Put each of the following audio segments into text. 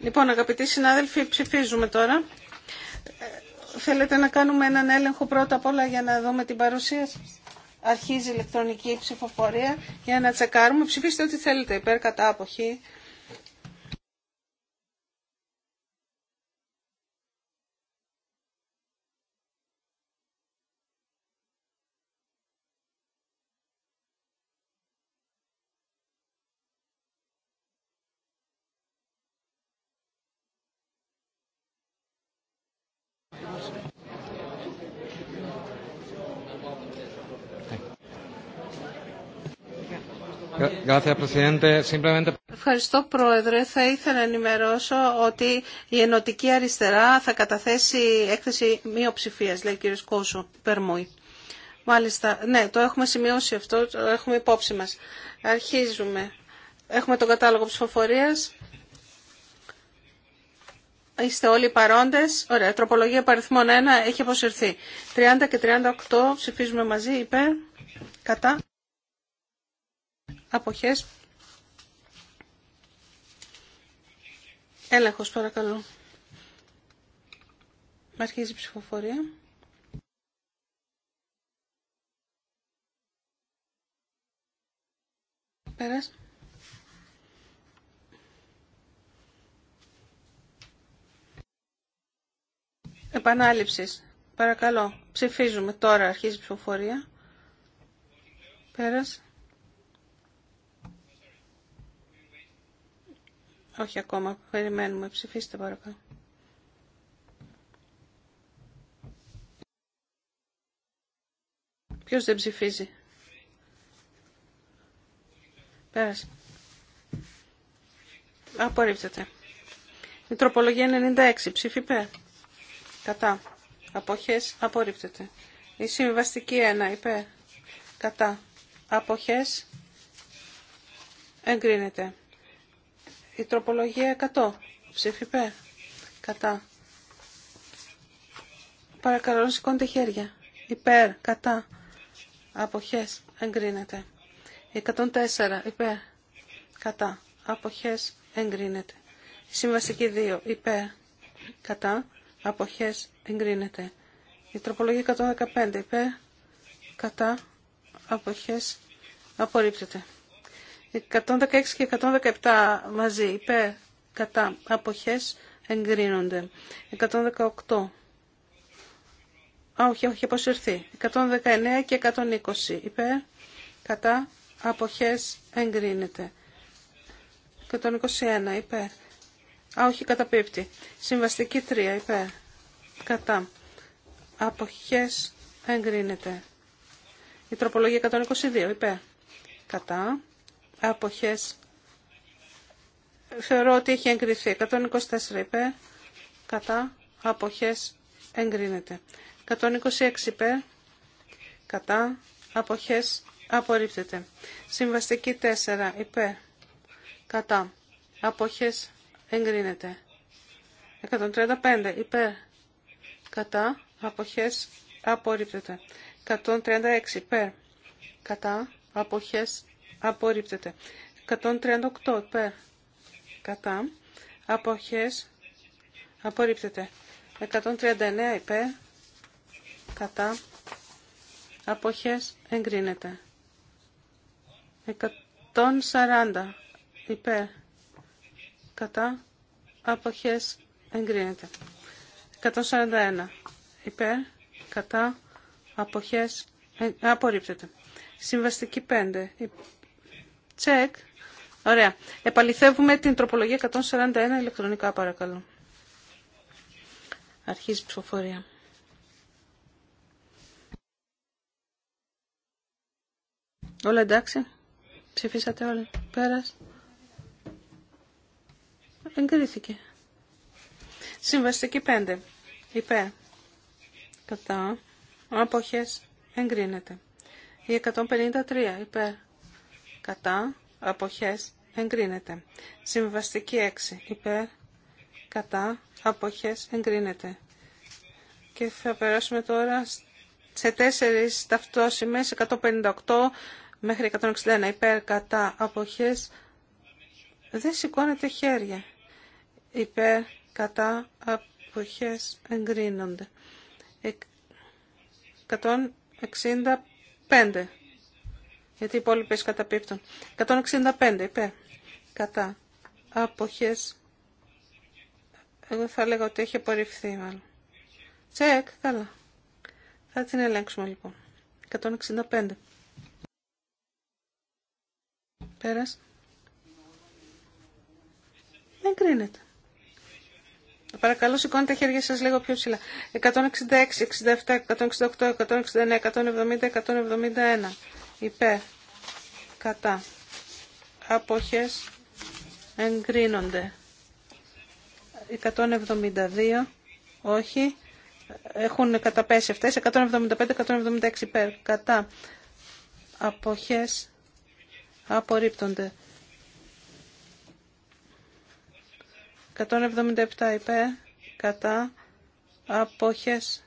Λοιπόν, αγαπητοί συνάδελφοι, ψηφίζουμε τώρα. Ε, θέλετε να κάνουμε έναν έλεγχο πρώτα απ' όλα για να δούμε την παρουσία σας. Αρχίζει η ηλεκτρονική ψηφοφορία για να τσεκάρουμε. Ψηφίστε ό,τι θέλετε, υπέρ κατά αποχή. Ευχαριστώ Πρόεδρε. Θα ήθελα να ενημερώσω ότι η Ενωτική Αριστερά θα καταθέσει έκθεση μειοψηφία, λέει ο κ. Κόσο Περμούη. Μάλιστα, ναι, το έχουμε σημειώσει αυτό, το έχουμε υπόψη μα. Αρχίζουμε. Έχουμε τον κατάλογο ψηφοφορία. Είστε όλοι παρόντες. Ωραία, τροπολογία παριθμών 1 έχει αποσυρθεί. 30 και 38 ψηφίζουμε μαζί, υπέρ, κατά. Αποχές. Έλεγχος παρακαλώ. Αρχίζει η ψηφοφορία. Πέρας. Επανάληψης. Παρακαλώ. Ψηφίζουμε τώρα. Αρχίζει η ψηφοφορία. Πέρας. Όχι ακόμα, περιμένουμε. Ψηφίστε παρακαλώ. Ποιος δεν ψηφίζει. Πέρασε. Απορρίπτεται. Η τροπολογία 96. Ψήφι Κατά. Αποχές. Απορρίπτεται. Η συμβαστική 1. Υπέρ. Κατά. Αποχές. Εγκρίνεται. Η τροπολογία 100. Ψήφι Κατά. Παρακαλώ να χέρια. Υπέρ. Κατά. Αποχές. Εγκρίνεται. 104. Υπέρ. Κατά. Αποχές. Εγκρίνεται. Συμβαστική 2. Υπέρ. Κατά. Αποχές. Εγκρίνεται. Η τροπολογία 115. Υπέρ. Κατά. Αποχές. Απορρίπτεται. 116 και 117 μαζί είπε. κατά αποχές εγκρίνονται. 118. Α, όχι, όχι, αποσυρθεί. 119 και 120 υπέρ κατά αποχές εγκρίνεται. 121 Υπε Α, όχι, καταπίπτει. Συμβαστική 3 είπε. κατά αποχές εγκρίνεται. Η τροπολογία 122 είπε. κατά Αποχές. Θεωρώ ότι έχει εγκριθεί. 124 είπε, Κατά. Αποχές. Εγκρίνεται. 126 υπέρ. Κατά. Αποχές. Απορρίπτεται. Συμβαστική 4 Είπε. Κατά. Αποχές. Εγκρίνεται. 135 υπέρ. Κατά. Αποχές. Απορρίπτεται. 136 υπέρ. Κατά. Αποχές απορρίπτεται. 138 υπέρ κατά αποχές απορρίπτεται. 139 υπέρ κατά αποχές εγκρίνεται. 140 υπέρ κατά αποχές εγκρίνεται. 141 υπέρ κατά αποχές ε, απορρίπτεται. Συμβαστική 5 Check. Ωραία. Επαληθεύουμε την τροπολογία 141 ηλεκτρονικά παρακαλώ. Αρχίζει η ψηφοφορία. Όλα εντάξει. Ψηφίσατε όλοι. Πέρας. Εγκρίθηκε. Συμβαστική 5. Υπέρ. Κατά. Αποχές. Εγκρίνεται. Η 153. Υπέρ κατά, αποχές, εγκρίνεται. Συμβαστική 6 υπέρ, κατά, αποχές, εγκρίνεται. Και θα περάσουμε τώρα σε τέσσερις ταυτόσημες 158 μέχρι 161 υπέρ, κατά, αποχές, δεν σηκώνεται χέρια. Υπέρ, κατά, αποχές, εγκρίνονται. 165 γιατί οι υπόλοιπε καταπίπτουν. 165 είπε. Κατά. άποχε. Εγώ θα έλεγα ότι έχει απορριφθεί μάλλον. Τσεκ, καλά. Θα την ελέγξουμε λοιπόν. 165. Πέρας. Δεν κρίνεται. Παρακαλώ σηκώνετε τα χέρια σας λίγο πιο ψηλά. 166, 67, 168, 169, 170, 171 υπέρ κατά αποχές εγκρίνονται 172 όχι έχουν καταπέσει αυτές 175-176 υπέρ κατά αποχές απορρίπτονται 177 υπέρ κατά αποχές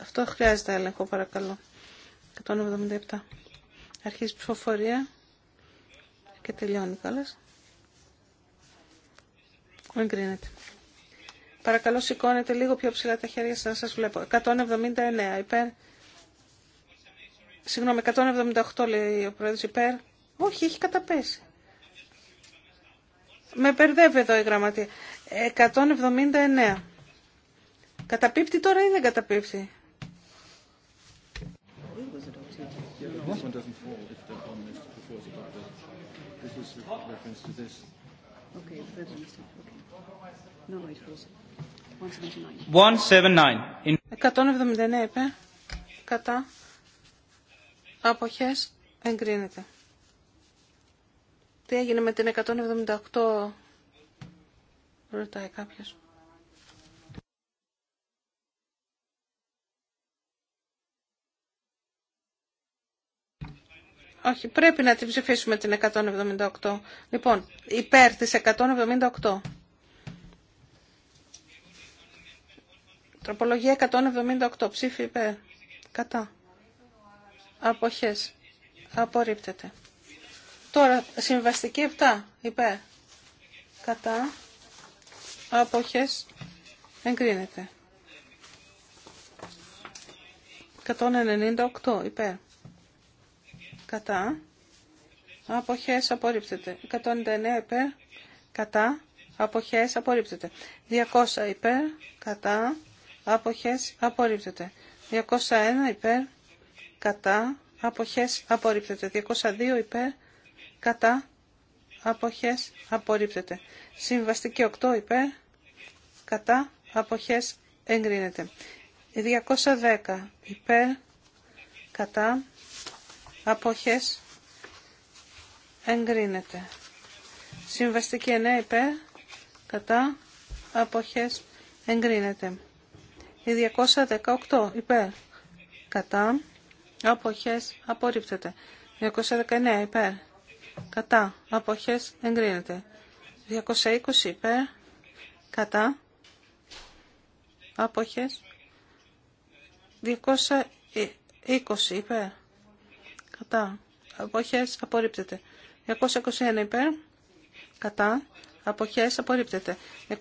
Αυτό χρειάζεται έλεγχο, παρακαλώ. 177. Αρχίζει ψηφοφορία και τελειώνει κιόλας. Εγκρίνεται. Παρακαλώ σηκώνετε λίγο πιο ψηλά τα χέρια σας, σας βλέπω. 179 υπέρ. Συγγνώμη, 178 λέει ο πρόεδρος υπέρ. Όχι, έχει καταπέσει. Με μπερδεύει εδώ η γραμματεία. 179. Καταπίπτει τώρα ή δεν καταπίπτει. This one doesn't fall if the is before the adopted. This is reference to this. Okay, third one. Okay. No, it falls. 179. 179 είπε. Κατά. Αποχές. Εγκρίνεται. Τι έγινε με την 178. Ρωτάει κάποιος. Όχι, πρέπει να την ψηφίσουμε την 178. Λοιπόν, υπέρ της 178. Τροπολογία 178. Ψήφι υπέρ. Κατά. Αποχές. Απορρίπτεται. Τώρα, συμβαστική 7. Υπέρ. Κατά. Αποχές. Εγκρίνεται. 198. Υπέρ κατά, αποχές απορρίπτεται. 199 υπέρ, κατά, αποχές απορρίπτεται. 200 υπέρ, κατά, αποχές απορρίπτεται. 201 υπέρ, κατά, αποχές απορρίπτεται. 202 υπέρ, κατά, αποχές απορρίπτεται. Συμβαστική 8 υπέρ, κατά, αποχές εγκρίνεται. 210 υπέρ, κατά, αποχές εγκρίνεται. Συμβαστική 9 υπέρ κατά αποχές εγκρίνεται. Η 218 υπέρ κατά αποχές απορρίπτεται. 219 υπέρ κατά αποχές εγκρίνεται. 220 υπέρ κατά αποχές 220 υπέρ κατά, αποχές απορρίπτεται. 221 υπέρ, κατά, αποχές απορρίπτεται. 222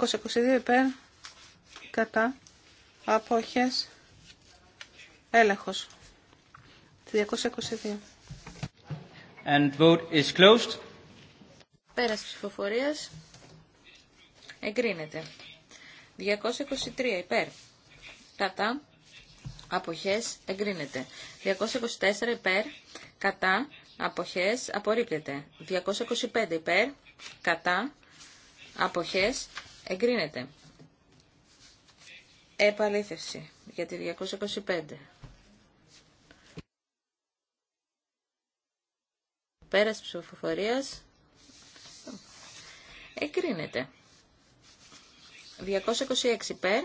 υπέρ, κατά, αποχές, έλεγχος. 222. And vote is closed. Πέρας ψηφοφορίας. Εγκρίνεται. 223 υπέρ. Κατά. Αποχές εγκρίνεται. 224 υπέρ κατά, αποχές, απορρίπτεται. 225 υπέρ, κατά, αποχές, εγκρίνεται. Επαλήθευση για τη 225. Πέρας ψηφοφορίας εγκρίνεται. 226 υπέρ,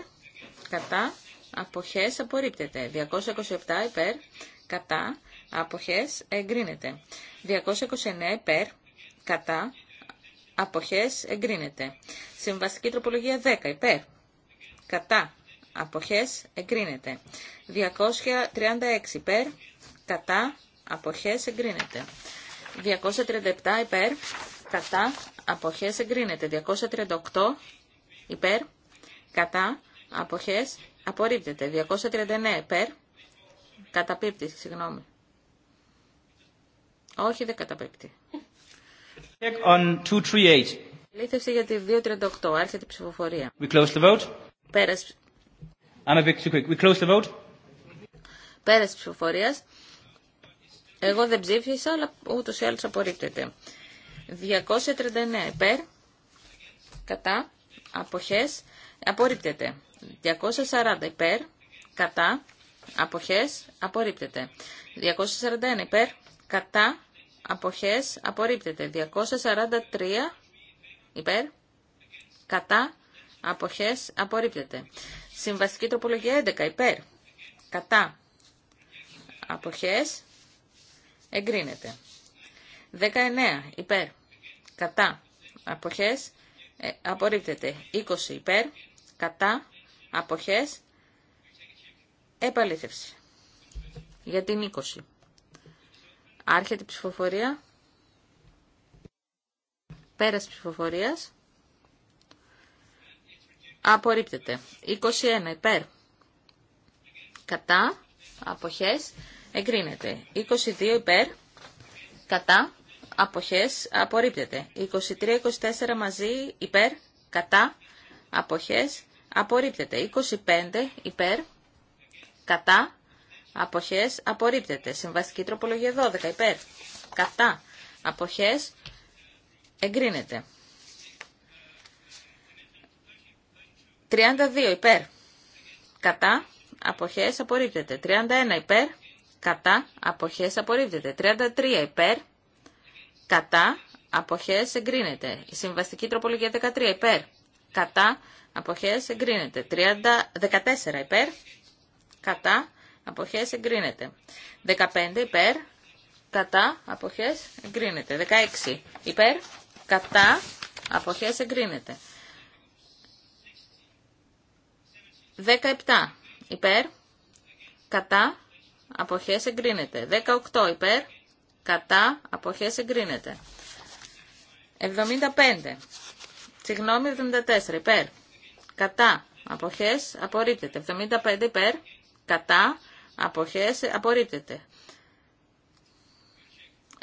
κατά, αποχές απορρίπτεται. 227 υπέρ, κατά, αποχές εγκρίνεται. 229 υπέρ, κατά, αποχές εγκρίνεται. Συμβαστική τροπολογία 10 υπέρ, κατά, αποχές εγκρίνεται. 236 υπέρ, κατά, αποχές εγκρίνεται. 237 υπέρ, κατά, αποχές εγκρίνεται. 238 υπέρ, κατά, αποχές απορρίπτεται. 239 υπέρ, καταπίπτει, συγγνώμη. Όχι, δεν καταπέπτει. Check on 238. Λήθευση για τη 238. Άρχεται η ψηφοφορία. We close the vote. Πέρας. I'm a bit too quick. We close the vote. ψηφοφορίας. Εγώ δεν ψήφισα, αλλά ούτω ή άλλω απορρίπτεται. 239 υπέρ. Κατά. αποχέ. Απορρίπτεται. 240 υπέρ. Κατά. Αποχές. Απορρίπτεται. 241 υπέρ κατά, αποχές, απορρίπτεται. 243 υπέρ, κατά, αποχές, απορρίπτεται. Συμβαστική τροπολογία 11 υπέρ, κατά, αποχές, εγκρίνεται. 19 υπέρ, κατά, αποχές, ε, απορρίπτεται. 20 υπέρ, κατά, αποχές, επαλήθευση. Για την 20. Άρχεται η ψηφοφορία. Πέρας ψηφοφορίας. Απορρίπτεται. 21 υπέρ. Κατά. Αποχές. Εγκρίνεται. 22 υπέρ. Κατά. Αποχές. Απορρίπτεται. 23-24 μαζί υπέρ. Κατά. Αποχές. Απορρίπτεται. 25 υπέρ. Κατά. Αποχές απορρίπτεται. Συμβαστική τροπολογία 12 υπέρ. Κατά. Αποχές εγκρίνεται. 32 υπέρ. Κατά. Αποχές απορρίπτεται. 31 υπέρ. Κατά. Αποχές απορρίπτεται. 33 υπέρ. Κατά. Αποχές εγκρίνεται. Η συμβαστική τροπολογία 13 υπέρ. Κατά. Αποχές εγκρίνεται. 30, 14 υπέρ. Κατά αποχές εγκρίνεται. 15 υπέρ, κατά, αποχές εγκρίνεται. 16 υπέρ, κατά, αποχές εγκρίνεται. 17 υπέρ, κατά, αποχές εγκρίνεται. 18 υπέρ, κατά, αποχές εγκρίνεται. 75, συγγνώμη 74 υπέρ, κατά, αποχές απορρίπτεται. 75 υπέρ, κατά, Αποχές απορρίπτεται.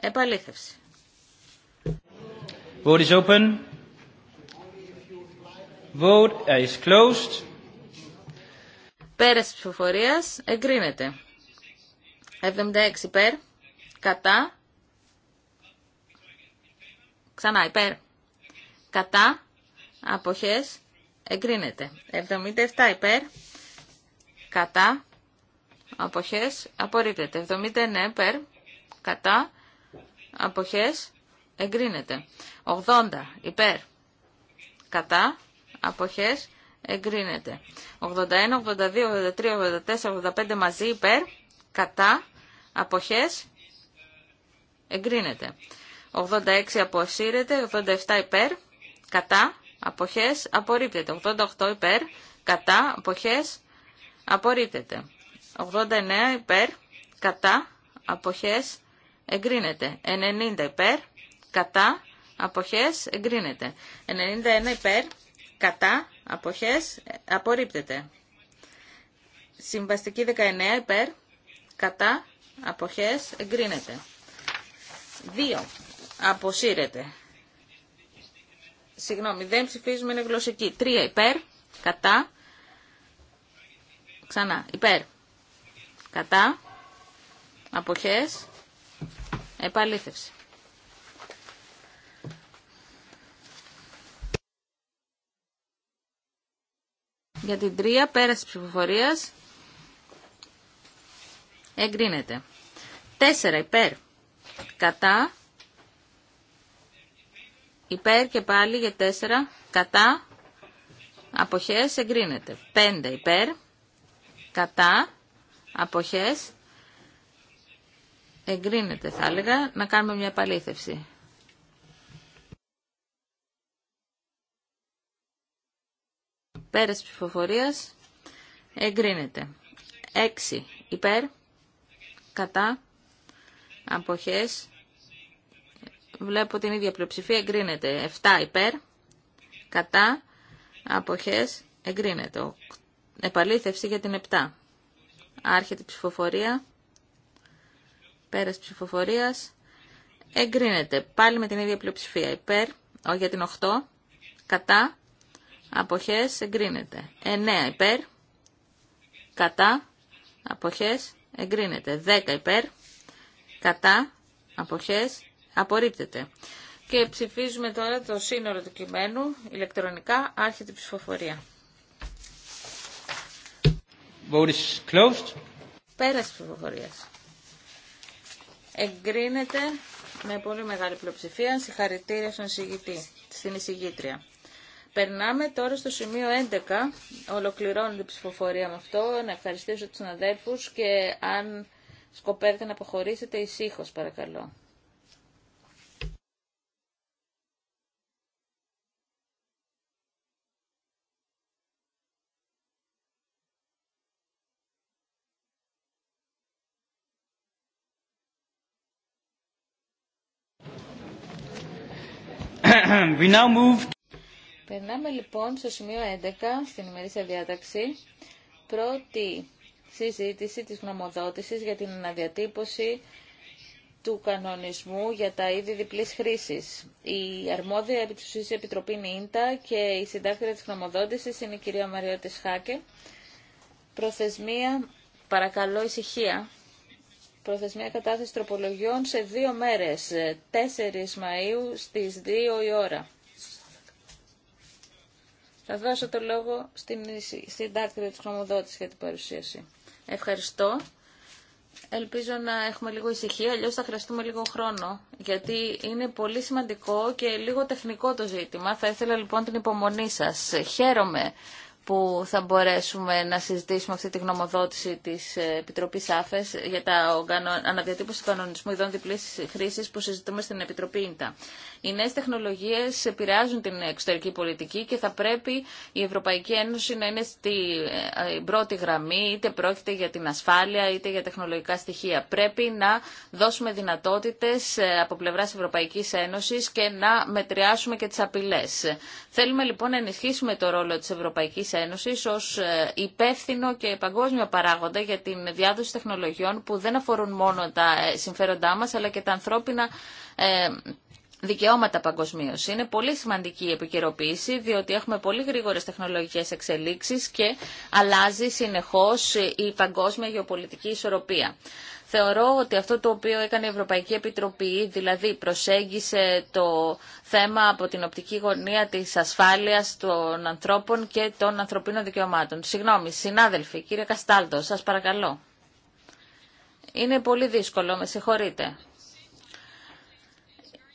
Επαλήθευση. Vote is open. Vote is closed. ψηφοφορίας εγκρίνεται. 76 υπέρ. Κατά. Ξανά υπέρ. Κατά. Αποχές εγκρίνεται. 77 υπέρ. Κατά αποχές απορρίπτεται. 79 περ κατά αποχές εγκρίνεται. 80 υπέρ κατά αποχές εγκρίνεται. 81, 82, 83, 84, 85 μαζί υπέρ κατά αποχές εγκρίνεται. 86 αποσύρεται, 87 υπέρ κατά αποχές απορρίπτεται. 88 υπέρ κατά αποχές απορρίπτεται. 89 υπέρ, κατά, αποχές, εγκρίνεται. 90 υπέρ, κατά, αποχές, εγκρίνεται. 91 υπέρ, κατά, αποχές, απορρίπτεται. Συμβαστική 19 υπέρ, κατά, αποχές, εγκρίνεται. 2. Αποσύρεται. Συγγνώμη, δεν ψηφίζουμε, είναι γλωσσική. 3 υπέρ, κατά, ξανά, υπέρ, Κατά. Αποχές. Επαλήθευση. Για την τρία, πέραση ψηφοφορίας εγκρίνεται. Τέσσερα υπέρ. Κατά. Υπέρ και πάλι για τέσσερα, Κατά. Αποχές εγκρίνεται. Πέντε υπέρ. Κατά αποχές εγκρίνεται θα έλεγα να κάνουμε μια επαλήθευση. Πέρας ψηφοφορίας εγκρίνεται. 6 υπέρ, κατά, αποχές, βλέπω την ίδια πλειοψηφία, εγκρίνεται. 7 υπέρ, κατά, αποχές, εγκρίνεται. Επαλήθευση για την 7. Άρχεται η ψηφοφορία. Πέρας ψηφοφορίας. Εγκρίνεται. Πάλι με την ίδια πλειοψηφία. Υπέρ. Όχι για την 8. Κατά. Αποχές. Εγκρίνεται. 9 υπέρ. Κατά. Αποχές. Εγκρίνεται. 10 υπέρ. Κατά. Αποχές. Απορρίπτεται. Και ψηφίζουμε τώρα το σύνορο του κειμένου ηλεκτρονικά. Άρχεται η ψηφοφορία. Vote is Εγκρίνεται με πολύ μεγάλη πλειοψηφία. Συγχαρητήρια στον εισηγητή, στην εισηγήτρια. Περνάμε τώρα στο σημείο 11. Ολοκληρώνεται η ψηφοφορία με αυτό. Να ευχαριστήσω του συναδέλφου και αν σκοπεύετε να αποχωρήσετε, ησύχω παρακαλώ. Περνάμε λοιπόν στο σημείο 11 στην ημερήσια διάταξη. Πρώτη συζήτηση της γνωμοδότησης για την αναδιατύπωση του κανονισμού για τα είδη διπλής χρήσης. Η αρμόδια επιτροπή επιτροπή είναι ίντα και η συντάκτρια της γνωμοδότησης είναι η κυρία Μαριώτη Χάκε. Προθεσμία, παρακαλώ ησυχία. Προθεσμία κατάθεση τροπολογιών σε δύο μέρες, 4 ε, Μαΐου στις 2 η ώρα. Θα δώσω το λόγο στην, στην της χρωμοδότησης για την παρουσίαση. Ευχαριστώ. Ελπίζω να έχουμε λίγο ησυχία, αλλιώς θα χρειαστούμε λίγο χρόνο, γιατί είναι πολύ σημαντικό και λίγο τεχνικό το ζήτημα. Θα ήθελα λοιπόν την υπομονή σας. Χαίρομαι που θα μπορέσουμε να συζητήσουμε αυτή τη γνωμοδότηση της ε, Επιτροπής ΑΦΕΣ για τα αναδιατύπωση κανονισμού ειδών διπλής χρήσης που συζητούμε στην Επιτροπή ΙΝΤΑ. Οι νέες τεχνολογίες επηρεάζουν την εξωτερική πολιτική και θα πρέπει η Ευρωπαϊκή Ένωση να είναι στην ε, πρώτη γραμμή, είτε πρόκειται για την ασφάλεια, είτε για τεχνολογικά στοιχεία. Πρέπει να δώσουμε δυνατότητες ε, από πλευράς Ευρωπαϊκής Ένωσης και να μετριάσουμε και τις απειλές. Θέλουμε λοιπόν να ενισχύσουμε το ρόλο της Ευρωπαϊκής Ένωση ω ε, υπεύθυνο και παγκόσμιο παράγοντα για την διάδοση τεχνολογιών που δεν αφορούν μόνο τα ε, συμφέροντά μας αλλά και τα ανθρώπινα ε, δικαιώματα παγκοσμίω. Είναι πολύ σημαντική η επικαιροποίηση, διότι έχουμε πολύ γρήγορε τεχνολογικέ εξελίξει και αλλάζει συνεχώ η παγκόσμια γεωπολιτική ισορροπία. Θεωρώ ότι αυτό το οποίο έκανε η Ευρωπαϊκή Επιτροπή, δηλαδή προσέγγισε το θέμα από την οπτική γωνία της ασφάλειας των ανθρώπων και των ανθρωπίνων δικαιωμάτων. Συγγνώμη, συνάδελφοι, κύριε Καστάλτο, σας παρακαλώ. Είναι πολύ δύσκολο, με συγχωρείτε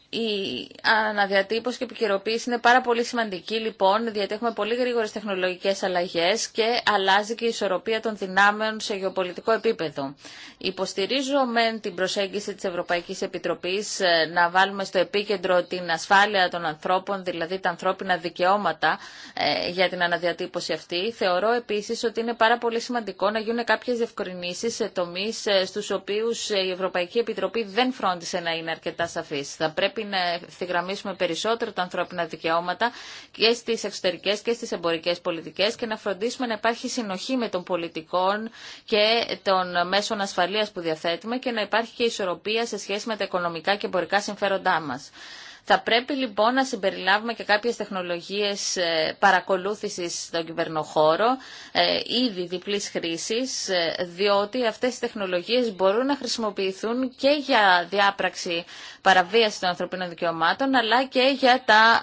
η αναδιατύπωση και επικαιροποίηση είναι πάρα πολύ σημαντική λοιπόν, διότι έχουμε πολύ γρήγορες τεχνολογικές αλλαγές και αλλάζει και η ισορροπία των δυνάμεων σε γεωπολιτικό επίπεδο. Υποστηρίζω με την προσέγγιση της Ευρωπαϊκής Επιτροπής ε, να βάλουμε στο επίκεντρο την ασφάλεια των ανθρώπων, δηλαδή τα ανθρώπινα δικαιώματα ε, για την αναδιατύπωση αυτή. Θεωρώ επίσης ότι είναι πάρα πολύ σημαντικό να γίνουν κάποιες διευκρινήσεις σε τομείς ε, στους η Ευρωπαϊκή Επιτροπή δεν φρόντισε να είναι αρκετά σαφή πρέπει να ευθυγραμμίσουμε περισσότερο τα ανθρώπινα δικαιώματα και στις εξωτερικές και στις εμπορικές πολιτικές και να φροντίσουμε να υπάρχει συνοχή με των πολιτικών και των μέσων ασφαλείας που διαθέτουμε και να υπάρχει και ισορροπία σε σχέση με τα οικονομικά και εμπορικά συμφέροντά μας. Θα πρέπει λοιπόν να συμπεριλάβουμε και κάποιες τεχνολογίες ε, παρακολούθησης στον κυβερνοχώρο, ε, ήδη διπλής χρήσης, ε, διότι αυτές οι τεχνολογίες μπορούν να χρησιμοποιηθούν και για διάπραξη παραβίαση των ανθρωπίνων δικαιωμάτων, αλλά και για τα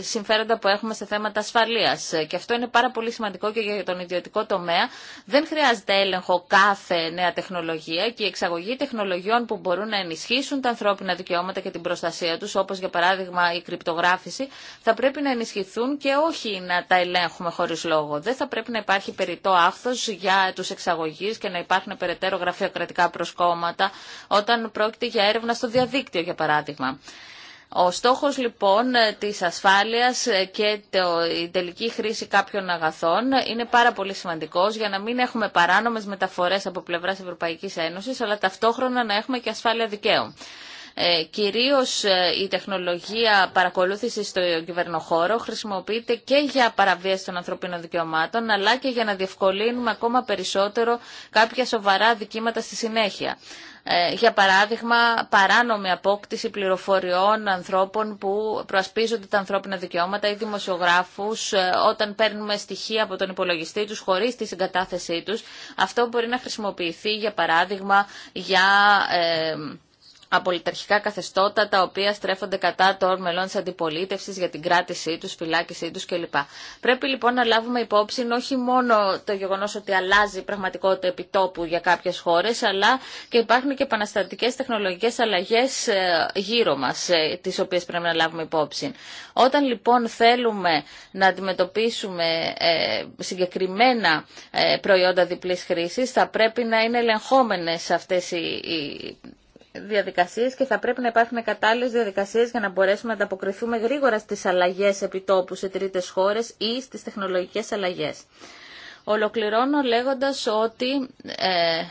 συμφέροντα που έχουμε σε θέματα ασφαλείας. Και αυτό είναι πάρα πολύ σημαντικό και για τον ιδιωτικό τομέα. Δεν χρειάζεται έλεγχο κάθε νέα τεχνολογία και η εξαγωγή τεχνολογιών που μπορούν να ενισχύσουν τα ανθρώπινα δικαιώματα και την προστασία τους, όπως για παράδειγμα η κρυπτογράφηση, θα πρέπει να ενισχυθούν και όχι να τα ελέγχουμε χωρίς λόγο. Δεν θα πρέπει να υπάρχει περιττό άχθος για τους εξαγωγείς και να υπάρχουν περαιτέρω γραφειοκρατικά προσκόμματα όταν πρόκειται για έρευνα στο διαδίκτυο, για παράδειγμα. Ο στόχος λοιπόν της ασφάλειας και το, η τελική χρήση κάποιων αγαθών είναι πάρα πολύ σημαντικός για να μην έχουμε παράνομες μεταφορές από πλευράς Ευρωπαϊκής Ένωσης αλλά ταυτόχρονα να έχουμε και ασφάλεια δικαίου. Ε, κυρίως ε, η τεχνολογία παρακολούθησης στο κυβερνοχώρο χρησιμοποιείται και για παραβίαση των ανθρωπίνων δικαιωμάτων αλλά και για να διευκολύνουμε ακόμα περισσότερο κάποια σοβαρά δικήματα στη συνέχεια ε, για παράδειγμα παράνομη απόκτηση πληροφοριών ανθρώπων που προασπίζονται τα ανθρώπινα δικαιώματα ή δημοσιογράφους όταν παίρνουμε στοιχεία από τον υπολογιστή τους χωρίς τη συγκατάθεσή τους. Αυτό μπορεί να χρησιμοποιηθεί για παράδειγμα για απολυταρχικά καθεστώτα τα οποία στρέφονται κατά των μελών της αντιπολίτευσης για την κράτησή τους, φυλάκησή τους κλπ. Πρέπει λοιπόν να λάβουμε υπόψη όχι μόνο το γεγονός ότι αλλάζει η πραγματικότητα επιτόπου για κάποιες χώρες, αλλά και υπάρχουν και επαναστατικές τεχνολογικές αλλαγές ε, γύρω μας, ε, τις οποίες πρέπει να λάβουμε υπόψη. Όταν λοιπόν θέλουμε να αντιμετωπίσουμε ε, συγκεκριμένα προϊόντα διπλής χρήσης, θα πρέπει να είναι ελεγχόμενες αυτές οι διαδικασίες και θα πρέπει να υπάρχουν κατάλληλε διαδικασίες για να μπορέσουμε να ανταποκριθούμε γρήγορα στις αλλαγές επιτόπου σε τρίτες χώρες ή στις τεχνολογικές αλλαγέ. Ολοκληρώνω λέγοντα ότι ε,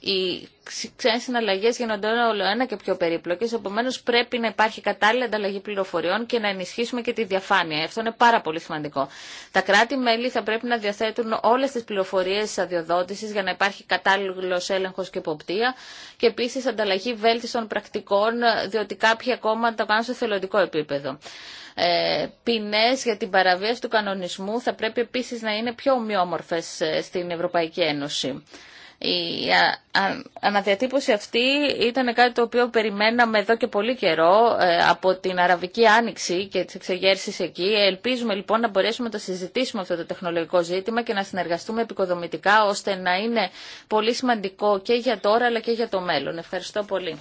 οι ξένες συναλλαγές γίνονται όλο ένα και πιο περίπλοκες, επομένω πρέπει να υπάρχει κατάλληλη ανταλλαγή πληροφοριών και να ενισχύσουμε και τη διαφάνεια. Αυτό είναι πάρα πολύ σημαντικό. Τα κράτη-μέλη θα πρέπει να διαθέτουν όλες τις πληροφορίες της αδειοδότησης για να υπάρχει κατάλληλος έλεγχος και υποπτία. και επίσης ανταλλαγή βέλτιστων πρακτικών, διότι κάποιοι ακόμα το κάνουν σε θελοντικό επίπεδο. Ε, για την παραβίαση του κανονισμού θα πρέπει επίσης να είναι πιο ομοιόμορφες ε, στην Ευρωπαϊκή Ένωση. Η αναδιατύπωση αυτή ήταν κάτι το οποίο περιμέναμε εδώ και πολύ καιρό ε, από την Αραβική Άνοιξη και τις εξεγέρσεις εκεί. Ελπίζουμε λοιπόν να μπορέσουμε να το συζητήσουμε αυτό το τεχνολογικό ζήτημα και να συνεργαστούμε επικοδομητικά ώστε να είναι πολύ σημαντικό και για τώρα αλλά και για το μέλλον. Ευχαριστώ πολύ.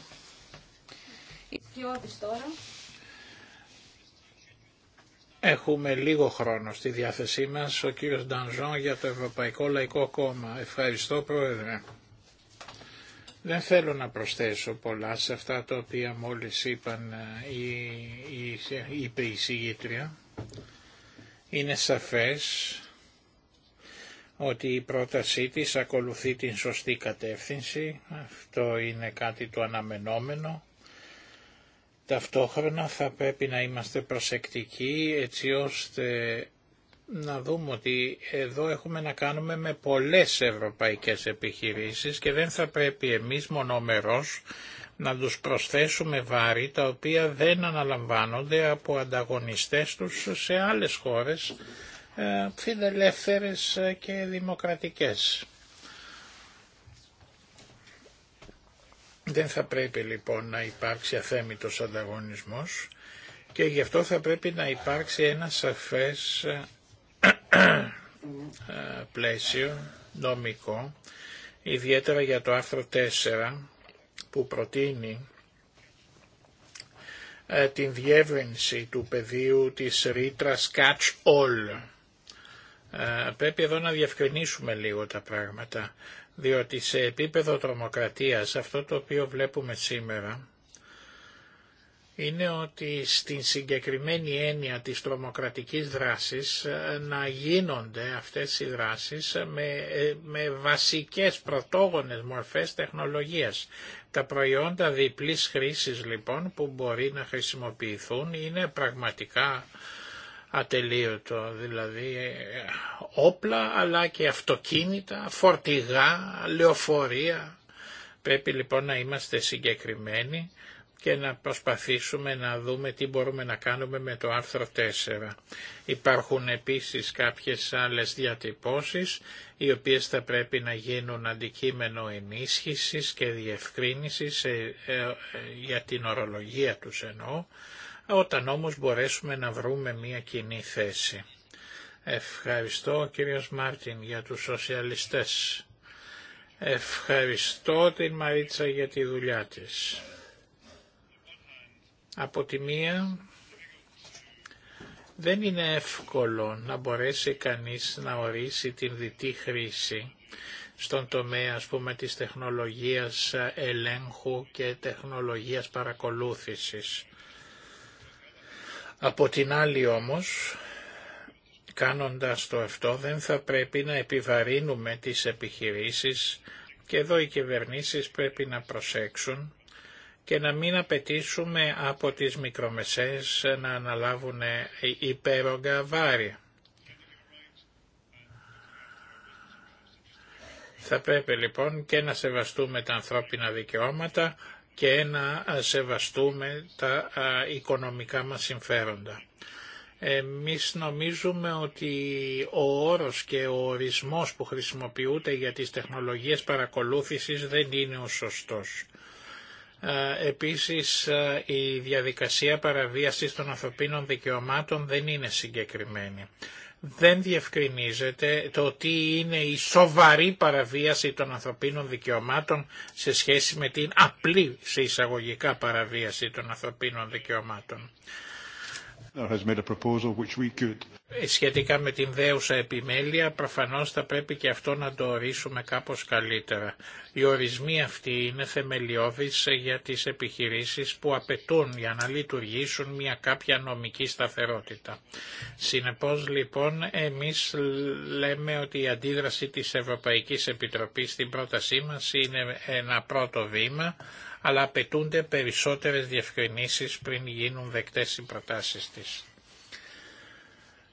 Έχουμε λίγο χρόνο στη διάθεσή μας. Ο κύριος Ντανζόν για το Ευρωπαϊκό Λαϊκό Κόμμα. Ευχαριστώ Πρόεδρε. Δεν θέλω να προσθέσω πολλά σε αυτά τα οποία μόλις είπαν ε, η, η, είπε η συγγήτρια. Είναι σαφές ότι η πρότασή της ακολουθεί την σωστή κατεύθυνση. Αυτό είναι κάτι το αναμενόμενο Ταυτόχρονα θα πρέπει να είμαστε προσεκτικοί έτσι ώστε να δούμε ότι εδώ έχουμε να κάνουμε με πολλές ευρωπαϊκές επιχειρήσεις και δεν θα πρέπει εμείς μονομερός να τους προσθέσουμε βάρη τα οποία δεν αναλαμβάνονται από ανταγωνιστές τους σε άλλες χώρες ε, φιλελεύθερες και δημοκρατικές. Δεν θα πρέπει λοιπόν να υπάρξει αθέμητος ανταγωνισμός και γι' αυτό θα πρέπει να υπάρξει ένα σαφές ε, πλαίσιο νομικό, ιδιαίτερα για το άρθρο 4 που προτείνει ε, την διεύρυνση του πεδίου της ρήτρα catch all. Ε, πρέπει εδώ να διευκρινίσουμε λίγο τα πράγματα διότι σε επίπεδο τρομοκρατίας αυτό το οποίο βλέπουμε σήμερα είναι ότι στην συγκεκριμένη έννοια της τρομοκρατικής δράσης ε, να γίνονται αυτές οι δράσεις με, ε, με βασικές πρωτόγονες μορφές τεχνολογίας. Τα προϊόντα διπλής χρήσης λοιπόν που μπορεί να χρησιμοποιηθούν είναι πραγματικά ατελείωτο, δηλαδή όπλα αλλά και αυτοκίνητα, φορτηγά, λεωφορεία. Πρέπει λοιπόν να είμαστε συγκεκριμένοι και να προσπαθήσουμε να δούμε τι μπορούμε να κάνουμε με το άρθρο 4. Υπάρχουν επίσης κάποιες άλλες διατυπώσεις, οι οποίες θα πρέπει να γίνουν αντικείμενο ενίσχυσης και διευκρίνησης ε, ε, για την ορολογία τους εννοώ, όταν όμως μπορέσουμε να βρούμε μια κοινή θέση. Ευχαριστώ κύριος Μάρτιν για τους σοσιαλιστές. Ευχαριστώ την Μαρίτσα για τη δουλειά της. Από τη μία δεν είναι εύκολο να μπορέσει κανείς να ορίσει την δυτή χρήση στον τομέα ας πούμε της τεχνολογίας ελέγχου και τεχνολογίας παρακολούθησης. Από την άλλη όμως, κάνοντας το αυτό δεν θα πρέπει να επιβαρύνουμε τις επιχειρήσεις και εδώ οι κυβερνήσεις πρέπει να προσέξουν και να μην απαιτήσουμε από τις μικρομεσαίες να αναλάβουν υπέρογκα βάρη. Θα πρέπει λοιπόν και να σεβαστούμε τα ανθρώπινα δικαιώματα και να σεβαστούμε τα οικονομικά μας συμφέροντα. Εμείς νομίζουμε ότι ο όρος και ο ορισμός που χρησιμοποιούνται για τις τεχνολογίες παρακολούθησης δεν είναι ο σωστός. Επίσης η διαδικασία παραβίασης των ανθρωπίνων δικαιωμάτων δεν είναι συγκεκριμένη δεν διευκρινίζεται το τι είναι η σοβαρή παραβίαση των ανθρωπίνων δικαιωμάτων σε σχέση με την απλή σε εισαγωγικά παραβίαση των ανθρωπίνων δικαιωμάτων. Ε, σχετικά με την δέουσα επιμέλεια, προφανώς θα πρέπει και αυτό να το ορίσουμε κάπως καλύτερα. Οι ορισμοί αυτοί είναι θεμελιώδεις για τις επιχειρήσεις που απαιτούν για να λειτουργήσουν μια κάποια νομική σταθερότητα. Συνεπώς λοιπόν εμείς λέμε ότι η αντίδραση της Ευρωπαϊκής Επιτροπής στην πρότασή μας είναι ένα πρώτο βήμα, αλλά απαιτούνται περισσότερες διευκρινήσεις πριν γίνουν δεκτές οι προτάσεις της.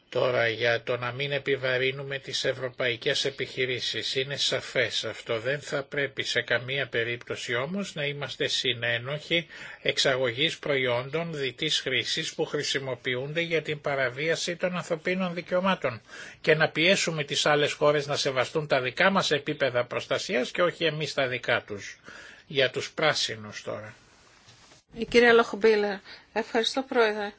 Τώρα για το να μην επιβαρύνουμε τις ευρωπαϊκές επιχειρήσεις είναι σαφές αυτό. Δεν θα πρέπει σε καμία περίπτωση όμως να είμαστε συνένοχοι εξαγωγής προϊόντων διτής χρήσης που χρησιμοποιούνται για την παραβίαση των ανθρωπίνων δικαιωμάτων και να πιέσουμε τις άλλες χώρες να σεβαστούν τα δικά μας επίπεδα προστασίας και όχι εμείς τα δικά τους. Για τους πράσινους τώρα. Η κυρία Λοχμπίλερ. Ευχαριστώ πρόεδρε.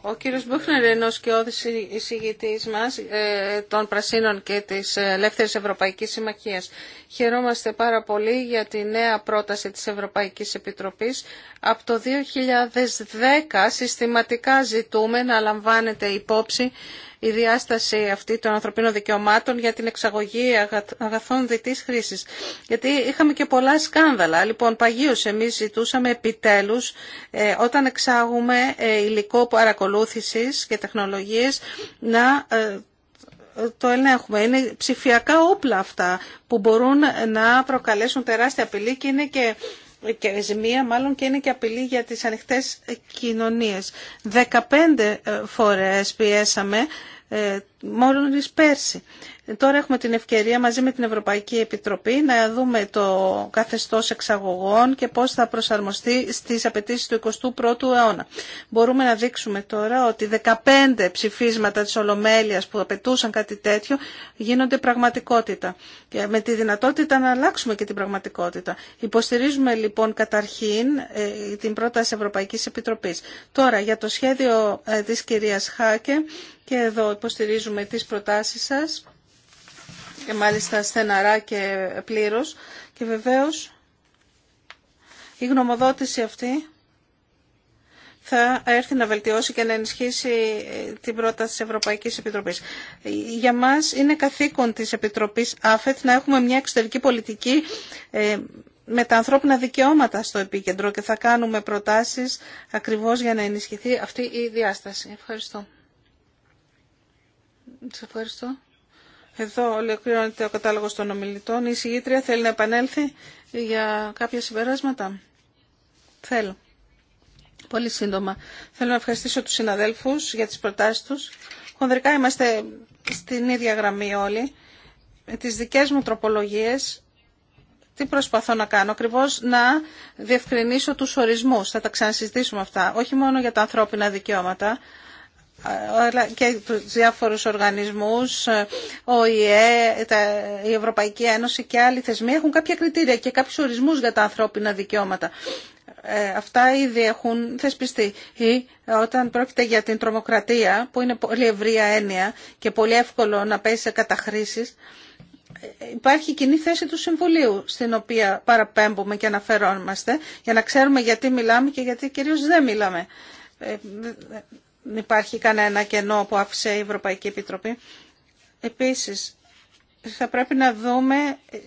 Ο κύριος Μπούχνερ είναι ο σκιώδης εισηγητής μας ε, των Πρασίνων και της Ελεύθερης Ευρωπαϊκής Συμμαχίας. Χαιρόμαστε πάρα πολύ για τη νέα πρόταση της Ευρωπαϊκής Επιτροπής. Από το 2010 συστηματικά ζητούμε να λαμβάνεται υπόψη η διάσταση αυτή των ανθρωπίνων δικαιωμάτων για την εξαγωγή αγαθών διτής χρήσης. Γιατί είχαμε και πολλά σκάνδαλα. Λοιπόν, παγίως εμείς ζητούσαμε επιτέλους ε, όταν εξάγουμε ε, υλικό παρακολούθησης και τεχνολογίες να ε, το ελέγχουμε. Είναι ψηφιακά όπλα αυτά που μπορούν να προκαλέσουν τεράστια απειλή και είναι και και ζημία μάλλον και είναι και απειλή για τις ανοιχτές κοινωνίες. Δεκαπέντε ε, φορές πιέσαμε ε, μόλις πέρσι. Τώρα έχουμε την ευκαιρία μαζί με την Ευρωπαϊκή Επιτροπή να δούμε το καθεστώς εξαγωγών και πώς θα προσαρμοστεί στις απαιτήσεις του 21ου αιώνα. Μπορούμε να δείξουμε τώρα ότι 15 ψηφίσματα της Ολομέλειας που απαιτούσαν κάτι τέτοιο γίνονται πραγματικότητα και με τη δυνατότητα να αλλάξουμε και την πραγματικότητα. Υποστηρίζουμε λοιπόν καταρχήν ε, την πρόταση Ευρωπαϊκής Επιτροπής. Τώρα για το σχέδιο ε, της κυρίας Χάκε και εδώ υποστηρίζουμε τις προτάσεις σας και μάλιστα στεναρά και πλήρως. Και βεβαίως η γνωμοδότηση αυτή θα έρθει να βελτιώσει και να ενισχύσει την πρόταση της Ευρωπαϊκής Επιτροπής. Για μας είναι καθήκον της Επιτροπής ΑΦΕΤ να έχουμε μια εξωτερική πολιτική ε, με τα ανθρώπινα δικαιώματα στο επίκεντρο και θα κάνουμε προτάσεις ακριβώς για να ενισχυθεί αυτή η διάσταση. Ευχαριστώ. Σας ευχαριστώ. Εδώ ολοκληρώνεται ο κατάλογος των ομιλητών. Η συγγήτρια θέλει να επανέλθει για κάποια συμπεράσματα. Θέλω. Πολύ σύντομα. Θέλω να ευχαριστήσω τους συναδέλφους για τις προτάσεις τους. Χονδρικά είμαστε στην ίδια γραμμή όλοι. Με τις δικές μου τροπολογίες, τι προσπαθώ να κάνω, ακριβώ να διευκρινίσω τους ορισμούς. Θα τα ξανασυζητήσουμε αυτά, όχι μόνο για τα ανθρώπινα δικαιώματα, αλλά και τους διάφορους οργανισμούς, ο ΙΕ, η Ευρωπαϊκή Ένωση και άλλοι θεσμοί έχουν κάποια κριτήρια και κάποιους ορισμούς για τα ανθρώπινα δικαιώματα. Ε, αυτά ήδη έχουν θεσπιστεί. Ή όταν πρόκειται για την τρομοκρατία, που είναι πολύ ευρία έννοια και πολύ εύκολο να πέσει σε καταχρήσεις, υπάρχει κοινή θέση του Συμβουλίου, στην οποία παραπέμπουμε και αναφερόμαστε, για να ξέρουμε γιατί μιλάμε και γιατί κυρίως δεν μιλάμε. Ε, υπάρχει κανένα κενό που άφησε η Ευρωπαϊκή Επιτροπή. Επίσης, θα πρέπει να δούμε ε,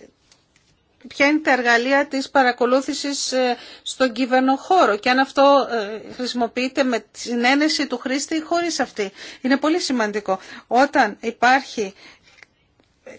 ποια είναι τα εργαλεία της παρακολούθησης ε, στον κύβερνο χώρο και αν αυτό ε, χρησιμοποιείται με την ένεση του χρήστη ή χωρίς αυτή. Είναι πολύ σημαντικό. Όταν υπάρχει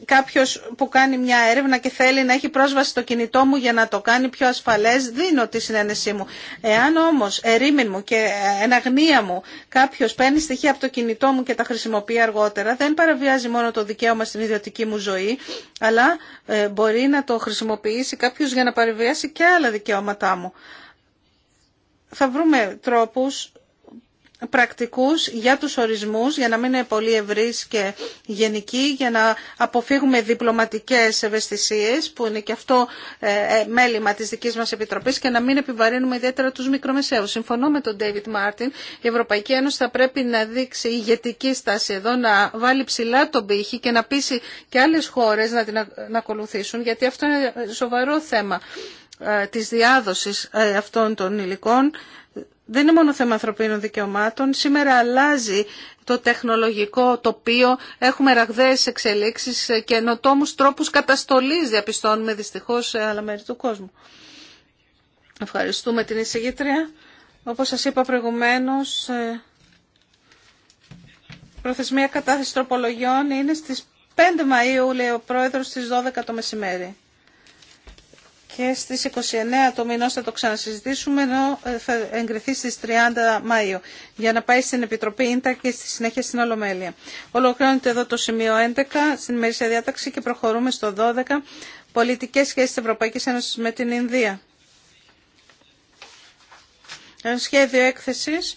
Κάποιο που κάνει μια έρευνα και θέλει να έχει πρόσβαση στο κινητό μου για να το κάνει πιο ασφαλές, δίνω τη συνένεσή μου. Εάν όμως ερήμην μου και εναγνία μου κάποιο παίρνει στοιχεία από το κινητό μου και τα χρησιμοποιεί αργότερα, δεν παραβιάζει μόνο το δικαίωμα στην ιδιωτική μου ζωή, αλλά ε, μπορεί να το χρησιμοποιήσει κάποιο για να παραβιάσει και άλλα δικαιώματά μου. Θα βρούμε τρόπους πρακτικούς για τους ορισμούς, για να μην είναι πολύ ευρύς και γενικοί, για να αποφύγουμε διπλωματικές ευαισθησίες, που είναι και αυτό ε, ε, μέλημα της δικής μας Επιτροπής, και να μην επιβαρύνουμε ιδιαίτερα τους μικρομεσαίους. Συμφωνώ με τον David Μάρτιν, η Ευρωπαϊκή Ένωση θα πρέπει να δείξει ηγετική στάση εδώ, να βάλει ψηλά τον πύχη και να πείσει και άλλες χώρες να την ακολουθήσουν, γιατί αυτό είναι σοβαρό θέμα ε, της διάδοσης αυτών των υλικών δεν είναι μόνο θέμα ανθρωπίνων δικαιωμάτων. Σήμερα αλλάζει το τεχνολογικό τοπίο. Έχουμε ραγδαίες εξελίξεις ε, και ενωτόμου τρόπους καταστολής διαπιστώνουμε δυστυχώς σε άλλα μέρη του κόσμου. Ευχαριστούμε την εισηγήτρια. Όπως σας είπα προηγουμένως, ε, προθεσμία κατάθεση τροπολογιών είναι στις 5 Μαΐου, λέει ο Πρόεδρος, στις 12 το μεσημέρι και στις 29 το μηνός θα το ξανασυζητήσουμε ενώ ε, θα εγκριθεί στις 30 Μαΐου για να πάει στην Επιτροπή Ίντα και στη συνέχεια στην Ολομέλεια. Ολοκληρώνεται εδώ το σημείο 11 στην ημερήσια διάταξη και προχωρούμε στο 12 πολιτικές σχέσεις της Ευρωπαϊκής Ένωσης με την Ινδία. Ένα σχέδιο έκθεσης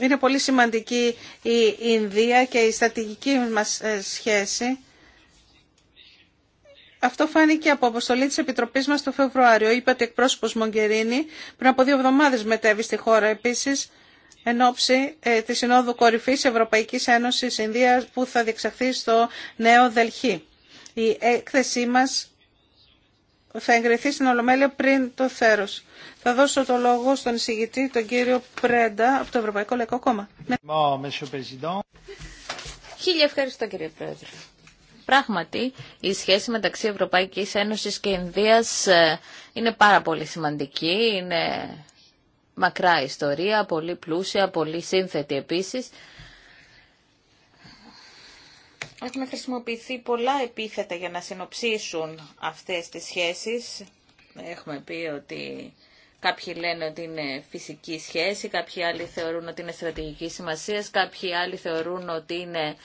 Είναι πολύ σημαντική η Ινδία και η στρατηγική μας ε, σχέση αυτό φάνηκε από αποστολή της Επιτροπής μας το Φεβρουάριο. Είπε ότι εκπρόσωπο Μογκερίνη πριν από δύο εβδομάδες μετέβη στη χώρα επίσης εν ώψη ε, της Συνόδου Κορυφής Ευρωπαϊκής Ένωσης Ινδίας που θα διεξαχθεί στο Νέο Δελχή. Η έκθεσή μας θα εγκριθεί στην Ολομέλεια πριν το θέρος. Θα δώσω το λόγο στον εισηγητή, τον κύριο Πρέντα, από το Ευρωπαϊκό Λαϊκό Κόμμα. Ναι. Χίλια ευχαριστώ κύριε Πρόεδρε. Πράγματι, η σχέση μεταξύ Ευρωπαϊκής Ένωσης και Ινδίας ε, είναι πάρα πολύ σημαντική, είναι μακρά ιστορία, πολύ πλούσια, πολύ σύνθετη επίσης. Έχουν χρησιμοποιηθεί πολλά επίθετα για να συνοψίσουν αυτές τις σχέσεις. Έχουμε πει ότι κάποιοι λένε ότι είναι φυσική σχέση, κάποιοι άλλοι θεωρούν ότι είναι στρατηγική σημασία, κάποιοι άλλοι θεωρούν ότι είναι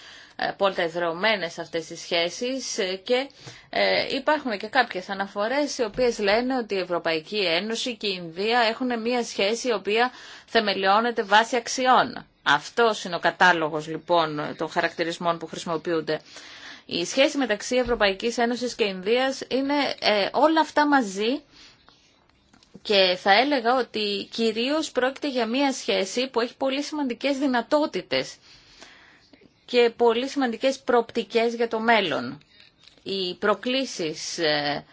απόλυτα εδρεωμένες αυτές τις σχέσεις ε, και ε, υπάρχουν και κάποιες αναφορές οι οποίες λένε ότι η Ευρωπαϊκή Ένωση και η Ινδία έχουν μια σχέση η οποία θεμελιώνεται βάσει αξιών. Αυτό είναι ο κατάλογος λοιπόν των χαρακτηρισμών που χρησιμοποιούνται. Η σχέση μεταξύ Ευρωπαϊκής Ένωσης και Ινδίας είναι ε, όλα αυτά μαζί και θα έλεγα ότι κυρίως πρόκειται για μία σχέση που έχει πολύ σημαντικές δυνατότητες και πολύ σημαντικές προοπτικές για το μέλλον. Οι προκλήσεις ε,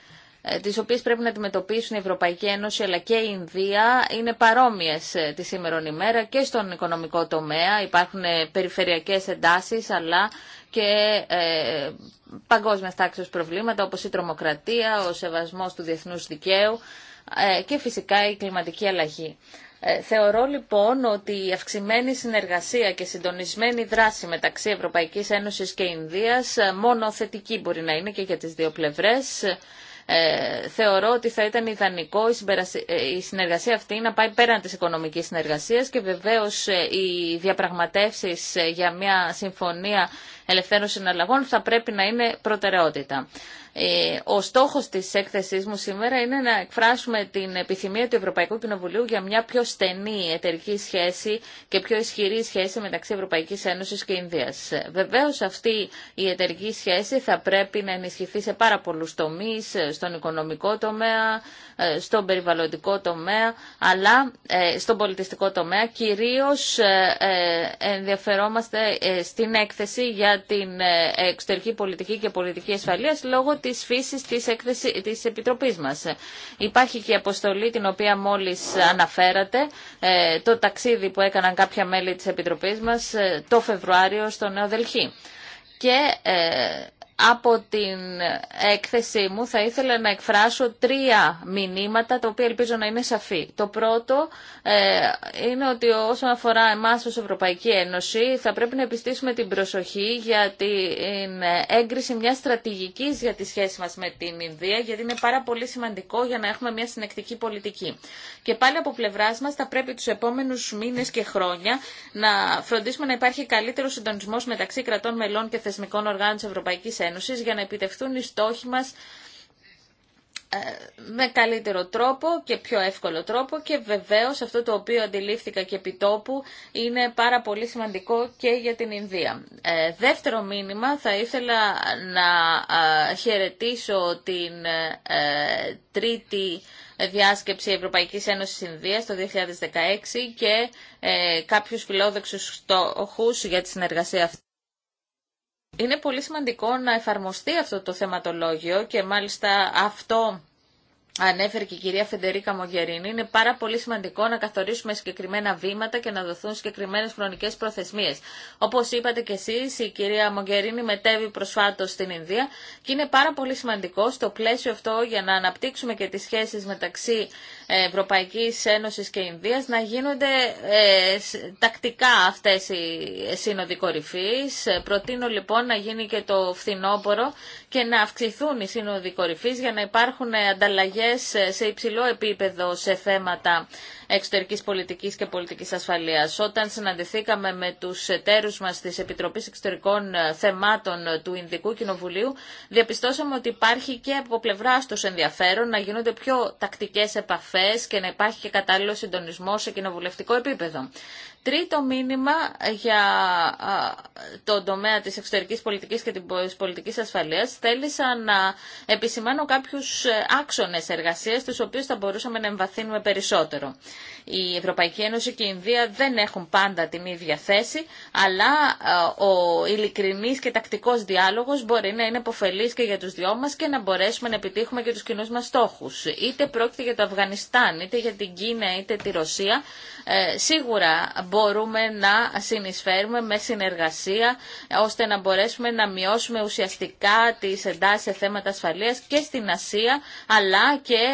ε, τις οποίες πρέπει να αντιμετωπίσουν η Ευρωπαϊκή Ένωση αλλά και η Ινδία είναι παρόμοιες ε, τη σήμερον ημέρα και στον οικονομικό τομέα. Υπάρχουν περιφερειακές εντάσεις αλλά και ε, παγκόσμιας προβλήματα όπως η τρομοκρατία, ο σεβασμός του διεθνούς δικαίου και φυσικά η κλιματική αλλαγή. Ε, θεωρώ λοιπόν ότι η αυξημένη συνεργασία και συντονισμένη δράση μεταξύ Ευρωπαϊκής Ένωσης και Ινδίας ε, μόνο θετική μπορεί να είναι και για τις δύο πλευρές. Ε, θεωρώ ότι θα ήταν ιδανικό η, συνεργασία αυτή να πάει πέραν της οικονομικής συνεργασίας και βεβαίως οι διαπραγματεύσεις για μια συμφωνία ελευθέρων συναλλαγών θα πρέπει να είναι προτεραιότητα. Ε, ο στόχος της έκθεσής μου σήμερα είναι να εκφράσουμε την επιθυμία του Ευρωπαϊκού Κοινοβουλίου για μια πιο στενή εταιρική σχέση και πιο ισχυρή σχέση μεταξύ Ευρωπαϊκής Ένωσης και Ινδίας. Βεβαίως αυτή η εταιρική σχέση θα πρέπει να ενισχυθεί σε πάρα πολλούς τομείς, στον οικονομικό τομέα, ε, στον περιβαλλοντικό τομέα, αλλά ε, στον πολιτιστικό τομέα. Κυρίως ενδιαφερόμαστε στην έκθεση για την ε, εξωτερική πολιτική και πολιτική ασφαλεία λόγω της φύσης της, έκθεση, Επιτροπής μας. Υπάρχει και η αποστολή την οποία μόλις αναφέρατε, ε, το ταξίδι που έκαναν κάποια μέλη της Επιτροπής μας ε, το Φεβρουάριο στο Νέο Και από την έκθεσή μου θα ήθελα να εκφράσω τρία μηνύματα τα οποία ελπίζω να είναι σαφή. Το πρώτο ε, είναι ότι όσον αφορά εμάς ως Ευρωπαϊκή Ένωση θα πρέπει να επιστήσουμε την προσοχή για την έγκριση μιας στρατηγικής για τη σχέση μας με την Ινδία γιατί είναι πάρα πολύ σημαντικό για να έχουμε μια συνεκτική πολιτική. Και πάλι από πλευρά μας θα πρέπει τους επόμενους μήνες και χρόνια να φροντίσουμε να υπάρχει καλύτερο συντονισμός μεταξύ κρατών μελών και θεσμικών οργάνων της Ευρωπαϊκής για να επιτευχθούν οι στόχοι μα ε, με καλύτερο τρόπο και πιο εύκολο τρόπο και βεβαίως αυτό το οποίο αντιλήφθηκα και επιτόπου είναι πάρα πολύ σημαντικό και για την Ινδία. Ε, δεύτερο μήνυμα θα ήθελα να ε, χαιρετήσω την ε, τρίτη διάσκεψη Ευρωπαϊκής Ένωσης Ινδίας το 2016 και ε, κάποιους φιλόδοξους στόχους για τη συνεργασία αυτή. Είναι πολύ σημαντικό να εφαρμοστεί αυτό το θεματολόγιο και μάλιστα αυτό ανέφερε και η κυρία Φεντερίκα Μογερίνη. Είναι πάρα πολύ σημαντικό να καθορίσουμε συγκεκριμένα βήματα και να δοθούν συγκεκριμένες χρονικές προθεσμίες. Όπως είπατε και εσείς, η κυρία Μογερίνη μετέβει προσφάτως στην Ινδία και είναι πάρα πολύ σημαντικό στο πλαίσιο αυτό για να αναπτύξουμε και τις σχέσεις μεταξύ Ευρωπαϊκής Ένωσης και Ινδίας να γίνονται ε, τακτικά αυτές οι σύνοδοι κορυφής. Ε, προτείνω λοιπόν να γίνει και το φθινόπωρο και να αυξηθούν οι σύνοδοι κορυφής για να υπάρχουν ανταλλαγές ε, σε υψηλό επίπεδο σε θέματα εξωτερικής πολιτικής και πολιτικής ασφαλείας. Όταν συναντηθήκαμε με τους εταίρους μας της Επιτροπής Εξωτερικών Θεμάτων του Ινδικού Κοινοβουλίου, διαπιστώσαμε ότι υπάρχει και από πλευρά του ενδιαφέρον να γίνονται πιο τακτικές επαφές και να υπάρχει και κατάλληλο συντονισμό σε κοινοβουλευτικό επίπεδο. Τρίτο μήνυμα για τον τομέα της εξωτερικής πολιτικής και της πολιτικής ασφαλείας. Θέλησα να επισημάνω κάποιους ε, άξονες εργασίας, τους οποίους θα μπορούσαμε να εμβαθύνουμε περισσότερο. Η Ευρωπαϊκή Ένωση και η Ινδία δεν έχουν πάντα την ίδια θέση, αλλά ε, ο ειλικρινής και τακτικός διάλογος μπορεί να είναι υποφελής και για τους δυο μας και να μπορέσουμε να επιτύχουμε και τους κοινού μας στόχους. Είτε πρόκειται για το Αφγανιστάν, είτε για την Κίνα, είτε τη Ρωσία, ε, σίγουρα μπορούμε να συνεισφέρουμε με συνεργασία ώστε να μπορέσουμε να μειώσουμε ουσιαστικά τις εντάσεις σε θέματα ασφαλείας και στην Ασία αλλά και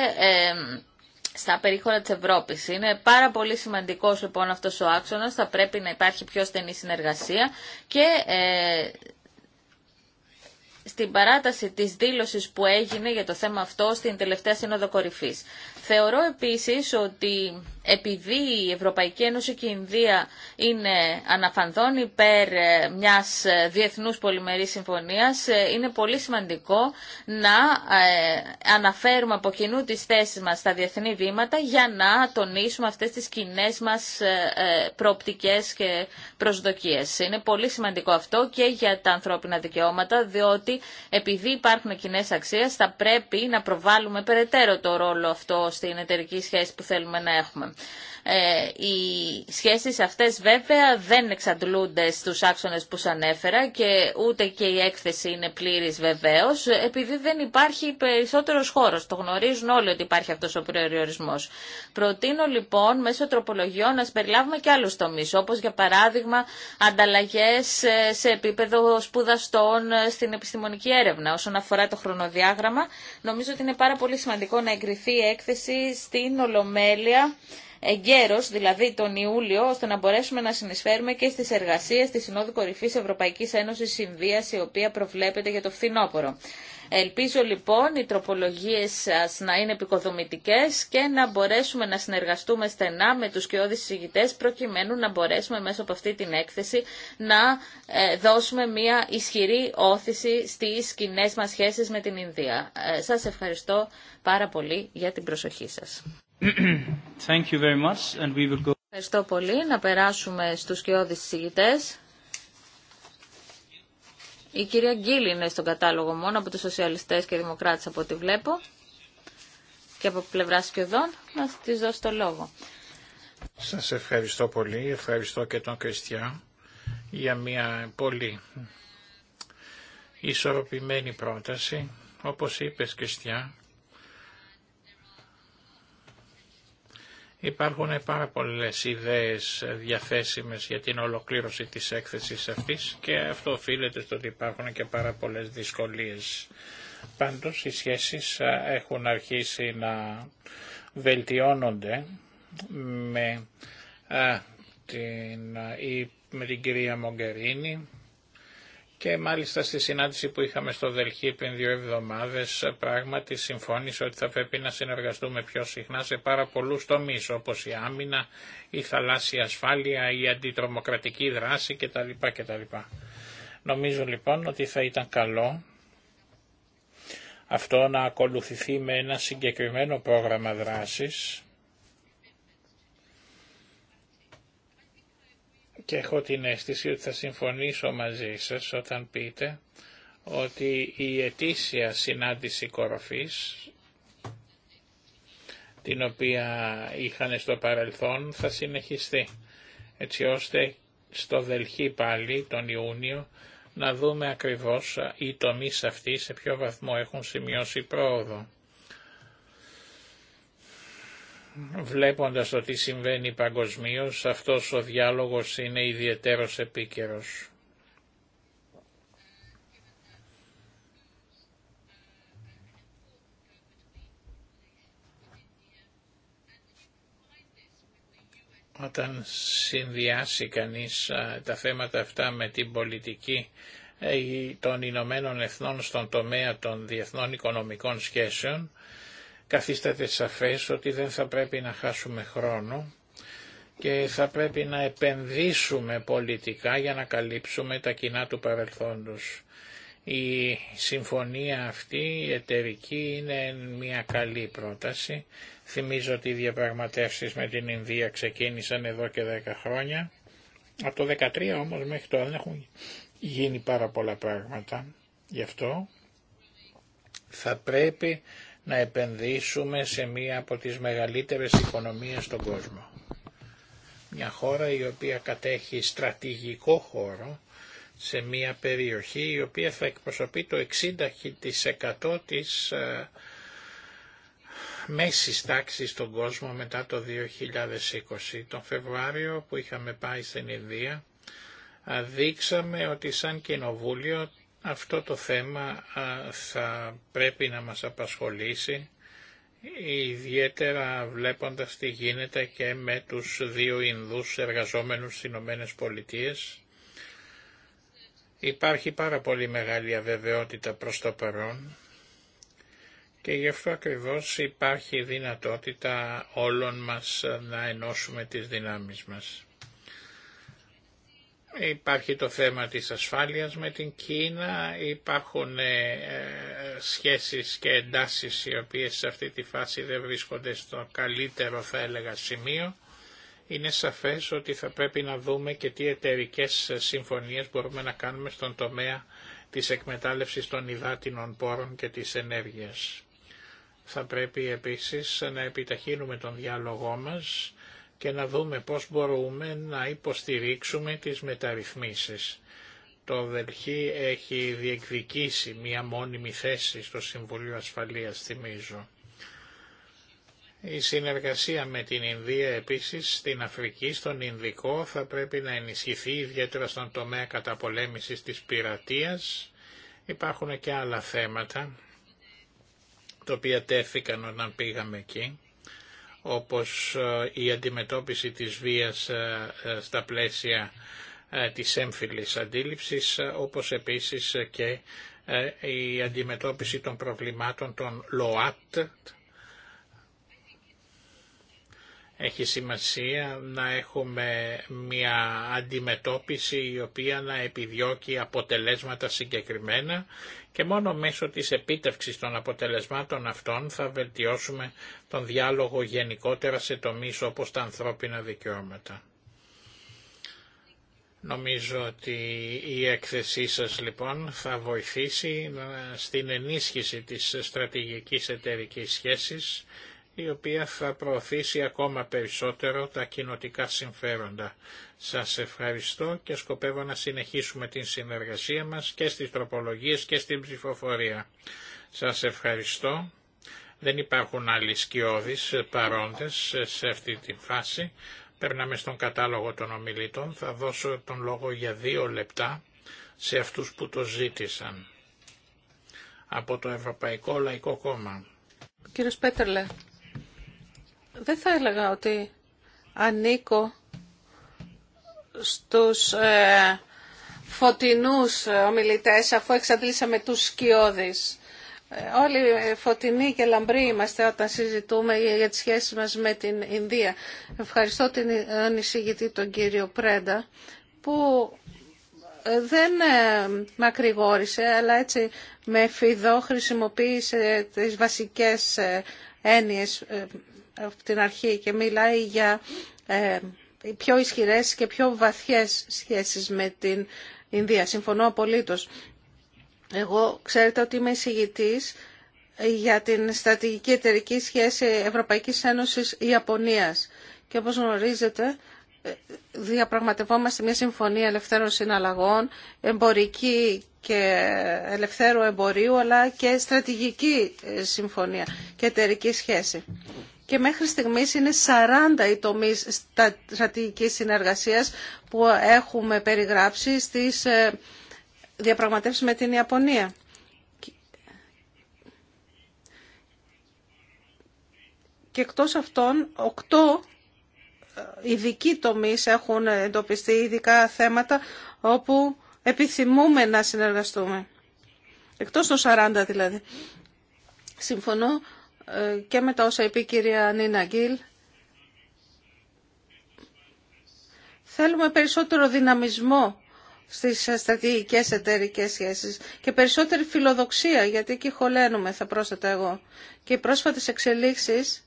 στα περίχωρα της Ευρώπης. Είναι πάρα πολύ σημαντικός λοιπόν αυτός ο άξονας, θα πρέπει να υπάρχει πιο στενή συνεργασία και ε, στην παράταση της δήλωσης που έγινε για το θέμα αυτό στην τελευταία Σύνοδο Κορυφής. Θεωρώ επίσης ότι επειδή η Ευρωπαϊκή Ένωση και η Ινδία είναι αναφανδόν υπέρ ε, μιας ε, διεθνούς πολυμερής συμφωνίας, ε, είναι πολύ σημαντικό να αναφέρουμε από κοινού τις θέσεις μας στα διεθνή βήματα για να τονίσουμε αυτές τις κοινέ μας προοπτικές και προσδοκίες. Είναι πολύ σημαντικό αυτό και για τα ανθρώπινα δικαιώματα, διότι επειδή υπάρχουν κοινέ αξίες θα πρέπει να προβάλλουμε περαιτέρω το ρόλο αυτό στην εταιρική σχέση που θέλουμε να έχουμε. Υπότιτλοι Authorwave ε, οι σχέσεις αυτές βέβαια δεν εξαντλούνται στους άξονες που σας ανέφερα και ούτε και η έκθεση είναι πλήρης βεβαίως επειδή δεν υπάρχει περισσότερος χώρος. Το γνωρίζουν όλοι ότι υπάρχει αυτός ο προεριορισμός. Προτείνω λοιπόν μέσω τροπολογιών να περιλάβουμε και άλλους τομείς όπως για παράδειγμα ανταλλαγές ε, σε επίπεδο σπουδαστών ε, στην επιστημονική έρευνα όσον αφορά το χρονοδιάγραμμα. Νομίζω ότι είναι πάρα πολύ σημαντικό να εγκριθεί η έκθεση στην Ολομέλεια εγκαίρως, δηλαδή τον Ιούλιο, ώστε να μπορέσουμε να συνεισφέρουμε και στις εργασίες της Συνόδου Κορυφής Ευρωπαϊκής Ένωσης Συνδίας, η οποία προβλέπεται για το φθινόπωρο. Ελπίζω λοιπόν οι τροπολογίες σας να είναι επικοδομητικές και να μπορέσουμε να συνεργαστούμε στενά με τους κοιόδης συζητητές προκειμένου να μπορέσουμε μέσω από αυτή την έκθεση να ε, δώσουμε μια ισχυρή όθηση στις κοινέ μας σχέσεις με την Ινδία. Ε, σας ευχαριστώ πάρα πολύ για την προσοχή σας. Ευχαριστώ πολύ. Να περάσουμε στους κοιόδης συζητητές. Η κυρία Γκίλη είναι στον κατάλογο μόνο από τους σοσιαλιστές και δημοκράτες από ό,τι βλέπω και από πλευρά σκιωδών να τη δώσω το λόγο. Σας ευχαριστώ πολύ. Ευχαριστώ και τον Κριστιά για μια πολύ ισορροπημένη πρόταση. Όπως είπες Κριστιά, Υπάρχουν πάρα πολλές ιδέες διαθέσιμες για την ολοκλήρωση της έκθεσης αυτής και αυτό οφείλεται στο ότι υπάρχουν και πάρα πολλές δυσκολίες. Πάντως οι σχέσεις έχουν αρχίσει να βελτιώνονται με, την, με την κυρία Μογκερίνη και μάλιστα στη συνάντηση που είχαμε στο Δελχή πριν δύο εβδομάδε, πράγματι συμφώνησε ότι θα πρέπει να συνεργαστούμε πιο συχνά σε πάρα πολλού τομεί όπως η άμυνα, η θαλάσσια ασφάλεια, η αντιτρομοκρατική δράση κτλ. κτλ. Νομίζω λοιπόν ότι θα ήταν καλό αυτό να ακολουθηθεί με ένα συγκεκριμένο πρόγραμμα δράσης και έχω την αίσθηση ότι θα συμφωνήσω μαζί σας όταν πείτε ότι η ετήσια συνάντηση κοροφής την οποία είχαν στο παρελθόν θα συνεχιστεί έτσι ώστε στο Δελχή πάλι τον Ιούνιο να δούμε ακριβώς οι τομείς αυτοί σε ποιο βαθμό έχουν σημειώσει πρόοδο βλέποντας το τι συμβαίνει παγκοσμίω, αυτός ο διάλογος είναι ιδιαίτερος επίκαιρος. Όταν συνδυάσει κανείς τα θέματα αυτά με την πολιτική ε, των Ηνωμένων Εθνών στον τομέα των διεθνών οικονομικών σχέσεων, καθίσταται σαφές ότι δεν θα πρέπει να χάσουμε χρόνο και θα πρέπει να επενδύσουμε πολιτικά για να καλύψουμε τα κοινά του παρελθόντος. Η συμφωνία αυτή, η εταιρική, είναι μια καλή πρόταση. Θυμίζω ότι οι διαπραγματεύσεις με την Ινδία ξεκίνησαν εδώ και 10 χρόνια. Από το 2013 όμως μέχρι τώρα δεν έχουν γίνει πάρα πολλά πράγματα. Γι' αυτό θα πρέπει να επενδύσουμε σε μία από τις μεγαλύτερες οικονομίες στον κόσμο. Μια χώρα η οποία κατέχει στρατηγικό χώρο σε μία περιοχή η οποία θα εκπροσωπεί το 60% της ε, μέσης τάξης στον κόσμο μετά το 2020. Τον Φεβρουάριο που είχαμε πάει στην Ινδία ε, δείξαμε ότι σαν κοινοβούλιο αυτό το θέμα θα πρέπει να μας απασχολήσει, ιδιαίτερα βλέποντας τι γίνεται και με τους δύο Ινδούς εργαζόμενους στις Ηνωμένες Πολιτείες. Υπάρχει πάρα πολύ μεγάλη αβεβαιότητα προς το παρόν και γι' αυτό ακριβώς υπάρχει δυνατότητα όλων μας να ενώσουμε τις δυνάμεις μας. Υπάρχει το θέμα της ασφάλειας με την Κίνα, υπάρχουν ε, ε, σχέσεις και εντάσεις οι οποίες σε αυτή τη φάση δεν βρίσκονται στο καλύτερο θα έλεγα σημείο. Είναι σαφές ότι θα πρέπει να δούμε και τι εταιρικέ συμφωνίες μπορούμε να κάνουμε στον τομέα της εκμετάλλευσης των υδάτινων πόρων και της ενέργειας. Θα πρέπει επίσης να επιταχύνουμε τον διάλογό μας και να δούμε πώς μπορούμε να υποστηρίξουμε τις μεταρρυθμίσεις. Το Δελχή έχει διεκδικήσει μία μόνιμη θέση στο Συμβουλίο Ασφαλείας, θυμίζω. Η συνεργασία με την Ινδία επίσης στην Αφρική, στον Ινδικό, θα πρέπει να ενισχυθεί ιδιαίτερα στον τομέα καταπολέμησης της πειρατείας. Υπάρχουν και άλλα θέματα, τα οποία τέθηκαν όταν πήγαμε εκεί όπως ε, η αντιμετώπιση της βίας ε, ε, στα πλαίσια της έμφυλης αντίληψης, όπως επίσης και η αντιμετώπιση των προβλημάτων των ΛΟΑΤ, έχει σημασία να έχουμε μια αντιμετώπιση η οποία να επιδιώκει αποτελέσματα συγκεκριμένα και μόνο μέσω της επίτευξης των αποτελεσμάτων αυτών θα βελτιώσουμε τον διάλογο γενικότερα σε τομείς όπως τα ανθρώπινα δικαιώματα. Νομίζω ότι η έκθεσή σας λοιπόν θα βοηθήσει στην ενίσχυση της στρατηγικής εταιρικής σχέσης η οποία θα προωθήσει ακόμα περισσότερο τα κοινοτικά συμφέροντα. Σας ευχαριστώ και σκοπεύω να συνεχίσουμε την συνεργασία μας και στις τροπολογίες και στην ψηφοφορία. Σας ευχαριστώ. Δεν υπάρχουν άλλοι σκιώδεις παρόντες σε αυτή τη φάση. Περνάμε στον κατάλογο των ομιλητών. Θα δώσω τον λόγο για δύο λεπτά σε αυτούς που το ζήτησαν. Από το Ευρωπαϊκό Λαϊκό Κόμμα. Κύριος Πέτερλε, δεν θα έλεγα ότι ανήκω στους ε, φωτεινούς ε, ομιλητές αφού εξαντλήσαμε τους σκιώδεις. Ε, όλοι φωτεινοί και λαμπροί είμαστε όταν συζητούμε για τις σχέσεις μας με την Ινδία. Ευχαριστώ την εισηγητή τον κύριο Πρέντα που ε, δεν ακρηγόρησε αλλά έτσι με φιδό χρησιμοποίησε τις βασικές έννοιες από την αρχή και μιλάει για ε, πιο ισχυρές και πιο βαθιές σχέσεις με την Ινδία. Συμφωνώ απολύτως. Εγώ ξέρετε ότι είμαι εισηγητής για την στρατηγική εταιρική σχέση Ευρωπαϊκής Ένωσης Ιαπωνίας. Και όπως γνωρίζετε, διαπραγματευόμαστε μια συμφωνία ελευθέρων συναλλαγών, εμπορική και ελευθέρου εμπορίου, αλλά και στρατηγική ε, συμφωνία και εταιρική σχέση και μέχρι στιγμής είναι 40 οι τομείς στρατηγικής συνεργασίας που έχουμε περιγράψει στις ε, διαπραγματεύσεις με την Ιαπωνία. Και εκτός αυτών, 8 ε, ειδικοί τομείς έχουν εντοπιστεί, ειδικά θέματα όπου επιθυμούμε να συνεργαστούμε. Εκτός των 40 δηλαδή. Συμφωνώ ε, και με τα όσα είπε η κυρία Νίνα Γκίλ. Θέλουμε περισσότερο δυναμισμό στις στρατηγικές εταιρικές σχέσεις και περισσότερη φιλοδοξία, γιατί εκεί χωλένουμε, θα πρόσθετα εγώ. Και οι πρόσφατες εξελίξεις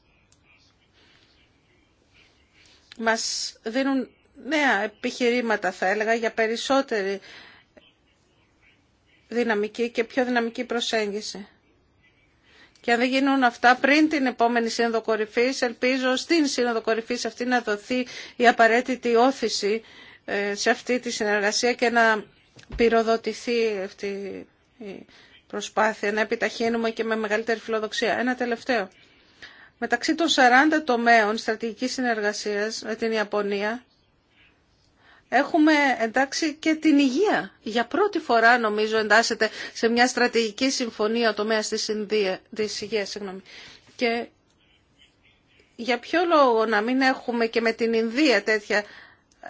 μας δίνουν νέα επιχειρήματα, θα έλεγα, για περισσότερη δυναμική και πιο δυναμική προσέγγιση. Και αν δεν γίνουν αυτά πριν την επόμενη Σύνοδο Κορυφή, ελπίζω στην Σύνοδο Κορυφή αυτή να δοθεί η απαραίτητη όθηση ε, σε αυτή τη συνεργασία και να πυροδοτηθεί αυτή η προσπάθεια, να επιταχύνουμε και με μεγαλύτερη φιλοδοξία. Ένα τελευταίο. Μεταξύ των 40 τομέων στρατηγικής συνεργασίας με την Ιαπωνία, Έχουμε εντάξει και την υγεία. Για πρώτη φορά νομίζω εντάσσεται σε μια στρατηγική συμφωνία ο τομέας της, υγείας. Και για ποιο λόγο να μην έχουμε και με την Ινδία τέτοια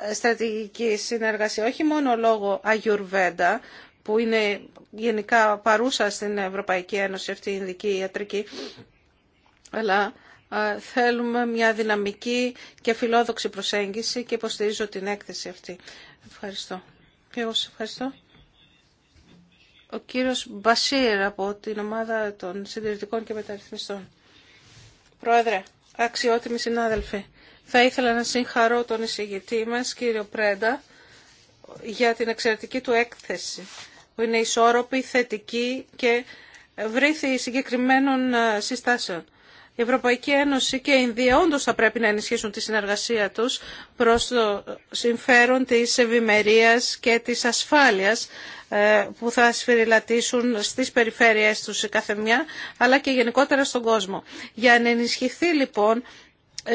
ε, στρατηγική συνεργασία, όχι μόνο λόγω Αγιουρβέντα, που είναι γενικά παρούσα στην Ευρωπαϊκή Ένωση αυτή η Ινδική Ιατρική, αλλά θέλουμε μια δυναμική και φιλόδοξη προσέγγιση και υποστηρίζω την έκθεση αυτή. Ευχαριστώ. Και εγώ σας ευχαριστώ. Ο κύριος Μπασίρ από την ομάδα των συντηρητικών και μεταρρυθμιστών. Πρόεδρε, αξιότιμοι συνάδελφοι, θα ήθελα να συγχαρώ τον εισηγητή μας, κύριο Πρέντα, για την εξαιρετική του έκθεση, που είναι ισόρροπη, θετική και βρήθη συγκεκριμένων ε, συστάσεων. Η Ευρωπαϊκή Ένωση και η Ινδία όντως θα πρέπει να ενισχύσουν τη συνεργασία τους προς το συμφέρον της ευημερία και της ασφάλειας ε, που θα σφυριλατήσουν στις περιφέρειές τους η καθεμιά αλλά και γενικότερα στον κόσμο. Για να ενισχυθεί λοιπόν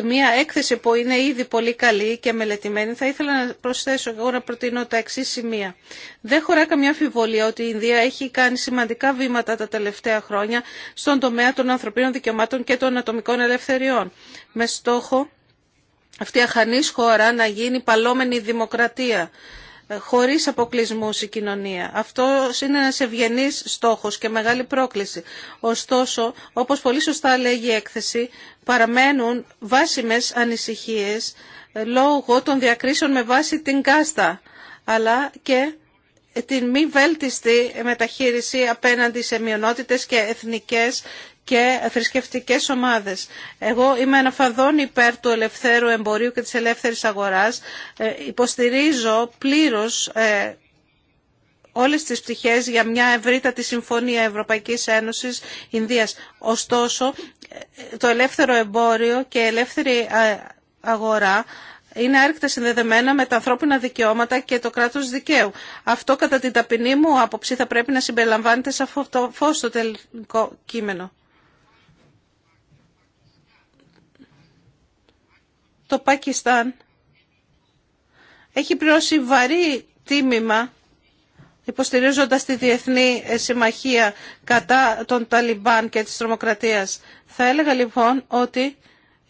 μια έκθεση που είναι ήδη πολύ καλή και μελετημένη, θα ήθελα να προσθέσω εγώ να προτείνω τα εξή σημεία. Δεν χωρά καμιά αμφιβολία ότι η Ινδία έχει κάνει σημαντικά βήματα τα τελευταία χρόνια στον τομέα των ανθρωπίνων δικαιωμάτων και των ατομικών ελευθεριών, με στόχο αυτή η αχανής χώρα να γίνει παλόμενη δημοκρατία ε, χωρίς αποκλεισμούς η κοινωνία. Αυτό είναι ένας ευγενής στόχος και μεγάλη πρόκληση. Ωστόσο, όπως πολύ σωστά λέγει η έκθεση, παραμένουν βάσιμες ανησυχίες ε, λόγω των διακρίσεων με βάση την κάστα, αλλά και την μη βέλτιστη μεταχείριση απέναντι σε μειονότητες και εθνικές και θρησκευτικές ομάδες. Εγώ είμαι αναφαδόν υπέρ του ελευθέρου εμπορίου και της ελεύθερης αγοράς. Ε, υποστηρίζω πλήρως ε, όλες τις πτυχές για μια ευρύτατη συμφωνία Ευρωπαϊκής Ένωσης Ινδίας. Ωστόσο, ε, το ελεύθερο εμπόριο και ελεύθερη αγορά είναι άρρηκτα συνδεδεμένα με τα ανθρώπινα δικαιώματα και το κράτο δικαίου. Αυτό κατά την ταπεινή μου άποψη θα πρέπει να συμπεριλαμβάνεται σε αυτό στο τελικό κείμενο. Το Πακιστάν έχει πληρώσει βαρύ τίμημα υποστηρίζοντας τη Διεθνή ε, Συμμαχία κατά των Ταλιμπάν και της τρομοκρατίας. Θα έλεγα λοιπόν ότι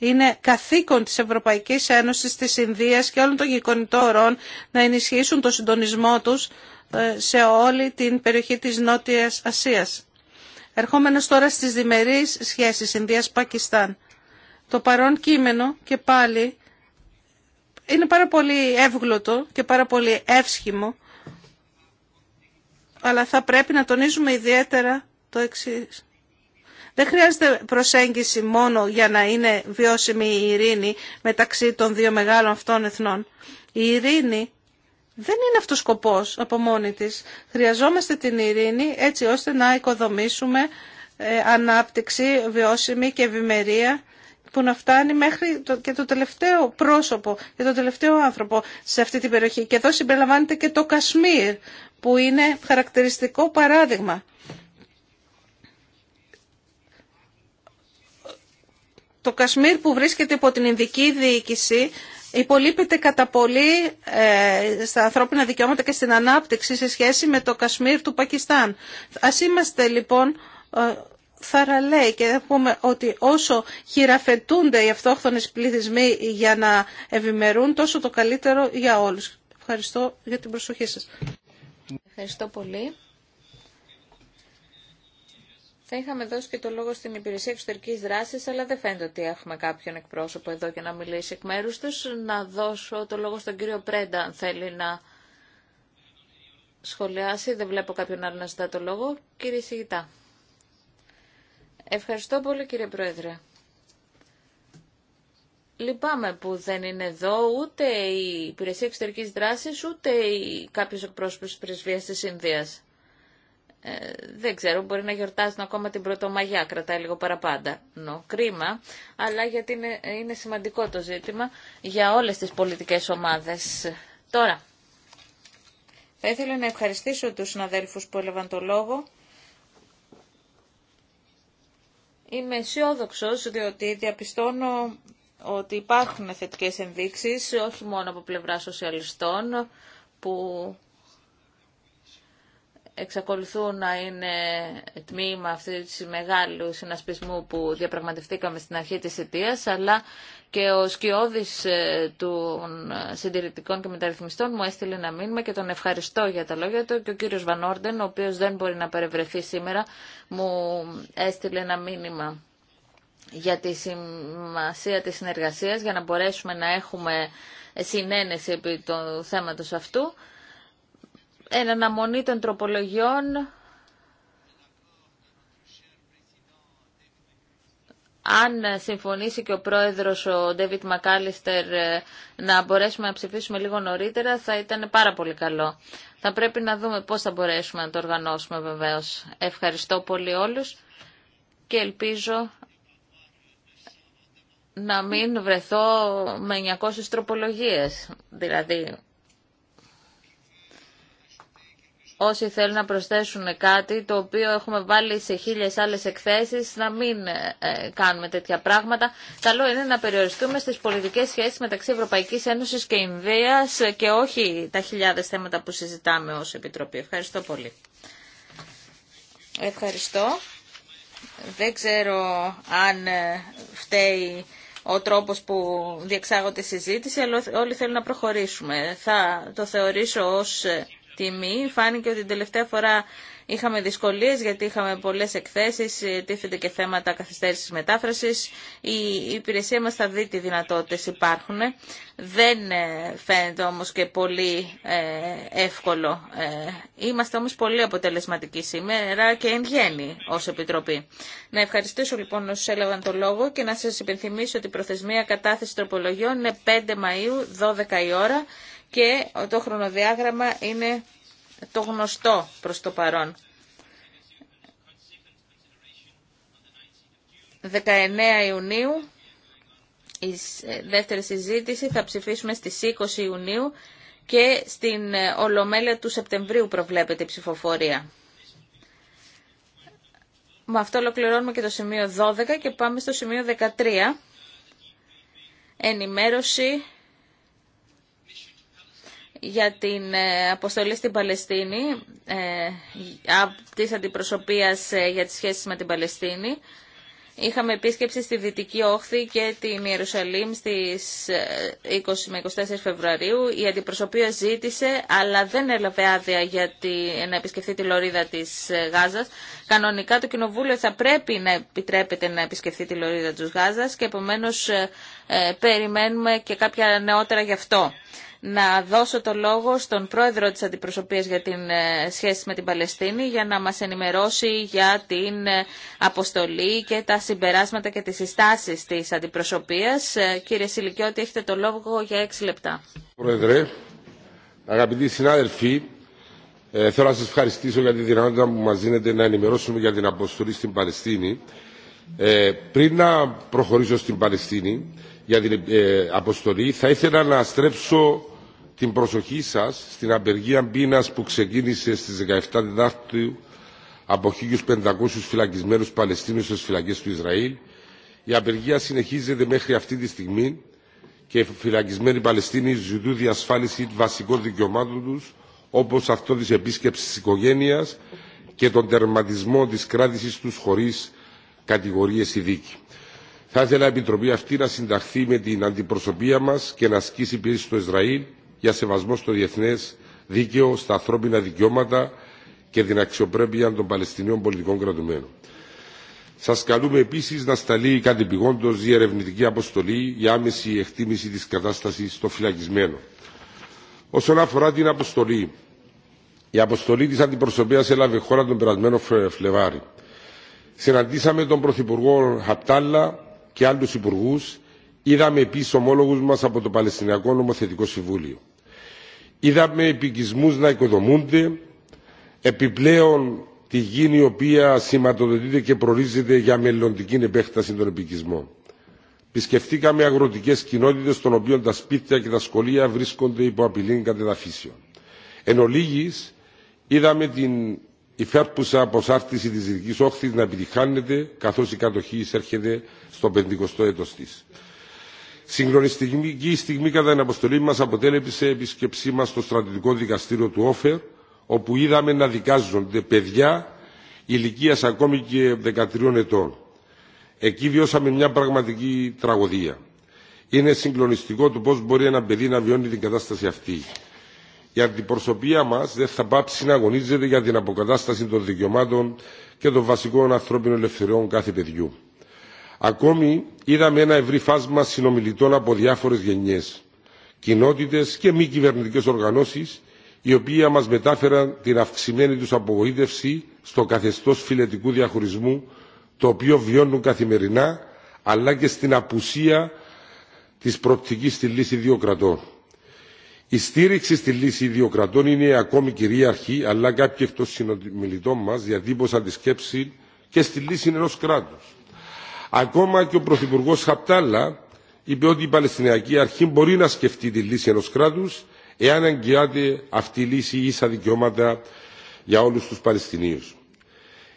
είναι καθήκον της Ευρωπαϊκής Ένωσης, της Ινδίας και όλων των γειτονικών να ενισχύσουν το συντονισμό τους ε, σε όλη την περιοχή της Νότιας Ασίας. Ερχόμενος τώρα στις διμερείς σχέσεις Ινδίας-Πακιστάν. Το παρόν κείμενο και πάλι είναι πάρα πολύ εύγλωτο και πάρα πολύ εύσχημο, αλλά θα πρέπει να τονίζουμε ιδιαίτερα το εξής. Δεν χρειάζεται προσέγγιση μόνο για να είναι βιώσιμη η ειρήνη μεταξύ των δύο μεγάλων αυτών εθνών. Η ειρήνη δεν είναι αυτός σκοπός από μόνη της. Χρειαζόμαστε την ειρήνη έτσι ώστε να οικοδομήσουμε ε, ανάπτυξη, βιώσιμη και ευημερία που να φτάνει μέχρι και το τελευταίο πρόσωπο και το τελευταίο άνθρωπο σε αυτή την περιοχή. Και εδώ συμπεριλαμβάνεται και το Κασμίρ που είναι χαρακτηριστικό παράδειγμα Το Κασμίρ που βρίσκεται υπό την ειδική διοίκηση υπολείπεται κατά πολύ ε, στα ανθρώπινα δικαιώματα και στην ανάπτυξη σε σχέση με το Κασμίρ του Πακιστάν. Ας είμαστε λοιπόν ε, θαραλέοι και πούμε ότι όσο χειραφετούνται οι αυτόχθονες πληθυσμοί για να ευημερούν τόσο το καλύτερο για όλους. Ευχαριστώ για την προσοχή σας. Ευχαριστώ πολύ. Θα είχαμε δώσει και το λόγο στην Υπηρεσία εξωτερική δράση, αλλά δεν φαίνεται ότι έχουμε κάποιον εκπρόσωπο εδώ για να μιλήσει εκ μέρου του. Να δώσω το λόγο στον κύριο Πρέντα, αν θέλει να σχολιάσει. Δεν βλέπω κάποιον άλλο να ζητά το λόγο. Κύριε Σιγητά. Ευχαριστώ πολύ κύριε Πρόεδρε. Λυπάμαι που δεν είναι εδώ ούτε η Υπηρεσία Εξωτερικής Δράσης, ούτε η... κάποιος εκπρόσωπος της Πρεσβείας της Ινδίας. Ε, δεν ξέρω, μπορεί να γιορτάζουν ακόμα την Πρωτομαγιά, κρατάει λίγο παραπάντα. κρίμα, αλλά γιατί είναι, είναι σημαντικό το ζήτημα για όλες τις πολιτικές ομάδες. Τώρα, θα ήθελα να ευχαριστήσω τους συναδέλφους που έλαβαν το λόγο. Είμαι αισιόδοξο διότι διαπιστώνω ότι υπάρχουν θετικές ενδείξεις, όχι μόνο από πλευρά σοσιαλιστών, που εξακολουθούν να είναι τμήμα αυτού του μεγάλου συνασπισμού που διαπραγματευτήκαμε στην αρχή της αιτίας, αλλά και ο σκιώδης ε, των συντηρητικών και μεταρρυθμιστών μου έστειλε ένα μήνυμα και τον ευχαριστώ για τα λόγια του και ο κύριος Βανόρντεν, ο οποίος δεν μπορεί να παρευρεθεί σήμερα, μου έστειλε ένα μήνυμα για τη σημασία της συνεργασίας για να μπορέσουμε να έχουμε συνένεση επί του θέματος αυτού εν αναμονή των τροπολογιών αν συμφωνήσει και ο πρόεδρος ο Ντέβιτ Μακάλιστερ να μπορέσουμε να ψηφίσουμε λίγο νωρίτερα θα ήταν πάρα πολύ καλό. Θα πρέπει να δούμε πώς θα μπορέσουμε να το οργανώσουμε βεβαίως. Ευχαριστώ πολύ όλους και ελπίζω να μην βρεθώ με 900 τροπολογίες. Δηλαδή όσοι θέλουν να προσθέσουν κάτι το οποίο έχουμε βάλει σε χίλιες άλλες εκθέσεις να μην ε, κάνουμε τέτοια πράγματα. Καλό είναι να περιοριστούμε στις πολιτικές σχέσεις μεταξύ Ευρωπαϊκής Ένωσης και Ινδίας και όχι τα χιλιάδες θέματα που συζητάμε ως Επιτροπή. Ευχαριστώ πολύ. Ευχαριστώ. Δεν ξέρω αν ε, φταίει ο τρόπος που διεξάγονται τη συζήτηση, αλλά όλοι θέλουν να προχωρήσουμε. Θα το θεωρήσω ως ε, τιμή. Φάνηκε ότι την τελευταία φορά είχαμε δυσκολίες γιατί είχαμε πολλές εκθέσεις, ε, τίθεται και θέματα καθυστέρησης μετάφρασης. Η υπηρεσία μας θα δει τι δυνατότητες υπάρχουν. Δεν ε, φαίνεται όμως και πολύ ε, εύκολο. Είμαστε όμως πολύ αποτελεσματικοί σήμερα και εν γέννη ως Επιτροπή. Να ευχαριστήσω λοιπόν όσους έλαβαν το λόγο και να σας υπενθυμίσω ότι η προθεσμία κατάθεση τροπολογιών είναι 5 Μαΐου, 12 η ώρα και το χρονοδιάγραμμα είναι το γνωστό προς το παρόν. 19 Ιουνίου η ε, δεύτερη συζήτηση θα ψηφίσουμε στις 20 Ιουνίου και στην ε, Ολομέλεια του Σεπτεμβρίου προβλέπεται η ψηφοφορία. Με αυτό ολοκληρώνουμε και το σημείο 12 και πάμε στο σημείο 13. Ενημέρωση για την ε, αποστολή στην Παλαιστίνη, ε, της αντιπροσωπείας ε, για τις σχέσεις με την Παλαιστίνη. Είχαμε επίσκεψη στη Δυτική Όχθη και την Ιερουσαλήμ στις 20 με 24 Φεβρουαρίου. Η αντιπροσωπεία ζήτησε, αλλά δεν έλαβε άδεια για να επισκεφθεί τη λωρίδα της Γάζας. Κανονικά το Κοινοβούλιο θα πρέπει να επιτρέπεται να επισκεφθεί τη λωρίδα της Γάζας και επομένως περιμένουμε και κάποια νεότερα γι' αυτό να δώσω το λόγο στον πρόεδρο της Αντιπροσωπείας για την ε, σχέση με την Παλαιστίνη για να μας ενημερώσει για την ε, αποστολή και τα συμπεράσματα και τις συστάσεις της Αντιπροσωπείας. Ε, κύριε Σιλικιώτη, έχετε το λόγο για έξι λεπτά. Πρόεδρε, αγαπητοί συνάδελφοι, θέλω να σας ευχαριστήσω για τη δυνατότητα που μας δίνετε να ενημερώσουμε για την αποστολή στην Παλαιστίνη. Ε, πριν να προχωρήσω στην Παλαιστίνη για την ε, αποστολή, θα ήθελα να στρέψω την προσοχή σας στην απεργία μπίνας που ξεκίνησε στις 17 Διδάκτου από 1.500 φυλακισμένους Παλαιστίνους στις φυλακές του Ισραήλ. Η απεργία συνεχίζεται μέχρι αυτή τη στιγμή και οι φυλακισμένοι Παλαιστίνοι ζητούν διασφάλιση βασικών δικαιωμάτων τους όπως αυτό της επίσκεψης της οικογένειας και τον τερματισμό της κράτησης τους χωρίς κατηγορίες ή δίκη. Θα ήθελα η Επιτροπή αυτή να συνταχθεί με την αντιπροσωπεία μας και να ασκήσει πίεση στο Ισραήλ για σεβασμό στο διεθνέ δίκαιο, στα ανθρώπινα δικαιώματα και την αξιοπρέπεια των Παλαιστινίων πολιτικών κρατουμένων. Σα καλούμε επίση να σταλεί κατεπηγόντω η ερευνητική αποστολή για άμεση εκτίμηση τη κατάσταση στο φυλακισμένο. Όσον αφορά την αποστολή, η αποστολή τη αντιπροσωπείας έλαβε χώρα τον περασμένο Φλεβάρι. Συναντήσαμε τον Πρωθυπουργό Χαπτάλα και άλλου υπουργού. Είδαμε επίση ομόλογου μα από το Παλαιστινιακό Νομοθετικό Συμβούλιο. Είδαμε επικισμούς να οικοδομούνται, επιπλέον τη γη η οποία σηματοδοτείται και προρίζεται για μελλοντική επέκταση των επικισμών. Πισκεφτήκαμε αγροτικές κοινότητες των οποίων τα σπίτια και τα σχολεία βρίσκονται υπό απειλή κατεδαφίσεων. Εν ολίγης, είδαμε την υφέρπουσα αποσάρτηση της δυτικής όχθης να επιτυχάνεται καθώς η κατοχή εισέρχεται στο 50ο έτος της. Συγκλονιστική στιγμή κατά την αποστολή μα αποτέλεσε η επισκεψή μα στο στρατιωτικό δικαστήριο του Όφερ, όπου είδαμε να δικάζονται παιδιά ηλικία ακόμη και 13 ετών. Εκεί βιώσαμε μια πραγματική τραγωδία. Είναι συγκλονιστικό το πώ μπορεί ένα παιδί να βιώνει την κατάσταση αυτή. Η αντιπροσωπεία μα δεν θα πάψει να αγωνίζεται για την αποκατάσταση των δικαιωμάτων και των βασικών ανθρώπινων ελευθεριών κάθε παιδιού. Ακόμη είδαμε ένα ευρύ φάσμα συνομιλητών από διάφορες γενιές, κοινότητες και μη κυβερνητικές οργανώσεις, οι οποίοι μας μετάφεραν την αυξημένη τους απογοήτευση στο καθεστώς φιλετικού διαχωρισμού, το οποίο βιώνουν καθημερινά, αλλά και στην απουσία της προοπτικής στη λύση δύο κρατών. Η στήριξη στη λύση δύο κρατών είναι ακόμη κυρίαρχη, αλλά κάποιοι εκ των συνομιλητών μα διατύπωσαν τη σκέψη και στη λύση ενό κράτου. Ακόμα και ο Πρωθυπουργό Χαπτάλα είπε ότι η Παλαιστινιακή Αρχή μπορεί να σκεφτεί τη λύση ενό κράτου εάν εγκυάται αυτή η λύση ίσα δικαιώματα για όλου του Παλαιστινίου.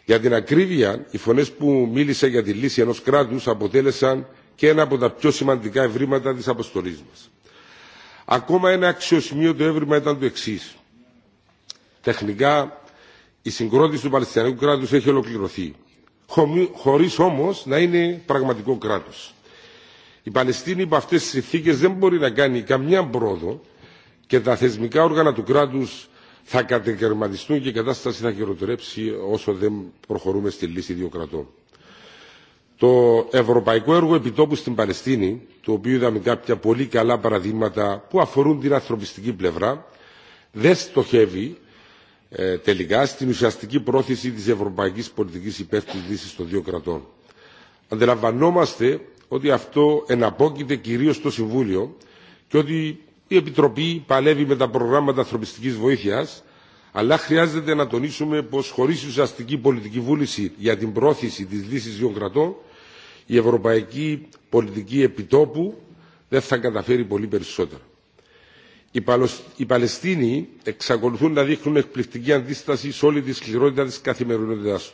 Για την ακρίβεια, οι φωνέ που μίλησε για τη λύση ενό κράτου αποτέλεσαν και ένα από τα πιο σημαντικά ευρήματα τη αποστολή μα. Ακόμα ένα αξιοσημείωτο εύρημα ήταν το εξή. Τεχνικά, η συγκρότηση του Παλαιστινιακού κράτου έχει ολοκληρωθεί χωρίς όμως να είναι πραγματικό κράτος. Η Παλαιστίνη υπό αυτές τις συνθήκε δεν μπορεί να κάνει καμιά πρόοδο και τα θεσμικά όργανα του κράτους θα κατεκαιρματιστούν και η κατάσταση θα χειροτερέψει όσο δεν προχωρούμε στη λύση δύο κρατών. Το ευρωπαϊκό έργο επιτόπου στην Παλαιστίνη, το οποίο είδαμε κάποια πολύ καλά παραδείγματα που αφορούν την ανθρωπιστική πλευρά, δεν στοχεύει ε, τελικά στην ουσιαστική πρόθεση της ευρωπαϊκής πολιτικής υπέρ της λύσης των δύο κρατών. Αντιλαμβανόμαστε ότι αυτό εναπόκειται κυρίως στο Συμβούλιο και ότι η Επιτροπή παλεύει με τα προγράμματα ανθρωπιστικής βοήθειας αλλά χρειάζεται να τονίσουμε πως χωρίς ουσιαστική πολιτική βούληση για την πρόθεση της λύσης δύο κρατών η ευρωπαϊκή πολιτική επιτόπου δεν θα καταφέρει πολύ περισσότερο. Οι Παλαιστίνοι εξακολουθούν να δείχνουν εκπληκτική αντίσταση σε όλη τη σκληρότητα τη καθημερινότητά του.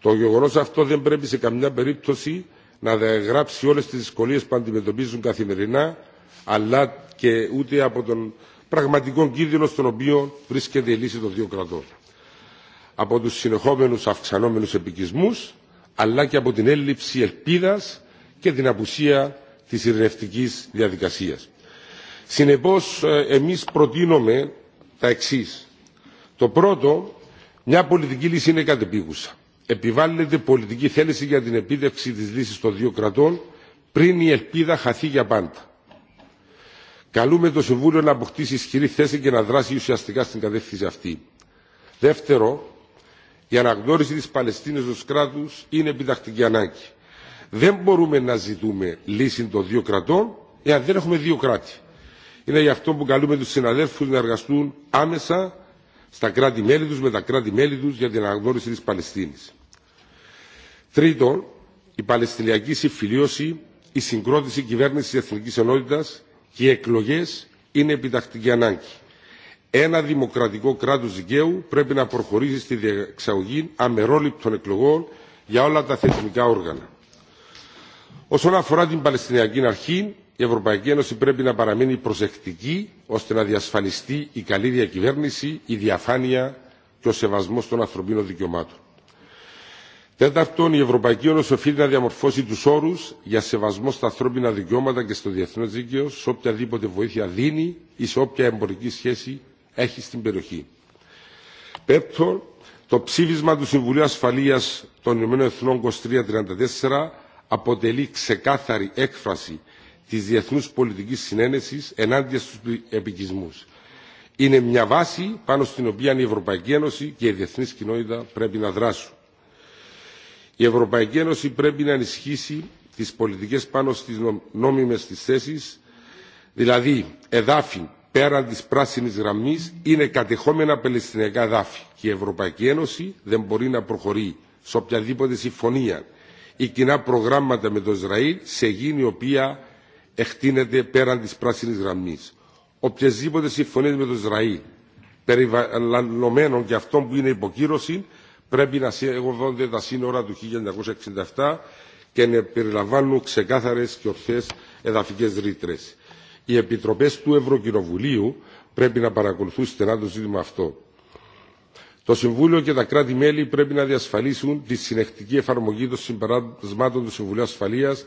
Το γεγονό αυτό δεν πρέπει σε καμιά περίπτωση να διαγράψει όλε τι δυσκολίε που αντιμετωπίζουν καθημερινά, αλλά και ούτε από τον πραγματικό κίνδυνο στον οποίο βρίσκεται η λύση των δύο κρατών. Από του συνεχόμενου αυξανόμενου επικισμού, αλλά και από την έλλειψη ελπίδα και την απουσία τη ειρηνευτική διαδικασία. Συνεπώς ε, εμείς προτείνουμε τα εξής. Το πρώτο, μια πολιτική λύση είναι κατεπίγουσα. Επιβάλλεται πολιτική θέληση για την επίτευξη της λύσης των δύο κρατών πριν η ελπίδα χαθεί για πάντα. Καλούμε το Συμβούλιο να αποκτήσει ισχυρή θέση και να δράσει ουσιαστικά στην κατεύθυνση αυτή. Δεύτερο, η αναγνώριση της Παλαιστίνης ως κράτους είναι επιτακτική ανάγκη. Δεν μπορούμε να ζητούμε λύση των δύο κρατών εάν δεν έχουμε δύο κράτη. Είναι γι' αυτό που καλούμε του συναδέλφους να εργαστούν άμεσα στα κράτη-μέλη του με τα κράτη-μέλη του για την αναγνώριση τη Παλαιστίνη. Τρίτον, η Παλαιστινιακή συμφιλίωση, η συγκρότηση κυβέρνηση τη Εθνική Ενότητα και οι εκλογέ είναι επιτακτική ανάγκη. Ένα δημοκρατικό κράτο δικαίου πρέπει να προχωρήσει στη διεξαγωγή αμερόληπτων εκλογών για όλα τα θεσμικά όργανα. Όσον αφορά την Παλαιστινιακή Αρχή, η Ευρωπαϊκή Ένωση πρέπει να παραμείνει προσεκτική ώστε να διασφαλιστεί η καλή διακυβέρνηση, η διαφάνεια και ο σεβασμό των ανθρωπίνων δικαιωμάτων. Τέταρτον, η Ευρωπαϊκή Ένωση οφείλει να διαμορφώσει του όρου για σεβασμό στα ανθρώπινα δικαιώματα και στο διεθνέ δίκαιο σε οποιαδήποτε βοήθεια δίνει ή σε όποια εμπορική σχέση έχει στην περιοχή. Πέμπτον, το ψήφισμα του Συμβουλίου Ασφαλεία των ΗΠΑ 2334 αποτελεί ξεκάθαρη έκφραση της διεθνούς πολιτικής συνένεσης ενάντια στους επικισμούς. Είναι μια βάση πάνω στην οποία η Ευρωπαϊκή Ένωση και η διεθνή κοινότητα πρέπει να δράσουν. Η Ευρωπαϊκή Ένωση πρέπει να ενισχύσει τις πολιτικές πάνω στις νόμιμες της θέσεις, δηλαδή εδάφη πέραν της πράσινης γραμμής είναι κατεχόμενα πελαιστινιακά εδάφη και η Ευρωπαϊκή Ένωση δεν μπορεί να προχωρεί σε οποιαδήποτε συμφωνία ή κοινά προγράμματα με το Ισραήλ σε γίνει η οποία εκτείνεται πέραν της πράσινης γραμμής. Οποιασδήποτε συμφωνίες με το Ισραήλ, περιβαλλοντωμένων και αυτών που είναι υποκύρωση, πρέπει να εγωδόνται τα σύνορα του 1967 και να περιλαμβάνουν ξεκάθαρες και ορθές εδαφικές ρήτρε. Οι επιτροπές του Ευρωκοινοβουλίου πρέπει να παρακολουθούν στενά το ζήτημα αυτό. Το Συμβούλιο και τα κράτη-μέλη πρέπει να διασφαλίσουν τη συνεχτική εφαρμογή των συμπεράσματων του Συμβουλίου Ασφαλείας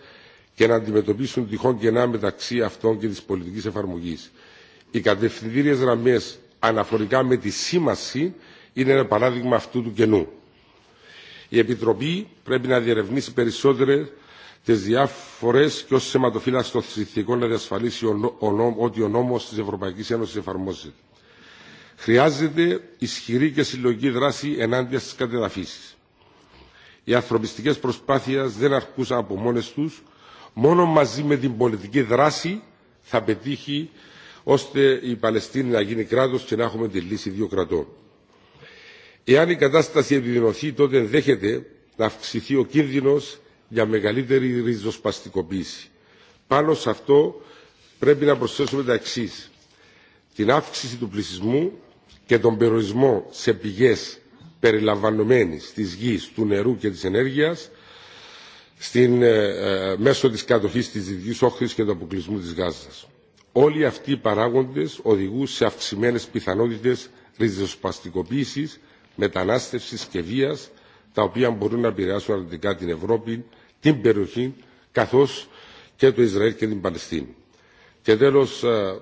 και να αντιμετωπίσουν τυχόν κενά μεταξύ αυτών και τη πολιτική εφαρμογή. Οι κατευθυντήριε γραμμέ αναφορικά με τη σήμαση είναι ένα παράδειγμα αυτού του κενού. Η Επιτροπή πρέπει να διερευνήσει περισσότερε τι διάφορε και ω θεματοφύλαξη των συνθηκών να διασφαλίσει ότι ο νόμο τη Ευρωπαϊκή Ένωση εφαρμόζεται. Χρειάζεται ισχυρή και συλλογική δράση ενάντια στι κατεδαφίσει. Οι ανθρωπιστικέ προσπάθειε δεν αρκούσαν από μόνε του, Μόνο μαζί με την πολιτική δράση θα πετύχει ώστε η Παλαιστίνη να γίνει κράτος και να έχουμε τη λύση δύο κρατών. Εάν η κατάσταση επιδεινωθεί, τότε ενδέχεται να αυξηθεί ο κίνδυνος για μεγαλύτερη ριζοσπαστικοποίηση. Πάνω σε αυτό πρέπει να προσθέσουμε τα εξή. Την αύξηση του πληθυσμού και τον περιορισμό σε πηγές περιλαμβανομένης της γης, του νερού και της ενέργειας, στην, ε, ε, μέσω της κατοχής της Δυτικής Όχθης και του αποκλεισμού της Γάζας. Όλοι αυτοί οι παράγοντες οδηγούν σε αυξημένες πιθανότητες ριζοσπαστικοποίησης, μετανάστευσης και βίας, τα οποία μπορούν να επηρεάσουν αρνητικά την Ευρώπη, την περιοχή, καθώς και το Ισραήλ και την Παλαιστίνη. Και τέλος, ε,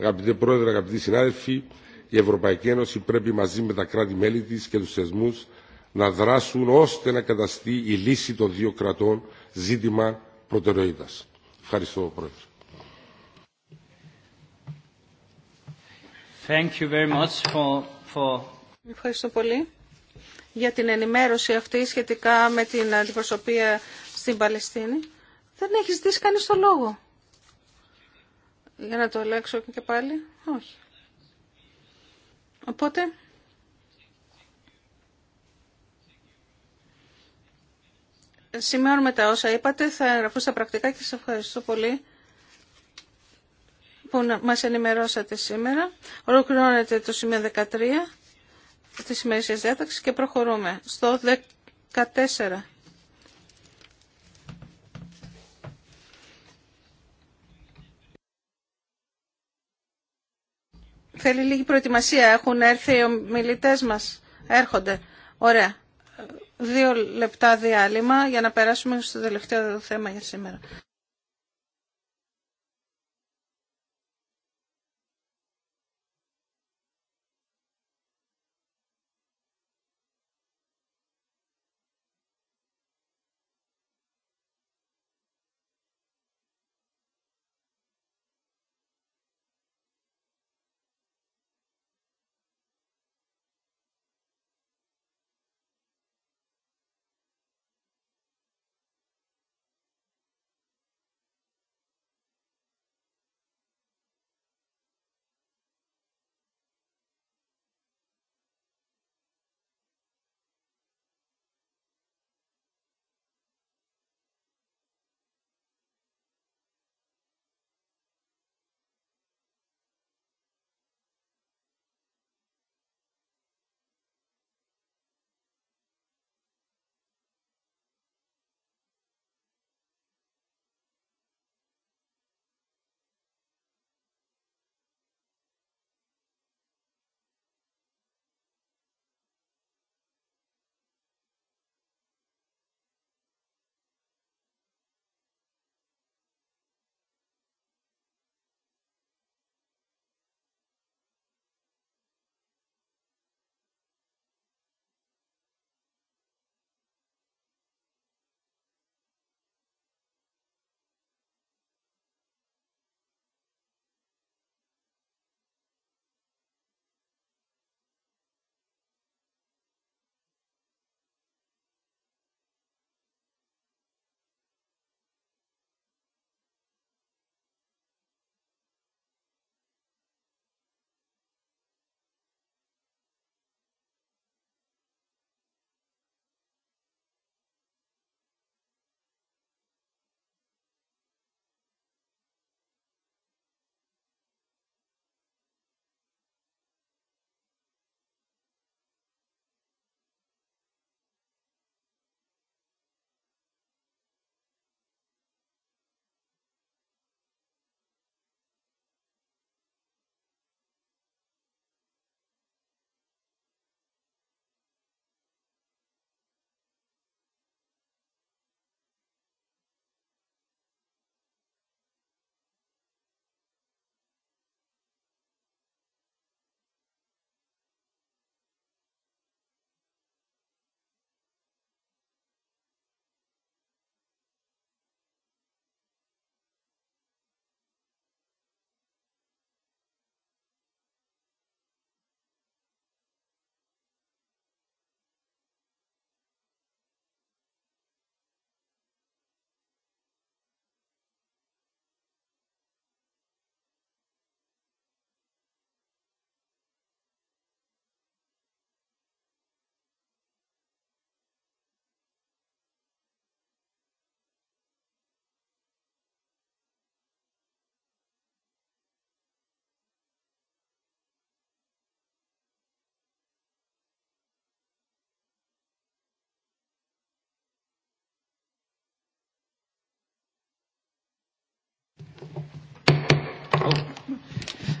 αγαπητέ Πρόεδρε, αγαπητοί συνάδελφοι, η Ευρωπαϊκή Ένωση πρέπει μαζί με τα κράτη-μέλη της και τους θεσμούς να δράσουν ώστε να καταστεί η λύση των δύο κρατών ζήτημα προτεραιότητας. Ευχαριστώ, Πρόεδρε. Ευχαριστώ πολύ για την ενημέρωση αυτή σχετικά με την αντιπροσωπεία στην Παλαιστίνη. Δεν έχει ζητήσει κανείς το λόγο. Για να το λέξω και πάλι. Όχι. Οπότε... σημειώνουμε τα όσα είπατε, θα εγγραφούν στα πρακτικά και σας ευχαριστώ πολύ που μας ενημερώσατε σήμερα. Ολοκληρώνεται το σημείο 13 της ημερήσιας διάταξης και προχωρούμε στο 14. Θέλει λίγη προετοιμασία. Έχουν έρθει οι ομιλητές μας. Έρχονται. Ωραία. Δύο λεπτά διάλειμμα για να περάσουμε στο τελευταίο θέμα για σήμερα.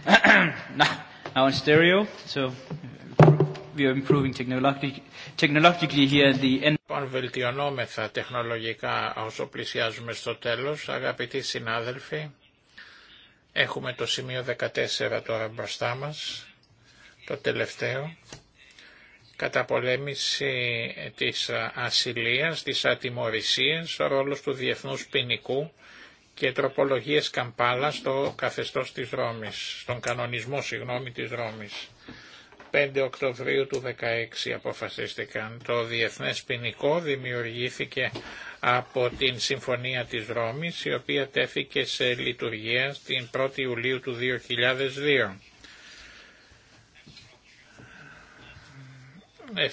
now in Λοιπόν, βελτιωνόμεθα τεχνολογικά όσο πλησιάζουμε στο τέλος. Αγαπητοί συνάδελφοι, έχουμε το σημείο 14 τώρα μπροστά μας, το τελευταίο. Καταπολέμηση της ασυλίας, της ατιμορρησίας, ο ρόλος του διεθνούς ποινικού και τροπολογίες Καμπάλα στο καθεστώς της Ρώμης, στον κανονισμό συγγνώμη της Ρώμης. 5 Οκτωβρίου του 2016 αποφασίστηκαν. Το Διεθνές Ποινικό δημιουργήθηκε από την Συμφωνία της Ρώμης, η οποία τέθηκε σε λειτουργία την 1η Ιουλίου του 2002.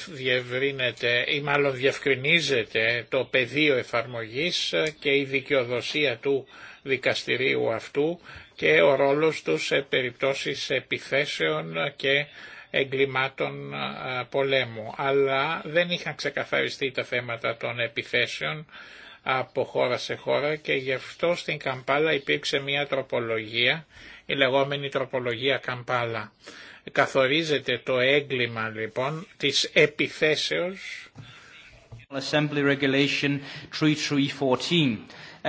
διευρύνεται ή μάλλον διευκρινίζεται το πεδίο εφαρμογής και η δικαιοδοσία του δικαστηρίου αυτού και ο ρόλος του σε περιπτώσεις επιθέσεων και εγκλημάτων πολέμου. Αλλά δεν είχαν ξεκαθαριστεί τα θέματα των επιθέσεων από χώρα σε χώρα και γι' αυτό στην Καμπάλα υπήρξε μια τροπολογία, η λεγόμενη τροπολογία Καμπάλα. Καθορίζεται το έγκλημα λοιπόν της επιθέσεως. Assembly Regulation 3314. E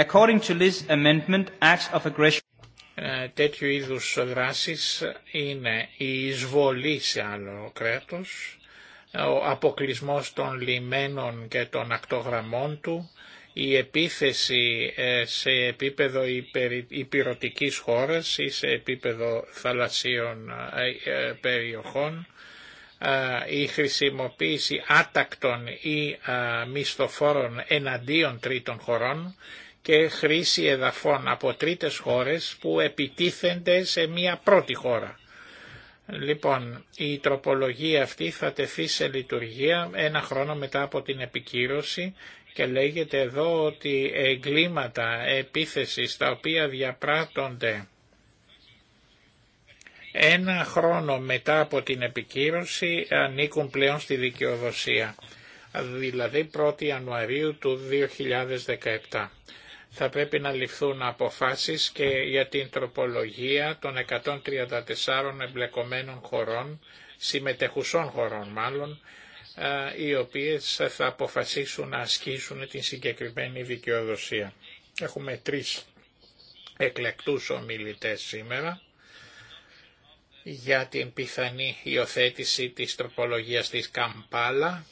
According to this amendment, acts of aggression ε, τέτοιου είδους δράσεις είναι η εισβολή σε άλλο κράτος, ο αποκλεισμός των λιμένων και των ακτογραμμών του, η επίθεση ε, σε επίπεδο υπηρετικής χώρας ή σε επίπεδο θαλασσίων ε, ε, περιοχών, η χρησιμοποίηση άτακτων ή μισθοφόρων εναντίον τρίτων χωρών και χρήση εδαφών από τρίτες χώρες που επιτίθενται σε μία πρώτη χώρα. Λοιπόν, η τροπολογία αυτή θα τεθεί σε λειτουργία ένα χρόνο μετά από την επικύρωση και λέγεται εδώ ότι εγκλήματα επίθεσης τα οποία διαπράττονται ένα χρόνο μετά από την επικύρωση ανήκουν πλέον στη δικαιοδοσία, δηλαδή 1η Ιανουαρίου του 2017. Θα πρέπει να ληφθούν αποφάσεις και για την τροπολογία των 134 εμπλεκομένων χωρών, συμμετεχουσών χωρών μάλλον, οι οποίες θα αποφασίσουν να ασκήσουν την συγκεκριμένη δικαιοδοσία. Έχουμε τρεις εκλεκτούς ομιλητές σήμερα για την πιθανή υιοθέτηση της τροπολογίας της Καμπάλα,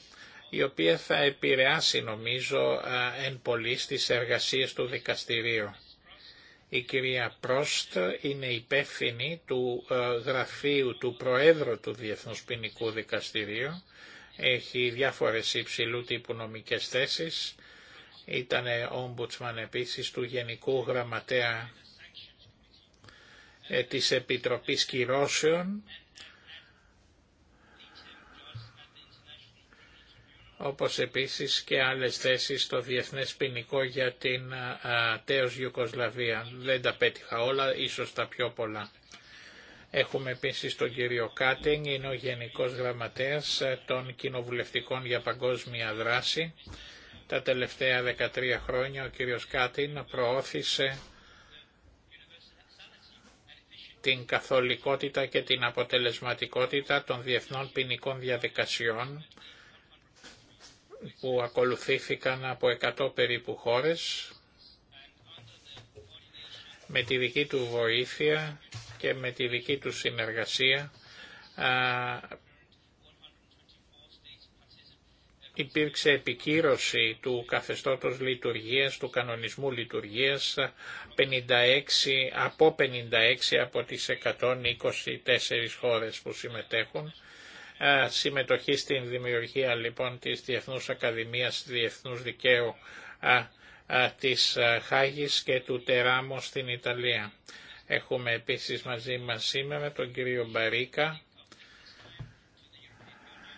η οποία θα επηρεάσει νομίζω εν πολύ στις εργασίες του δικαστηρίου. Η κυρία Πρόστ είναι υπεύθυνη του γραφείου του Προέδρου του Διεθνούς Ποινικού Δικαστηρίου έχει διάφορες υψηλού τύπου νομικές θέσεις. Ήταν ομπουτσμαν επίσης του Γενικού Γραμματέα ε, της Επιτροπής Κυρώσεων. όπως επίσης και άλλες θέσεις στο Διεθνές Ποινικό για την α, ε, ε, τέος Δεν τα πέτυχα όλα, ίσως τα πιο πολλά. Έχουμε επίσης τον κύριο Κάτινγκ, είναι ο Γενικό Γραμματέα των Κοινοβουλευτικών για Παγκόσμια Δράση. Τα τελευταία 13 χρόνια ο κύριος Κάτιν προώθησε την καθολικότητα και την αποτελεσματικότητα των διεθνών ποινικών διαδικασιών που ακολουθήθηκαν από 100 περίπου χώρες με τη δική του βοήθεια και με τη δική του συνεργασία υπήρξε επικύρωση του καθεστώτος λειτουργίας, του κανονισμού λειτουργίας 56, από 56 από τις 124 χώρες που συμμετέχουν. Συμμετοχή στην δημιουργία λοιπόν της Διεθνούς Ακαδημίας Διεθνούς Δικαίου της Χάγης και του Τεράμου στην Ιταλία. Έχουμε επίσης μαζί μας σήμερα τον κύριο Μπαρίκα,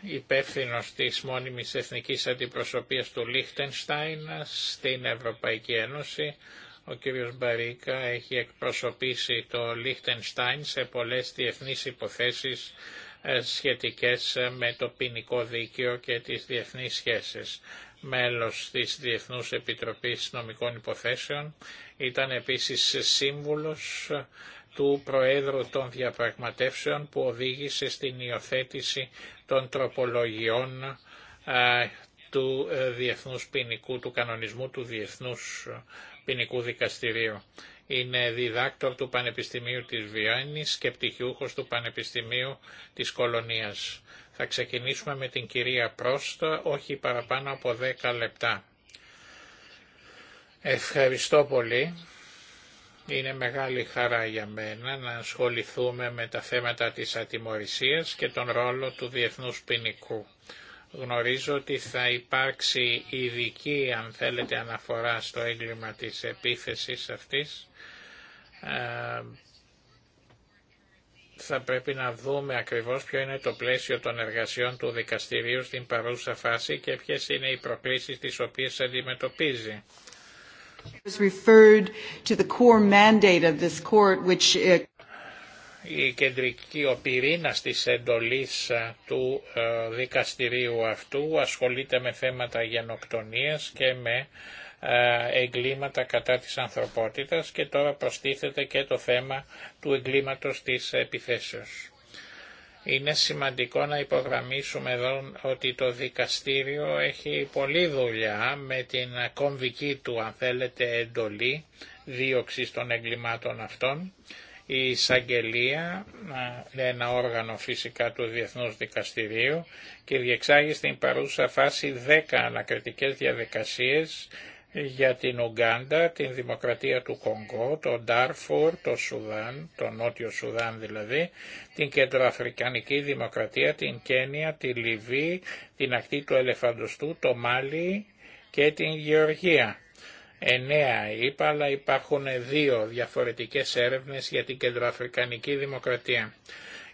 υπεύθυνο της μόνιμης εθνικής αντιπροσωπίας του Λίχτενστάιν στην Ευρωπαϊκή Ένωση. Ο κύριος Μπαρίκα έχει εκπροσωπήσει το Λίχτενστάιν σε πολλές διεθνείς υποθέσεις σχετικές με το ποινικό δίκαιο και τις διεθνείς σχέσεις μέλος της Διεθνούς Επιτροπής Νομικών Υποθέσεων, ήταν επίσης σύμβουλος του Προέδρου των Διαπραγματεύσεων που οδήγησε στην υιοθέτηση των τροπολογιών του ε, Διεθνούς Ποινικού, του Κανονισμού του Διεθνούς Ποινικού Δικαστηρίου. Είναι διδάκτορ του Πανεπιστημίου της Βιέννης και πτυχιούχος του Πανεπιστημίου της Κολονίας. Θα ξεκινήσουμε με την κυρία Πρόστα, όχι παραπάνω από 10 λεπτά. Ευχαριστώ πολύ. Είναι μεγάλη χαρά για μένα να ασχοληθούμε με τα θέματα της ατιμορρησίας και τον ρόλο του διεθνούς ποινικού. Γνωρίζω ότι θα υπάρξει ειδική, αν θέλετε, αναφορά στο έγκλημα της επίθεσης αυτής ε, θα πρέπει να δούμε ακριβώς ποιο είναι το πλαίσιο των εργασιών του δικαστηρίου στην παρούσα φάση και ποιες είναι οι προκλήσεις τις οποίες αντιμετωπίζει. Η κεντρική ο πυρήνας της εντολής ε, του ε, δικαστηρίου αυτού ασχολείται με θέματα γενοκτονίας και με ε, εγκλήματα κατά της ανθρωπότητας και τώρα προστίθεται και το θέμα του εγκλήματος της επιθέσεως. Είναι σημαντικό να υπογραμμίσουμε εδώ ότι το δικαστήριο έχει πολλή δουλειά με την κομβική του αν θέλετε εντολή δίωξη των εγκλημάτων αυτών. Η εισαγγελία, ε, ένα όργανο φυσικά του Διεθνούς Δικαστηρίου και διεξάγει στην παρούσα φάση 10 ανακριτικές διαδικασίες για την Ουγκάντα, την Δημοκρατία του Κονγκό, το Ντάρφουρ, το Σουδάν, το Νότιο Σουδάν δηλαδή, την Κεντροαφρικανική Δημοκρατία, την Κένια, τη Λιβύη, την Ακτή του Ελεφαντοστού, το Μάλι και την Γεωργία. Εννέα είπα, αλλά υπάρχουν δύο διαφορετικές έρευνες για την Κεντροαφρικανική Δημοκρατία.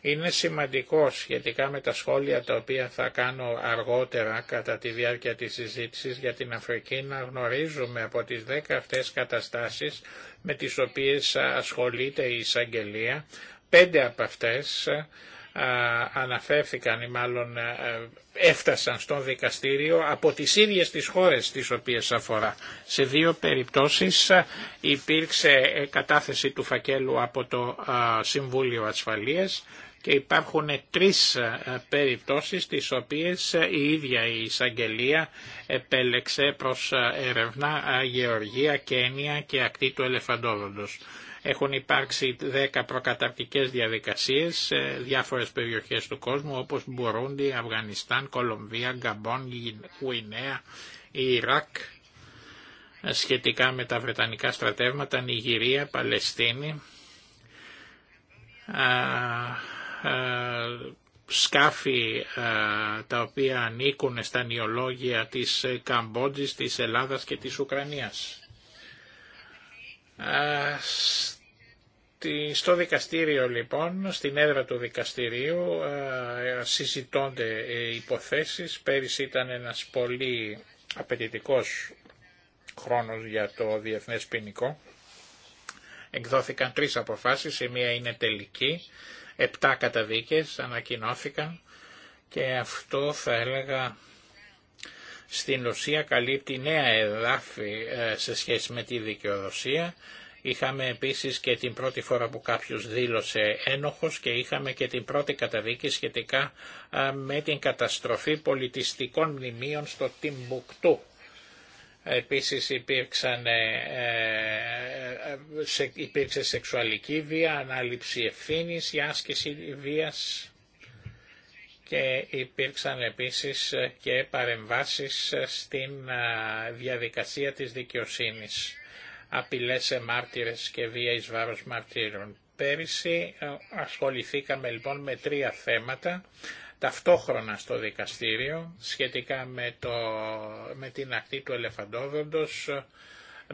Είναι σημαντικό σχετικά με τα σχόλια τα οποία θα κάνω αργότερα κατά τη διάρκεια της συζήτησης για την Αφρική να γνωρίζουμε από τις δέκα αυτές καταστάσεις με τις οποίες ασχολείται η εισαγγελία. Πέντε από αυτές αναφέρθηκαν ή μάλλον έφτασαν στο δικαστήριο από τις ίδιες τις χώρες τις οποίες αφορά. Σε δύο περιπτώσεις υπήρξε κατάθεση του φακέλου από το Συμβούλιο Ασφαλείας και υπάρχουν τρεις ε, περιπτώσεις τις οποίες ε, η ίδια η εισαγγελία επέλεξε προς ε, έρευνα Γεωργία, Κένια και ακτή του Ελεφαντόδοντος. Έχουν υπάρξει δέκα προκαταρκτικές διαδικασίες σε διάφορες περιοχές του κόσμου όπως Μπουρούντι, Αφγανιστάν, Κολομβία, Γκαμπόν, Γουινέα, Ιράκ σχετικά με τα Βρετανικά στρατεύματα, Νιγηρία, Παλαιστίνη, ε, σκάφη ε, τα οποία ανήκουν στα νιολόγια της ε, Καμπότζης, της Ελλάδας και της Ουκρανίας. Στο δικαστήριο λοιπόν, στην έδρα του δικαστηρίου συζητώνται υποθέσεις. Πέρυσι ήταν ένας πολύ απαιτητικός χρόνος για το διεθνές ποινικό. Εκδόθηκαν τρεις αποφάσεις, η μία είναι τελική Επτά καταδίκες ανακοινώθηκαν και αυτό θα έλεγα στην ουσία καλύπτει νέα εδάφη ε, σε σχέση με τη δικαιοδοσία. Είχαμε επίσης και την πρώτη φορά που κάποιος δήλωσε ένοχος και είχαμε και την πρώτη καταδίκη σχετικά ε, με την καταστροφή πολιτιστικών μνημείων στο Τιμπουκτού. Επίσης υπήρξαν, ε, ε, ε, σε, υπήρξε σεξουαλική βία, ανάληψη ευθύνης άσκηση βίας και υπήρξαν επίσης και παρεμβάσεις στην διαδικασία της δικαιοσύνης. Απειλές σε μάρτυρες και βία εις βάρος μαρτύρων. Πέρυσι ασχοληθήκαμε λοιπόν με τρία θέματα ταυτόχρονα στο δικαστήριο σχετικά με, το, με την ακτή του ελεφαντόδοντος,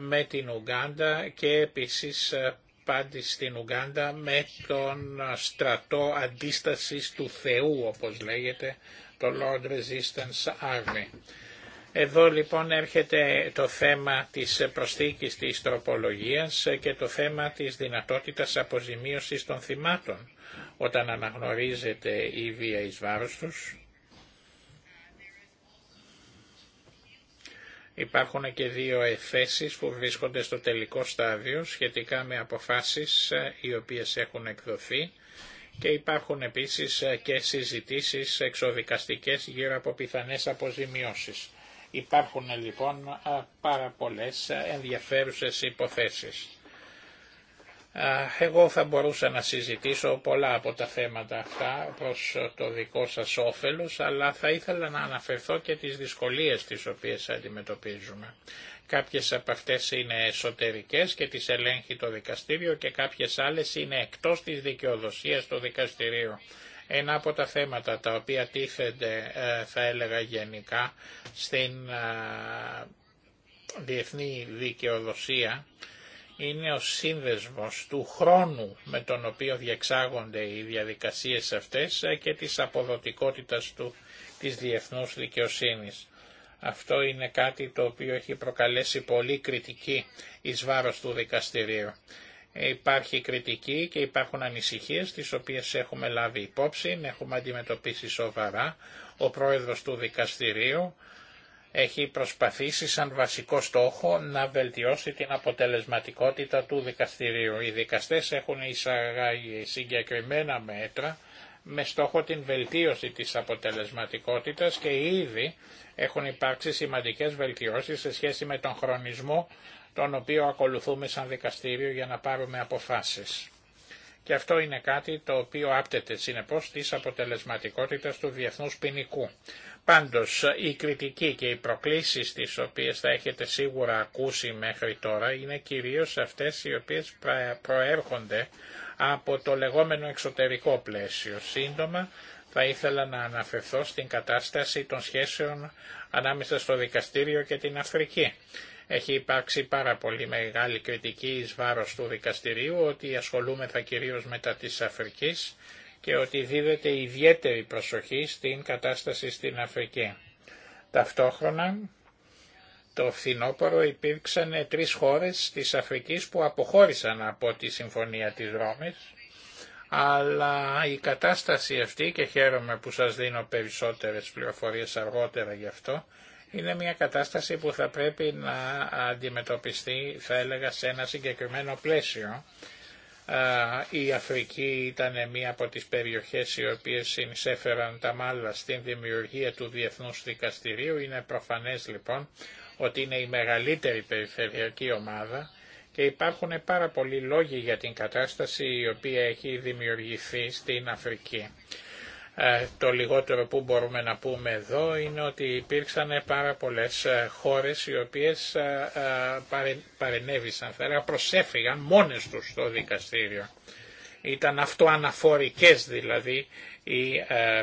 με την Ουγκάντα και επίσης ε, πάντη στην Ουγκάντα με τον στρατό αντίστασης του Θεού όπως λέγεται, το Lord Resistance Army. Εδώ λοιπόν έρχεται το θέμα της προσθήκης της τροπολογίας και το θέμα της δυνατότητας αποζημίωσης των θυμάτων όταν αναγνωρίζεται η βία εις βάρος τους. Υπάρχουν και δύο εφέσεις που βρίσκονται στο τελικό στάδιο σχετικά με αποφάσεις ε, οι οποίες έχουν εκδοθεί και υπάρχουν επίσης ε, και συζητήσεις εξοδικαστικές γύρω από πιθανές αποζημιώσεις. Υπάρχουν λοιπόν ε, πάρα πολλές ενδιαφέρουσες υποθέσεις. Εγώ θα μπορούσα να συζητήσω πολλά από τα θέματα αυτά προς το δικό σας όφελος, αλλά θα ήθελα να αναφερθώ και τις δυσκολίες τις οποίες αντιμετωπίζουμε. Κάποιες από αυτές είναι εσωτερικές και τις ελέγχει το δικαστήριο και κάποιες άλλες είναι εκτός της δικαιοδοσίας του δικαστηρίου. Ένα από τα θέματα τα οποία τίθενται, ε, θα έλεγα γενικά, στην ε, διεθνή δικαιοδοσία είναι ο σύνδεσμος του χρόνου με τον οποίο διεξάγονται οι διαδικασίες αυτές και της αποδοτικότητας του της διεθνούς δικαιοσύνης. Αυτό είναι κάτι το οποίο έχει προκαλέσει πολύ κριτική εις βάρος του δικαστηρίου. Υπάρχει κριτική και υπάρχουν ανησυχίες τις οποίες έχουμε λάβει υπόψη, έχουμε αντιμετωπίσει σοβαρά. Ο πρόεδρος του δικαστηρίου έχει προσπαθήσει σαν βασικό στόχο να βελτιώσει την αποτελεσματικότητα του δικαστηρίου. Οι δικαστές έχουν εισαγάγει συγκεκριμένα μέτρα με στόχο την βελτίωση της αποτελεσματικότητας και ήδη έχουν υπάρξει σημαντικές βελτιώσεις σε σχέση με τον χρονισμό τον οποίο ακολουθούμε σαν δικαστήριο για να πάρουμε αποφάσεις. Και αυτό είναι κάτι το οποίο άπτεται συνεπώς της αποτελεσματικότητας του διεθνούς ποινικού. Πάντως η κριτική και οι προκλήσεις τις οποίες θα έχετε σίγουρα ακούσει μέχρι τώρα είναι κυρίως αυτές οι οποίες προέρχονται από το λεγόμενο εξωτερικό πλαίσιο. Σύντομα θα ήθελα να αναφερθώ στην κατάσταση των σχέσεων ανάμεσα στο δικαστήριο και την Αφρική. Έχει υπάρξει πάρα πολύ μεγάλη κριτική εις βάρος του δικαστηρίου ότι ασχολούμεθα κυρίως μετά της Αφρικής και ότι δίδεται ιδιαίτερη προσοχή στην κατάσταση στην Αφρική. Ταυτόχρονα, το φθινόπωρο υπήρξαν τρεις χώρες της Αφρικής που αποχώρησαν από τη Συμφωνία της Ρώμης, αλλά η κατάσταση αυτή, και χαίρομαι που σας δίνω περισσότερες πληροφορίες αργότερα γι' αυτό, είναι μια κατάσταση που θα πρέπει να αντιμετωπιστεί, θα έλεγα, σε ένα συγκεκριμένο πλαίσιο η Αφρική ήταν μία από τις περιοχές οι οποίες συνεισέφεραν τα μάλλα στην δημιουργία του Διεθνούς Δικαστηρίου. Είναι προφανές λοιπόν ότι είναι η μεγαλύτερη περιφερειακή ομάδα και υπάρχουν πάρα πολλοί λόγοι για την κατάσταση η οποία έχει δημιουργηθεί στην Αφρική. Ε, το λιγότερο που μπορούμε να πούμε εδώ είναι ότι υπήρξαν πάρα πολλές ε, χώρες οι οποίες ε, παρενέβησαν, θα έλεγα προσέφυγαν μόνες τους στο δικαστήριο. Ήταν αυτοαναφορικές δηλαδή οι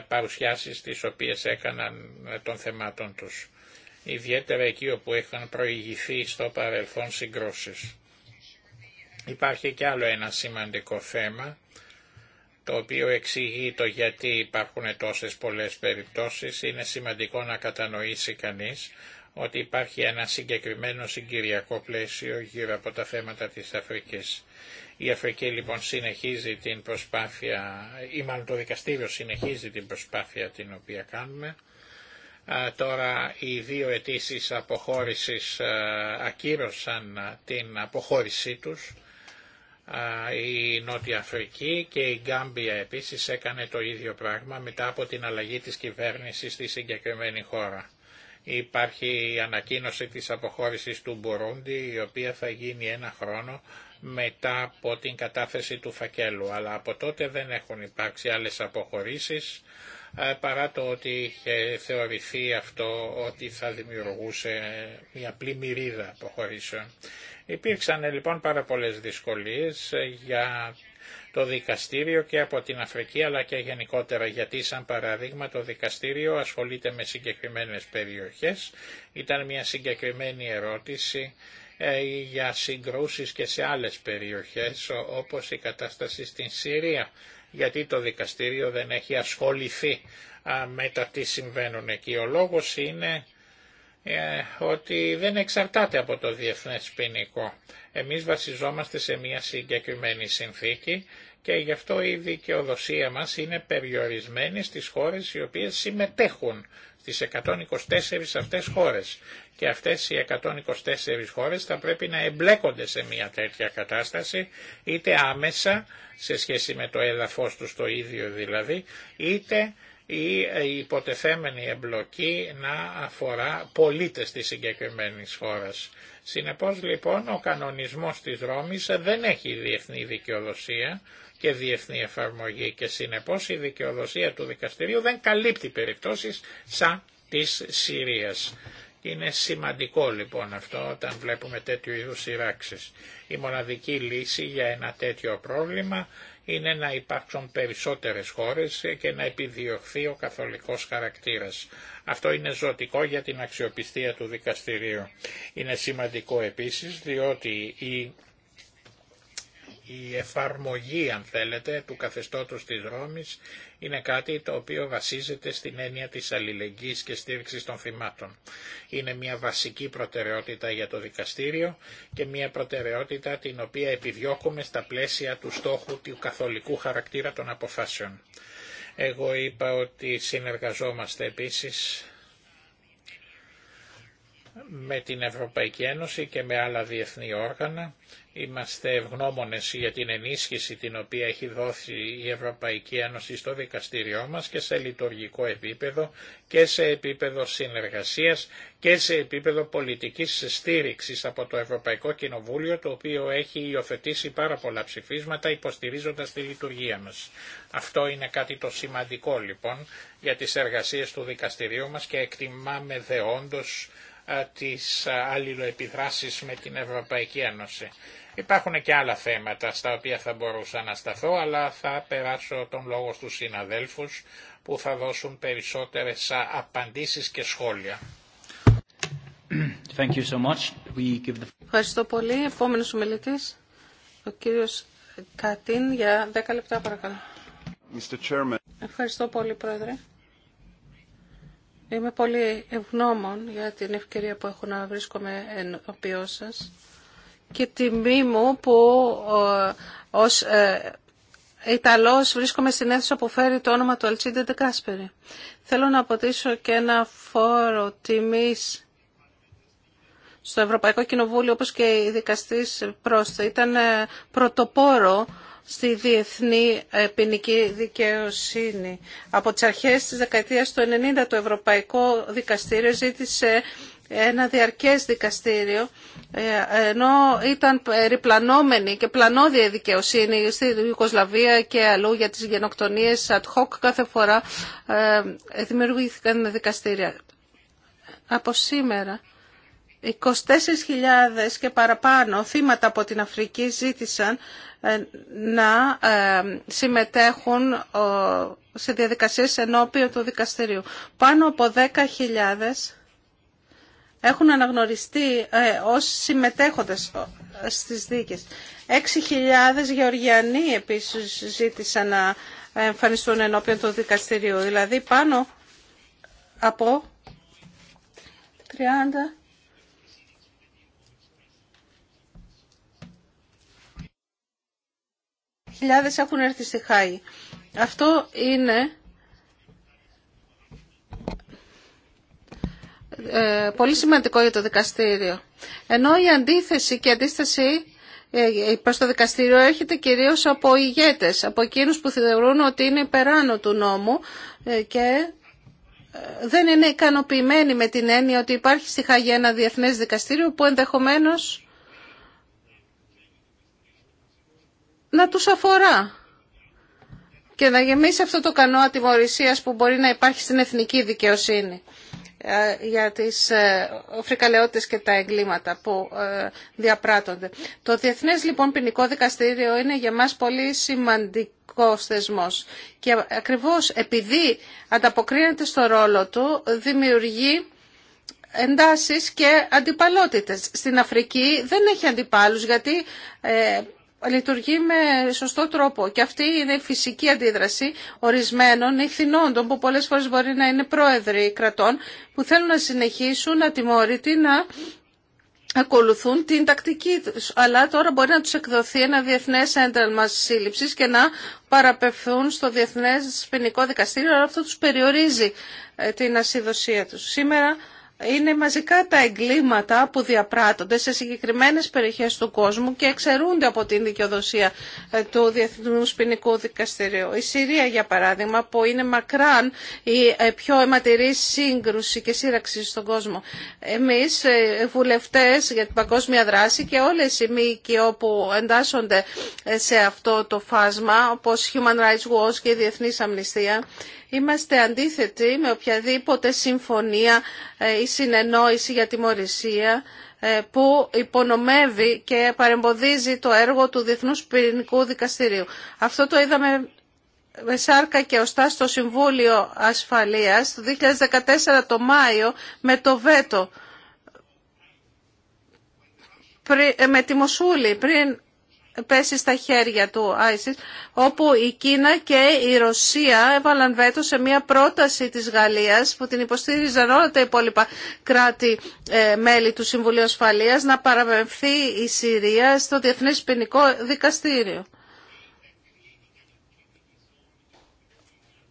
παρουσιάσεις τις οποίες έκαναν των θεμάτων τους. Ιδιαίτερα εκεί όπου είχαν προηγηθεί στο παρελθόν συγκρόσεις. Υπάρχει και άλλο ένα σημαντικό θέμα το οποίο εξηγεί το γιατί υπάρχουν τόσες πολλές περιπτώσεις, είναι σημαντικό να κατανοήσει κανείς ότι υπάρχει ένα συγκεκριμένο συγκυριακό πλαίσιο γύρω από τα θέματα της Αφρικής. Η Αφρική λοιπόν συνεχίζει την προσπάθεια, ή μάλλον το δικαστήριο συνεχίζει την προσπάθεια την οποία κάνουμε. τώρα οι δύο αιτήσει αποχώρησης ακύρωσαν την αποχώρησή τους η Νότια Αφρική και η Γκάμπια επίσης έκανε το ίδιο πράγμα μετά από την αλλαγή της κυβέρνησης στη συγκεκριμένη χώρα. Υπάρχει η ανακοίνωση της αποχώρησης του Μπουρούντι η οποία θα γίνει ένα χρόνο μετά από την κατάθεση του φακέλου αλλά από τότε δεν έχουν υπάρξει άλλες αποχωρήσεις παρά το ότι είχε θεωρηθεί αυτό ότι θα δημιουργούσε μια πλημμυρίδα αποχωρήσεων. Υπήρξαν ε, λοιπόν πάρα πολλές δυσκολίες ε, για το δικαστήριο και από την Αφρική αλλά και γενικότερα γιατί σαν παραδείγμα το δικαστήριο ασχολείται με συγκεκριμένες περιοχές. Ήταν μια συγκεκριμένη ερώτηση ε, για συγκρούσεις και σε άλλες περιοχές όπως η κατάσταση στην Συρία γιατί το δικαστήριο δεν έχει ασχοληθεί με τα τι συμβαίνουν εκεί. Ο λόγος είναι ε, ότι δεν εξαρτάται από το διεθνές ποινικό. Εμείς βασιζόμαστε σε μια συγκεκριμένη συνθήκη και γι' αυτό η δικαιοδοσία μας είναι περιορισμένη στις χώρες οι οποίες συμμετέχουν στις 124 αυτές χώρες. Και αυτές οι 124 χώρες θα πρέπει να εμπλέκονται σε μια τέτοια κατάσταση, είτε άμεσα σε σχέση με το έδαφος τους το ίδιο δηλαδή, είτε ή η υποτεθέμενη εμπλοκή να αφορά πολίτες της συγκεκριμένης χώρας. Συνεπώς λοιπόν ο κανονισμός της Ρώμης δεν έχει διεθνή δικαιοδοσία και διεθνή εφαρμογή και συνεπώς η δικαιοδοσία του δικαστηρίου δεν καλύπτει περιπτώσεις σαν της Συρίας. Είναι σημαντικό λοιπόν αυτό όταν βλέπουμε τέτοιου είδους σειράξεις. Η μοναδική λύση για ένα τέτοιο πρόβλημα είναι να υπάρξουν περισσότερες χώρες και να επιδιωχθεί ο καθολικός χαρακτήρας. Αυτό είναι ζωτικό για την αξιοπιστία του δικαστηρίου. Είναι σημαντικό επίσης διότι η η εφαρμογή αν θέλετε του καθεστώτος της Ρώμης είναι κάτι το οποίο βασίζεται στην έννοια της αλληλεγγύης και στήριξης των θυμάτων. Είναι μια βασική προτεραιότητα για το δικαστήριο και μια προτεραιότητα την οποία επιδιώκουμε στα πλαίσια του στόχου του καθολικού χαρακτήρα των αποφάσεων. Εγώ είπα ότι συνεργαζόμαστε επίσης με την Ευρωπαϊκή Ένωση και με άλλα διεθνή όργανα Είμαστε ευγνώμονες για την ενίσχυση την οποία έχει δώσει η Ευρωπαϊκή Ένωση στο δικαστήριό μας και σε λειτουργικό επίπεδο και σε επίπεδο συνεργασίας και σε επίπεδο πολιτικής στήριξης από το Ευρωπαϊκό Κοινοβούλιο το οποίο έχει υιοθετήσει πάρα πολλά ψηφίσματα υποστηρίζοντας τη λειτουργία μας. Αυτό είναι κάτι το σημαντικό λοιπόν για τις εργασίες του δικαστηρίου μας και εκτιμάμε δεόντως τις αλληλοεπιδράσεις με την Ευρωπαϊκή Ένωση. Υπάρχουν και άλλα θέματα στα οποία θα μπορούσα να σταθώ, αλλά θα περάσω τον λόγο στους συναδέλφους που θα δώσουν περισσότερες απαντήσεις και σχόλια. Thank you so much. We give the... Ευχαριστώ πολύ. Επόμενος ομιλητής, ο κύριος Κατίν, για 10 λεπτά παρακαλώ. Mr. Chairman. Ευχαριστώ πολύ, Πρόεδρε. Είμαι πολύ ευγνώμων για την ευκαιρία που έχω να βρίσκομαι ενώπιό σας και τιμή μου που ε, ως ε, Ιταλός βρίσκομαι στην αίθουσα που φέρει το όνομα του Αλτσίντε Ντεκάσπερη. Θέλω να αποτίσω και ένα φόρο τιμής στο Ευρωπαϊκό Κοινοβούλιο όπως και η δικαστής πρόστα. Ήταν ε, πρωτοπόρο στη διεθνή ποινική δικαιοσύνη. Από τις αρχές της δεκαετίας του 90 το Ευρωπαϊκό Δικαστήριο ζήτησε ένα διαρκές δικαστήριο, ε, ενώ ήταν περιπλανόμενη και πλανόδια δικαιοσύνη στη Ιουκοσλαβία και αλλού για τις γενοκτονίες ad hoc κάθε φορά ε, δημιουργήθηκαν δικαστήρια. Από σήμερα 24.000 και παραπάνω θύματα από την Αφρική ζήτησαν ε, να συμμετέχουν σε διαδικασίες ενώπιον του δικαστηρίου. Πάνω από 10.000 έχουν αναγνωριστεί ε, ως συμμετέχοντες στις δίκες. 6.000 Γεωργιανοί επίσης ζήτησαν να εμφανιστούν ενώπιον το δικαστηρίο. δηλαδή πάνω από 30.000 Χιλιάδες έχουν έρθει στη Χάη. Αυτό είναι Ε, πολύ σημαντικό για το δικαστήριο. Ενώ η αντίθεση και η αντίσταση ε, προς το δικαστήριο έρχεται κυρίως από ηγέτες, από εκείνους που θεωρούν ότι είναι υπεράνω του νόμου ε, και δεν είναι ικανοποιημένοι με την έννοια ότι υπάρχει στη Χάγη ένα διεθνές δικαστήριο που ενδεχομένως να τους αφορά και να γεμίσει αυτό το κανό ατιμορρησίας που μπορεί να υπάρχει στην εθνική δικαιοσύνη. Ε, για τις ε, φρικαλαιότητες και τα εγκλήματα που ε, διαπράττονται. Το Διεθνές λοιπόν ποινικό δικαστήριο είναι για μας πολύ σημαντικό θεσμός και ακριβώς επειδή ανταποκρίνεται στο ρόλο του δημιουργεί εντάσεις και αντιπαλότητες. Στην Αφρική δεν έχει αντιπάλους γιατί λειτουργεί με σωστό τρόπο. Και αυτή είναι η φυσική αντίδραση ορισμένων ηθινόντων που πολλές φορές μπορεί να είναι πρόεδροι κρατών που θέλουν να συνεχίσουν ατιμόρυτοι να ακολουθούν την τακτική τους. Αλλά τώρα μπορεί να τους εκδοθεί ένα διεθνές ένταλμα σύλληψης και να παραπευθούν στο διεθνές ποινικό δικαστήριο, αλλά αυτό τους περιορίζει ε, την ασυδοσία τους. Σήμερα είναι μαζικά τα εγκλήματα που διαπράττονται σε συγκεκριμένες περιοχές του κόσμου και εξαιρούνται από την δικαιοδοσία ε, του Διεθνούς Ποινικού Δικαστηρίου. Η Συρία, για παράδειγμα, που είναι μακράν η ε, πιο αιματηρή σύγκρουση και σύραξη στον κόσμο. Εμείς, ε, βουλευτές για την παγκόσμια δράση και όλες οι μήκοι όπου εντάσσονται σε αυτό το φάσμα, όπως Human Rights Watch και η Διεθνής Αμνηστία, Είμαστε αντίθετοι με οποιαδήποτε συμφωνία ε, ή συνεννόηση για τιμωρησία ε, που υπονομεύει και παρεμποδίζει το έργο του Διεθνούς Πυρηνικού Δικαστηρίου. Αυτό το είδαμε με σάρκα και οστά στο Συμβούλιο Ασφαλείας το 2014 το Μάιο με το ΒΕΤΟ ε, με τη Μοσούλη πριν πέσει στα χέρια του ISIS, όπου η Κίνα και η Ρωσία έβαλαν βέτο σε μια πρόταση της Γαλλίας που την υποστήριζαν όλα τα υπόλοιπα κράτη ε, μέλη του Συμβουλίου Ασφαλείας να παραβευθεί η Συρία στο Διεθνές Ποινικό Δικαστήριο.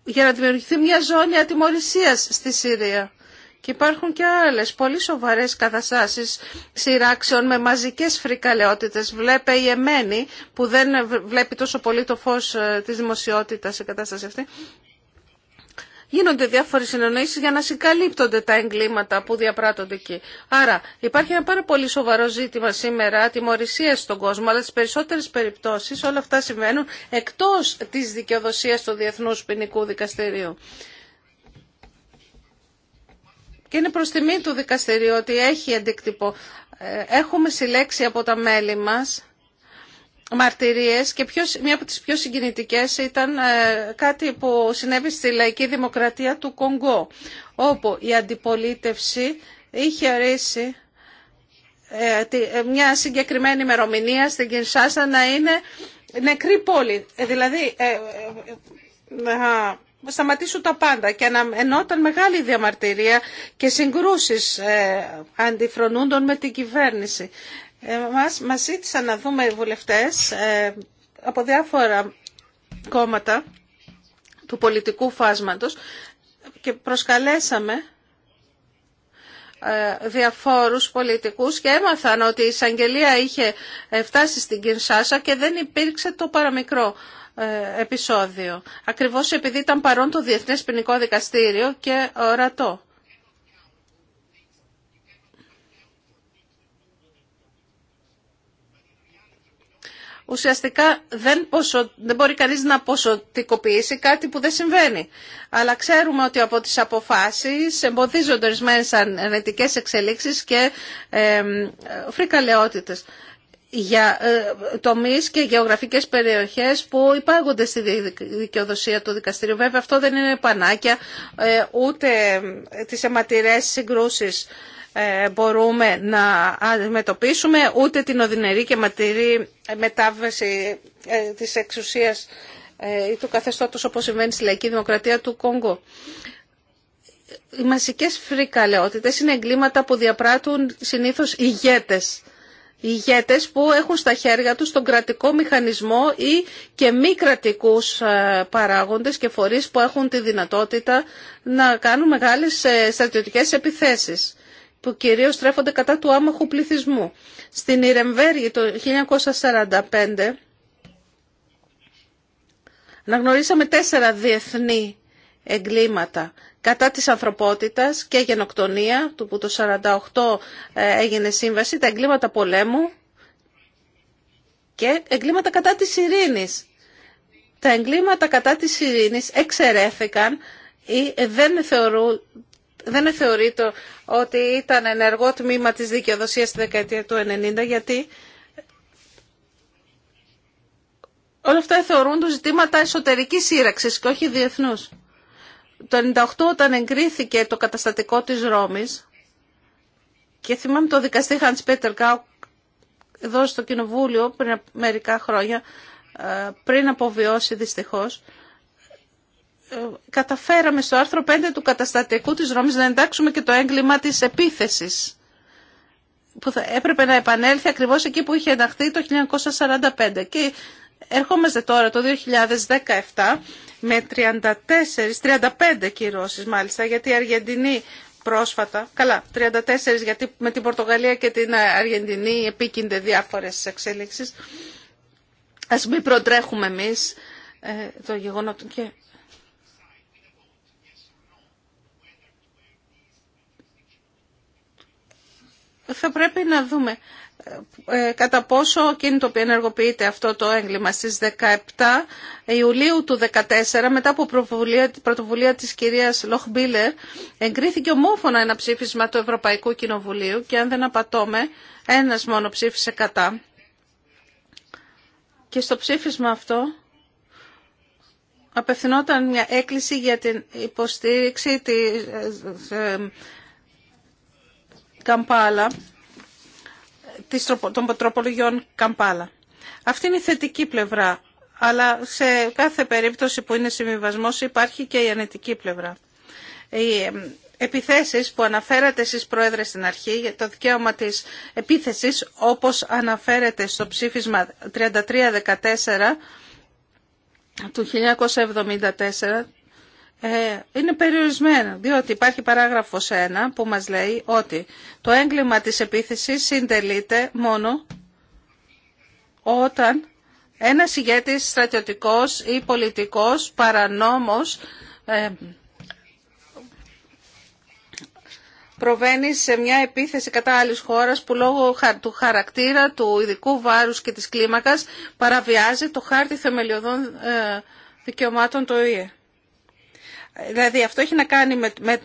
Για να δημιουργηθεί μια ζώνη ατιμωρησίας στη Συρία. Και υπάρχουν και άλλες πολύ σοβαρές καταστάσεις σειράξεων με μαζικές φρικαλαιότητες. Βλέπε η εμένη που δεν βλέπει τόσο πολύ το φως ε, της δημοσιότητας η κατάσταση αυτή. Γίνονται διάφορες συνεννοήσεις για να συγκαλύπτονται τα εγκλήματα που διαπράττονται εκεί. Άρα υπάρχει ένα πάρα πολύ σοβαρό ζήτημα σήμερα τιμωρησία στον κόσμο, αλλά στις περισσότερες περιπτώσεις όλα αυτά συμβαίνουν εκτός της δικαιοδοσίας του Διεθνούς Ποινικού Δικαστηρίου. Και είναι προς τιμή του δικαστηρίου ότι έχει αντίκτυπο. Έχουμε συλλέξει από τα μέλη μας μαρτυρίες και ποιος, μία από τις πιο συγκινητικές ήταν κάτι που συνέβη στη λαϊκή δημοκρατία του Κονγκό, όπου η αντιπολίτευση είχε ορίσει μια συγκεκριμένη ημερομηνία στην Κινσάσα να είναι νεκρή πόλη. Δηλαδή, σταματήσουν τα πάντα και ενώταν μεγάλη διαμαρτυρία και συγκρούσεις ε, αντιφρονούντων με την κυβέρνηση. Μας, μας ζήτησαν να δούμε βουλευτές ε, από διάφορα κόμματα του πολιτικού φάσματος και προσκαλέσαμε ε, διαφόρους πολιτικούς και έμαθαν ότι η εισαγγελία είχε φτάσει στην Κινσάσα και δεν υπήρξε το παραμικρό. Ε, επεισόδιο. Ακριβώς επειδή ήταν παρόν το Διεθνές Ποινικό Δικαστήριο και ορατό. Ουσιαστικά δεν, μπορεί κανείς να ποσοτικοποιήσει κάτι που δεν συμβαίνει. Αλλά ξέρουμε ότι από τις αποφάσεις εμποδίζονται ορισμένε αρνητικές εξελίξεις και ε, ε φρικαλαιότητες για ε, τομεί και γεωγραφικές περιοχές που υπάγονται στη δικαιοδοσία του δικαστηρίου. Βέβαια αυτό δεν είναι πανάκια, ε, ούτε ε, τις αιματηρές συγκρούσεις μπορούμε να αντιμετωπίσουμε, ούτε την οδυνερή και ματηρή μετάβαση της εξουσίας ή του καθεστώτος όπως συμβαίνει στη Λαϊκή Δημοκρατία του Κόγκο. Οι μασικές φρικαλαιότητες είναι εγκλήματα που διαπράττουν συνήθως ηγέτες ηγέτες που έχουν στα χέρια τους τον κρατικό μηχανισμό ή και μη κρατικούς ε, παράγοντες και φορείς που έχουν τη δυνατότητα να κάνουν μεγάλες ε, στρατιωτικές επιθέσεις που κυρίως τρέφονται κατά του άμαχου πληθυσμού. Στην Ιρεμβέργη το 1945 αναγνωρίσαμε τέσσερα διεθνή εγκλήματα κατά της ανθρωπότητας και γενοκτονία, του που το 1948 ε, έγινε σύμβαση, τα εγκλήματα πολέμου και εγκλήματα κατά της ειρήνης. Τα εγκλήματα κατά της ειρήνης εξαιρέθηκαν ή δεν θεωρούν δεν θεωρείται ότι ήταν ενεργό τμήμα της δικαιοδοσίας στη δεκαετία του 1990, γιατί όλα αυτά θεωρούν το ζητήματα εσωτερικής σύραξης και όχι διεθνούς το 98 όταν εγκρίθηκε το καταστατικό της Ρώμης και θυμάμαι το δικαστή Hans Peter Gauck εδώ στο Κοινοβούλιο πριν μερικά χρόνια ε, πριν αποβιώσει δυστυχώς ε, καταφέραμε στο άρθρο 5 του καταστατικού της Ρώμης να εντάξουμε και το έγκλημα της επίθεσης που θα έπρεπε να επανέλθει ακριβώς εκεί που είχε ενταχθεί το 1945 και ερχόμαστε τώρα το 2017 με 34, 35 κυρώσεις μάλιστα, γιατί η Αργεντινή πρόσφατα, καλά, 34 γιατί με την Πορτογαλία και την Αργεντινή επίκυνται διάφορες εξέλιξεις. Ας μην προτρέχουμε εμείς ε, το γεγονό και θα πρέπει να δούμε ε, ε, κατά πόσο ενεργοποιείται αυτό το έγκλημα στις 17 Ιουλίου του 2014 μετά από πρωτοβουλία, πρωτοβουλία της κυρίας Λοχμπίλερ εγκρίθηκε ομόφωνα ένα ψήφισμα του Ευρωπαϊκού Κοινοβουλίου και αν δεν απατώμε ένας μόνο ψήφισε κατά και στο ψήφισμα αυτό απευθυνόταν μια έκκληση για την υποστήριξη της ε, Καμπάλα, των τροπολογιών Καμπάλα. Αυτή είναι η θετική πλευρά, αλλά σε κάθε περίπτωση που είναι συμβιβασμό υπάρχει και η ανετική πλευρά. Οι επιθέσεις που αναφέρατε εσείς Πρόεδρε στην αρχή το δικαίωμα της επίθεσης όπως αναφέρεται στο ψήφισμα 3314 του 1974 ε, είναι περιορισμένο, διότι υπάρχει παράγραφος 1 που μας λέει ότι το έγκλημα της επίθεσης συντελείται μόνο όταν ένας ηγέτης στρατιωτικός ή πολιτικός παρανόμος ε, προβαίνει σε μια επίθεση κατά άλλης χώρας που λόγω του χαρακτήρα, του ειδικού βάρους και της κλίμακας παραβιάζει το χάρτη θεμελιωδών ε, δικαιωμάτων του ΙΕ. Δηλαδή αυτό έχει να κάνει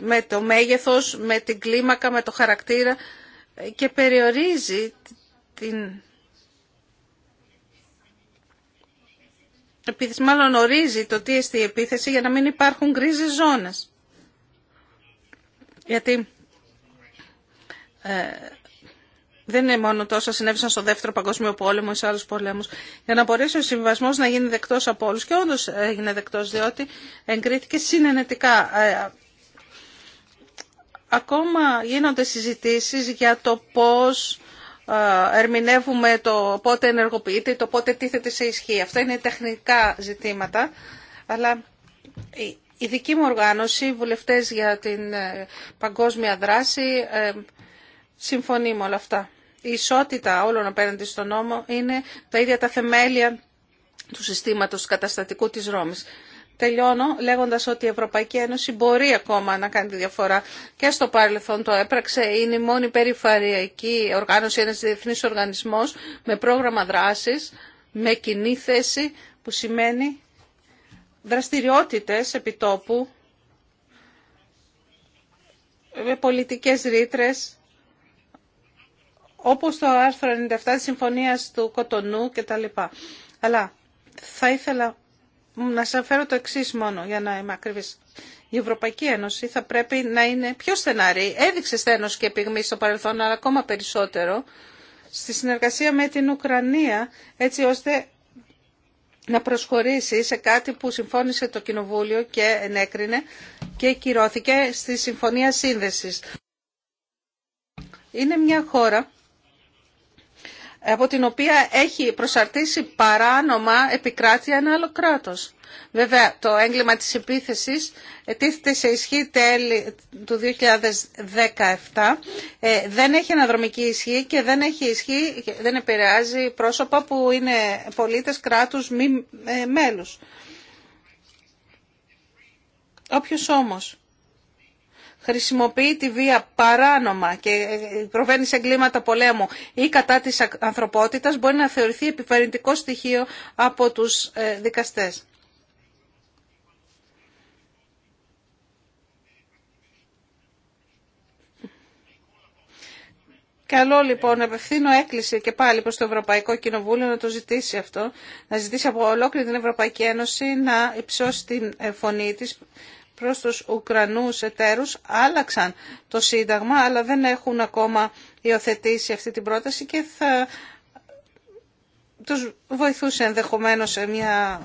με, το μέγεθος, με την κλίμακα, με το χαρακτήρα και περιορίζει την... Επειδή μάλλον ορίζει το τι εστί η επίθεση για να μην υπάρχουν γκρίζε ζώνες. Γιατί ε, δεν είναι μόνο τόσα συνέβησαν στο δεύτερο παγκόσμιο πόλεμο ή σε άλλου πολέμου. Για να μπορέσει ο συμβασμό να γίνει δεκτό από όλου. Και όντω έγινε δεκτό, διότι εγκρίθηκε συνενετικά. Ε, ακόμα γίνονται συζητήσεις για το πώς ε, ερμηνεύουμε το πότε ενεργοποιείται, το πότε τίθεται σε ισχύ. Αυτά είναι τεχνικά ζητήματα, αλλά η δική μου οργάνωση, οι βουλευτές για την ε, παγκόσμια δράση, συμφωνεί με όλα αυτά η ισότητα όλων απέναντι στον νόμο είναι τα ίδια τα θεμέλια του συστήματος καταστατικού της Ρώμης. Τελειώνω λέγοντας ότι η Ευρωπαϊκή Ένωση μπορεί ακόμα να κάνει τη διαφορά και στο παρελθόν το έπραξε. Είναι η μόνη περιφαρειακή οργάνωση, ένας διεθνή οργανισμός με πρόγραμμα δράσης, με κοινή θέση που σημαίνει δραστηριότητες επιτόπου με πολιτικές ρήτρες όπως το άρθρο 97 της Συμφωνίας του Κοτονού κτλ. Αλλά θα ήθελα να σας φέρω το εξή μόνο για να είμαι ακριβής. Η Ευρωπαϊκή Ένωση θα πρέπει να είναι πιο στεναρή. Έδειξε στένος και πυγμή στο παρελθόν, αλλά ακόμα περισσότερο στη συνεργασία με την Ουκρανία, έτσι ώστε να προσχωρήσει σε κάτι που συμφώνησε το Κοινοβούλιο και ενέκρινε και κυρώθηκε στη Συμφωνία Σύνδεσης. Είναι μια χώρα από την οποία έχει προσαρτήσει παράνομα επικράτεια ένα άλλο κράτος. Βέβαια, το έγκλημα της επίθεσης ε, τίθεται σε ισχύ τέλη του 2017. Ε, δεν έχει αναδρομική ισχύ και δεν έχει ισχύ, δεν επηρεάζει πρόσωπα που είναι πολίτες κράτους μη ε, μέλους. Όποιος όμως χρησιμοποιεί τη βία παράνομα και ε, προβαίνει σε εγκλήματα πολέμου ή κατά της ανθρωπότητας μπορεί να θεωρηθεί επιφαρυντικό στοιχείο από τους ε, δικαστές. Καλό λοιπόν, απευθύνω έκκληση και πάλι προς το Ευρωπαϊκό Κοινοβούλιο να το ζητήσει αυτό, να ζητήσει από ολόκληρη την Ευρωπαϊκή Ένωση να υψώσει την ε, φωνή της προς τους Ουκρανούς εταίρους άλλαξαν το Σύνταγμα αλλά δεν έχουν ακόμα υιοθετήσει αυτή την πρόταση και θα τους βοηθούσε ενδεχομένως σε μια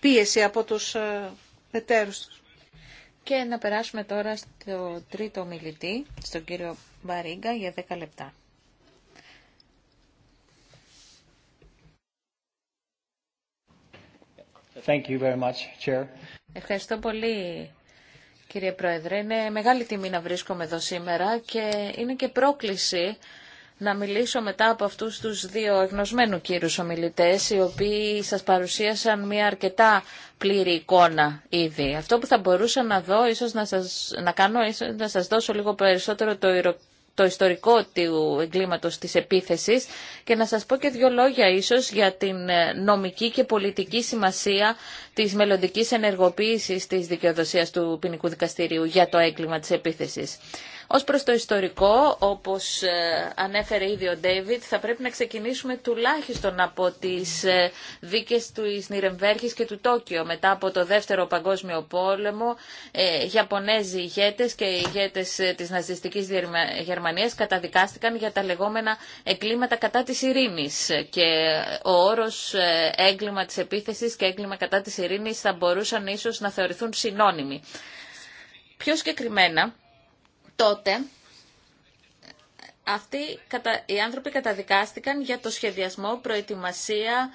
πίεση από τους ε, εταίρους τους. Και να περάσουμε τώρα στο τρίτο μιλητή, στον κύριο Μπαρίγκα, για 10 λεπτά. Thank you very much, Ευχαριστώ πολύ κύριε Πρόεδρε. Είναι μεγάλη τιμή να βρίσκομαι εδώ σήμερα και είναι και πρόκληση να μιλήσω μετά από αυτούς τους δύο εγνωσμένου κύρους ομιλητές, οι οποίοι σας παρουσίασαν μια αρκετά πλήρη εικόνα ήδη. Αυτό που θα μπορούσα να δω, ίσως να, σας, να κάνω, ίσως να σας δώσω λίγο περισσότερο το το ιστορικό του εγκλήματος της επίθεσης και να σας πω και δύο λόγια ίσως για την νομική και πολιτική σημασία της μελλοντική ενεργοποίησης της δικαιοδοσίας του ποινικού δικαστηρίου για το έγκλημα της επίθεσης. Ως προς το ιστορικό, όπως ε, ανέφερε ήδη ο Ντέιβιτ, θα πρέπει να ξεκινήσουμε τουλάχιστον από τις ε, δίκες του Ισνιρεμβέργη και του Τόκιο μετά από το Δεύτερο Παγκόσμιο Πόλεμο. Ε, Ιαπωνέζοι ηγέτες και οι ηγέτες ε, της ναζιστικής Γερμανίας καταδικάστηκαν για τα λεγόμενα εγκλήματα κατά της ειρήνης και ο όρος έγκλημα της επίθεσης και έγκλημα κατά της ειρήνη θα μπορούσαν ίσως να θεωρηθούν συνώνυμοι. Πιο συγκεκριμένα, τότε αυτοί οι άνθρωποι καταδικάστηκαν για το σχεδιασμό, προετοιμασία,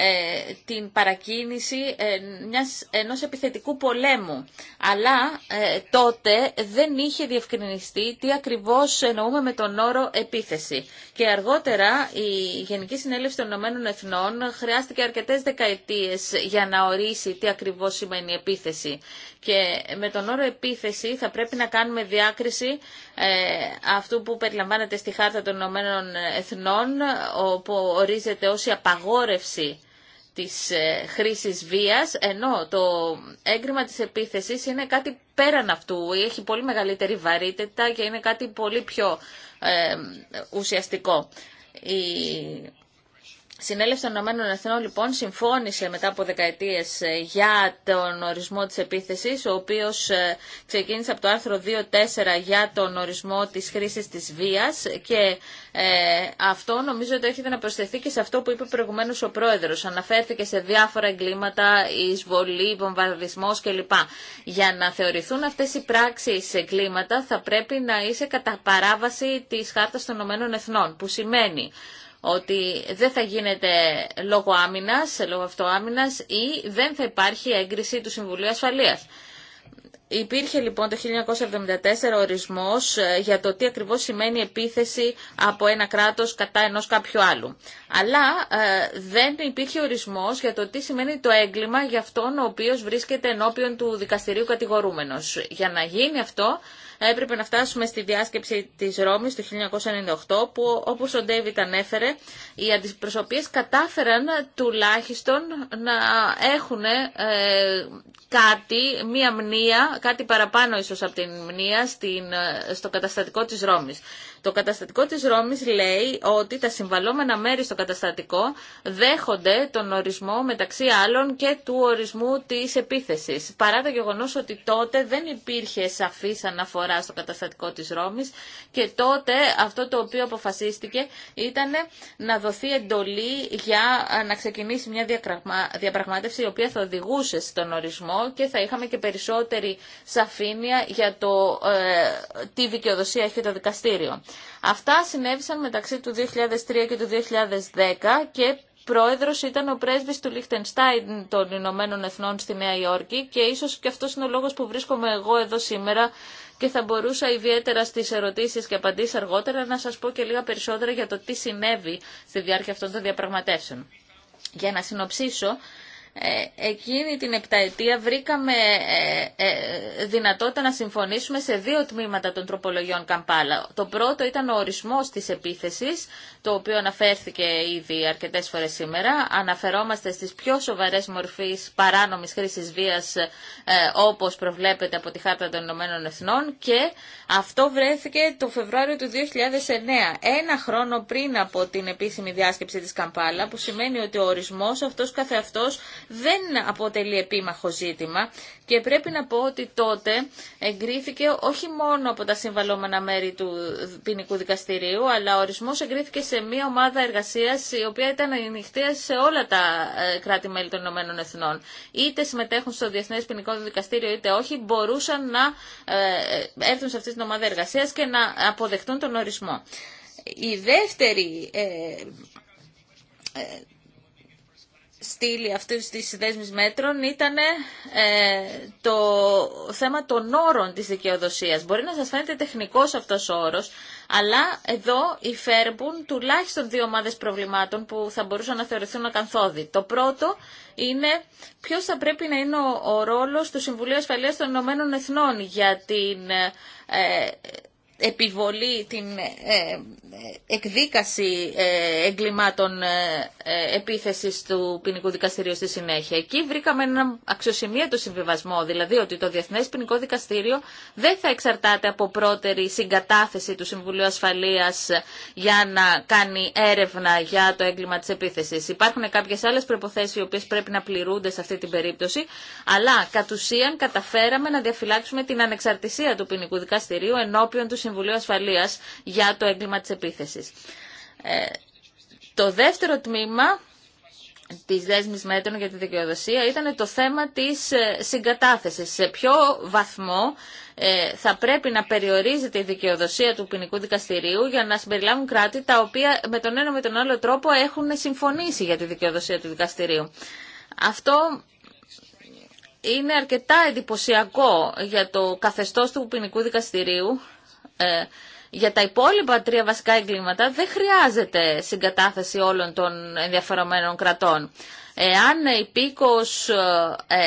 ε, την παρακίνηση ε, μιας, ενός επιθετικού πολέμου. Αλλά ε, τότε δεν είχε διευκρινιστεί τι ακριβώς εννοούμε με τον όρο επίθεση. Και αργότερα η Γενική Συνέλευση των Ηνωμένων Εθνών χρειάστηκε αρκετές δεκαετίες για να ορίσει τι ακριβώς σημαίνει επίθεση. Και με τον όρο επίθεση θα πρέπει να κάνουμε διάκριση αυτού που περιλαμβάνεται στη Χάρτα των Ηνωμένων Εθνών, όπου ορίζεται ως η απαγόρευση της ε, χρήσης βίας, ενώ το έγκριμα της επίθεσης είναι κάτι πέραν αυτού, έχει πολύ μεγαλύτερη βαρύτητα και είναι κάτι πολύ πιο ε, ουσιαστικό. Συνέλευση των Ηνωμένων Εθνών λοιπόν συμφώνησε μετά από δεκαετίες ε, για τον ορισμό της επίθεσης, ο οποίος ε, ξεκίνησε από το άρθρο 2.4 για τον ορισμό της χρήσης της βίας και ε, αυτό νομίζω ότι έχετε να προσθεθεί και σε αυτό που είπε προηγουμένως ο πρόεδρο. Αναφέρθηκε σε διάφορα εγκλήματα, εισβολή, βομβαρδισμό κλπ. Για να θεωρηθούν αυτέ οι πράξει εγκλήματα θα πρέπει να είσαι κατά παράβαση τη Χάρτα των Ηνωμένων Εθνών, που σημαίνει ότι δεν θα γίνεται λόγω άμυνας, λόγω αυτοάμυνας ή δεν θα υπάρχει έγκριση του Συμβουλίου Ασφαλείας. Υπήρχε λοιπόν το 1974 ορισμός ε, για το τι ακριβώς σημαίνει επίθεση από ένα κράτος κατά ενός κάποιου άλλου. Αλλά ε, δεν υπήρχε ορισμός για το τι σημαίνει το έγκλημα για αυτόν ο οποίος βρίσκεται ενώπιον του δικαστηρίου κατηγορούμενος. Για να γίνει αυτό έπρεπε να φτάσουμε στη διάσκεψη της Ρώμης του 1998 που όπως ο Ντέιβιτ ανέφερε οι αντιπροσωπείες κατάφεραν τουλάχιστον να έχουν ε, κάτι, μία μνήα, κάτι παραπάνω ίσως από την μνήα στην, ε, στο καταστατικό της Ρώμης. Το καταστατικό της Ρώμης λέει ότι τα συμβαλώμενα μέρη στο καταστατικό δέχονται τον ορισμό μεταξύ άλλων και του ορισμού της επίθεσης. Παρά το γεγονός ότι τότε δεν υπήρχε σαφής αναφορά στο καταστατικό της Ρώμης και τότε αυτό το οποίο αποφασίστηκε ήταν να δοθεί εντολή για να ξεκινήσει μια διαπραγμάτευση η οποία θα οδηγούσε στον ορισμό και θα είχαμε και περισσότερη σαφήνεια για το ε, τι δικαιοδοσία έχει το δικαστήριο. Αυτά συνέβησαν μεταξύ του 2003 και του 2010 και πρόεδρος ήταν ο πρέσβης του Λίχτενστάιν των Ηνωμένων Εθνών στη Νέα Υόρκη και ίσως και αυτός είναι ο λόγος που βρίσκομαι εγώ εδώ σήμερα και θα μπορούσα ιδιαίτερα στις ερωτήσεις και απαντήσεις αργότερα να σας πω και λίγα περισσότερα για το τι συνέβη στη διάρκεια αυτών των διαπραγματεύσεων. Για να συνοψίσω, ε, εκείνη την επταετία βρήκαμε ε, ε, δυνατότητα να συμφωνήσουμε σε δύο τμήματα των τροπολογιών Καμπάλα. Το πρώτο ήταν ο ορισμός της επίθεσης, το οποίο αναφέρθηκε ήδη αρκετές φορές σήμερα. Αναφερόμαστε στις πιο σοβαρές μορφές παράνομης χρήσης βίας, όπως προβλέπεται από τη Χάρτα των Ηνωμένων Εθνών και αυτό βρέθηκε το Φεβρουάριο του 2009, ένα χρόνο πριν από την επίσημη διάσκεψη της Καμπάλα, που σημαίνει ότι ο ορισμός αυτός καθεαυτός δεν αποτελεί επίμαχο ζήτημα και πρέπει να πω ότι τότε εγκρίθηκε όχι μόνο από τα συμβαλόμενα μέρη του ποινικού δικαστηρίου, αλλά ο ορισμός εγκρίθηκε σε μια ομάδα εργασίας η οποία ήταν ανοιχτή σε όλα τα ε, κράτη-μέλη των Ηνωμένων Εθνών. Είτε συμμετέχουν στο Διεθνές Ποινικό Δικαστήριο είτε όχι, μπορούσαν να ε, ε, έρθουν σε αυτή την ομάδα εργασίας και να αποδεχτούν τον ορισμό. Η δεύτερη στήλη αυτής της δέσμης μέτρων ήταν ε, το θέμα των όρων της δικαιοδοσίας. Μπορεί να σας φαίνεται τεχνικός αυτός ο όρος, αλλά εδώ υφέρουν τουλάχιστον δύο ομάδες προβλημάτων που θα μπορούσαν να θεωρηθούν ακαθόδη. Το πρώτο είναι ποιος θα πρέπει να είναι ο, ο ρόλος του Συμβουλίου Ασφαλείας των Ηνωμένων Εθνών για την ε, επιβολή, την ε, ε, εκδίκαση ε, εγκλημάτων επίθεσης του ποινικού δικαστηρίου στη συνέχεια. Εκεί βρήκαμε ένα αξιοσημείωτο συμβιβασμό, δηλαδή ότι το Διεθνές Ποινικό Δικαστήριο δεν θα εξαρτάται από πρώτερη συγκατάθεση του Συμβουλίου Ασφαλείας για να κάνει έρευνα για το έγκλημα της επίθεσης. Υπάρχουν κάποιες άλλες προϋποθέσεις οι οποίες πρέπει να πληρούνται σε αυτή την περίπτωση, αλλά κατ' ουσίαν καταφέραμε να διαφυλάξουμε την ανεξαρτησία του ποινικού δικαστηρίου ενώπιον του Συμβουλίου Ασφαλείας για το έγκλημα της επίθεσης. Ε, το δεύτερο τμήμα τη δέσμη μέτρων για τη δικαιοδοσία ήταν το θέμα τη ε, συγκατάθεση. Σε ποιο βαθμό ε, θα πρέπει να περιορίζεται η δικαιοδοσία του ποινικού δικαστηρίου για να συμπεριλάβουν κράτη τα οποία με τον ένα με τον άλλο τρόπο έχουν συμφωνήσει για τη δικαιοδοσία του δικαστηρίου. Αυτό είναι αρκετά εντυπωσιακό για το καθεστώς του ποινικού δικαστηρίου ε, για τα υπόλοιπα τρία βασικά εγκλήματα δεν χρειάζεται συγκατάθεση όλων των ενδιαφερομένων κρατών. Εάν υπήκος ε,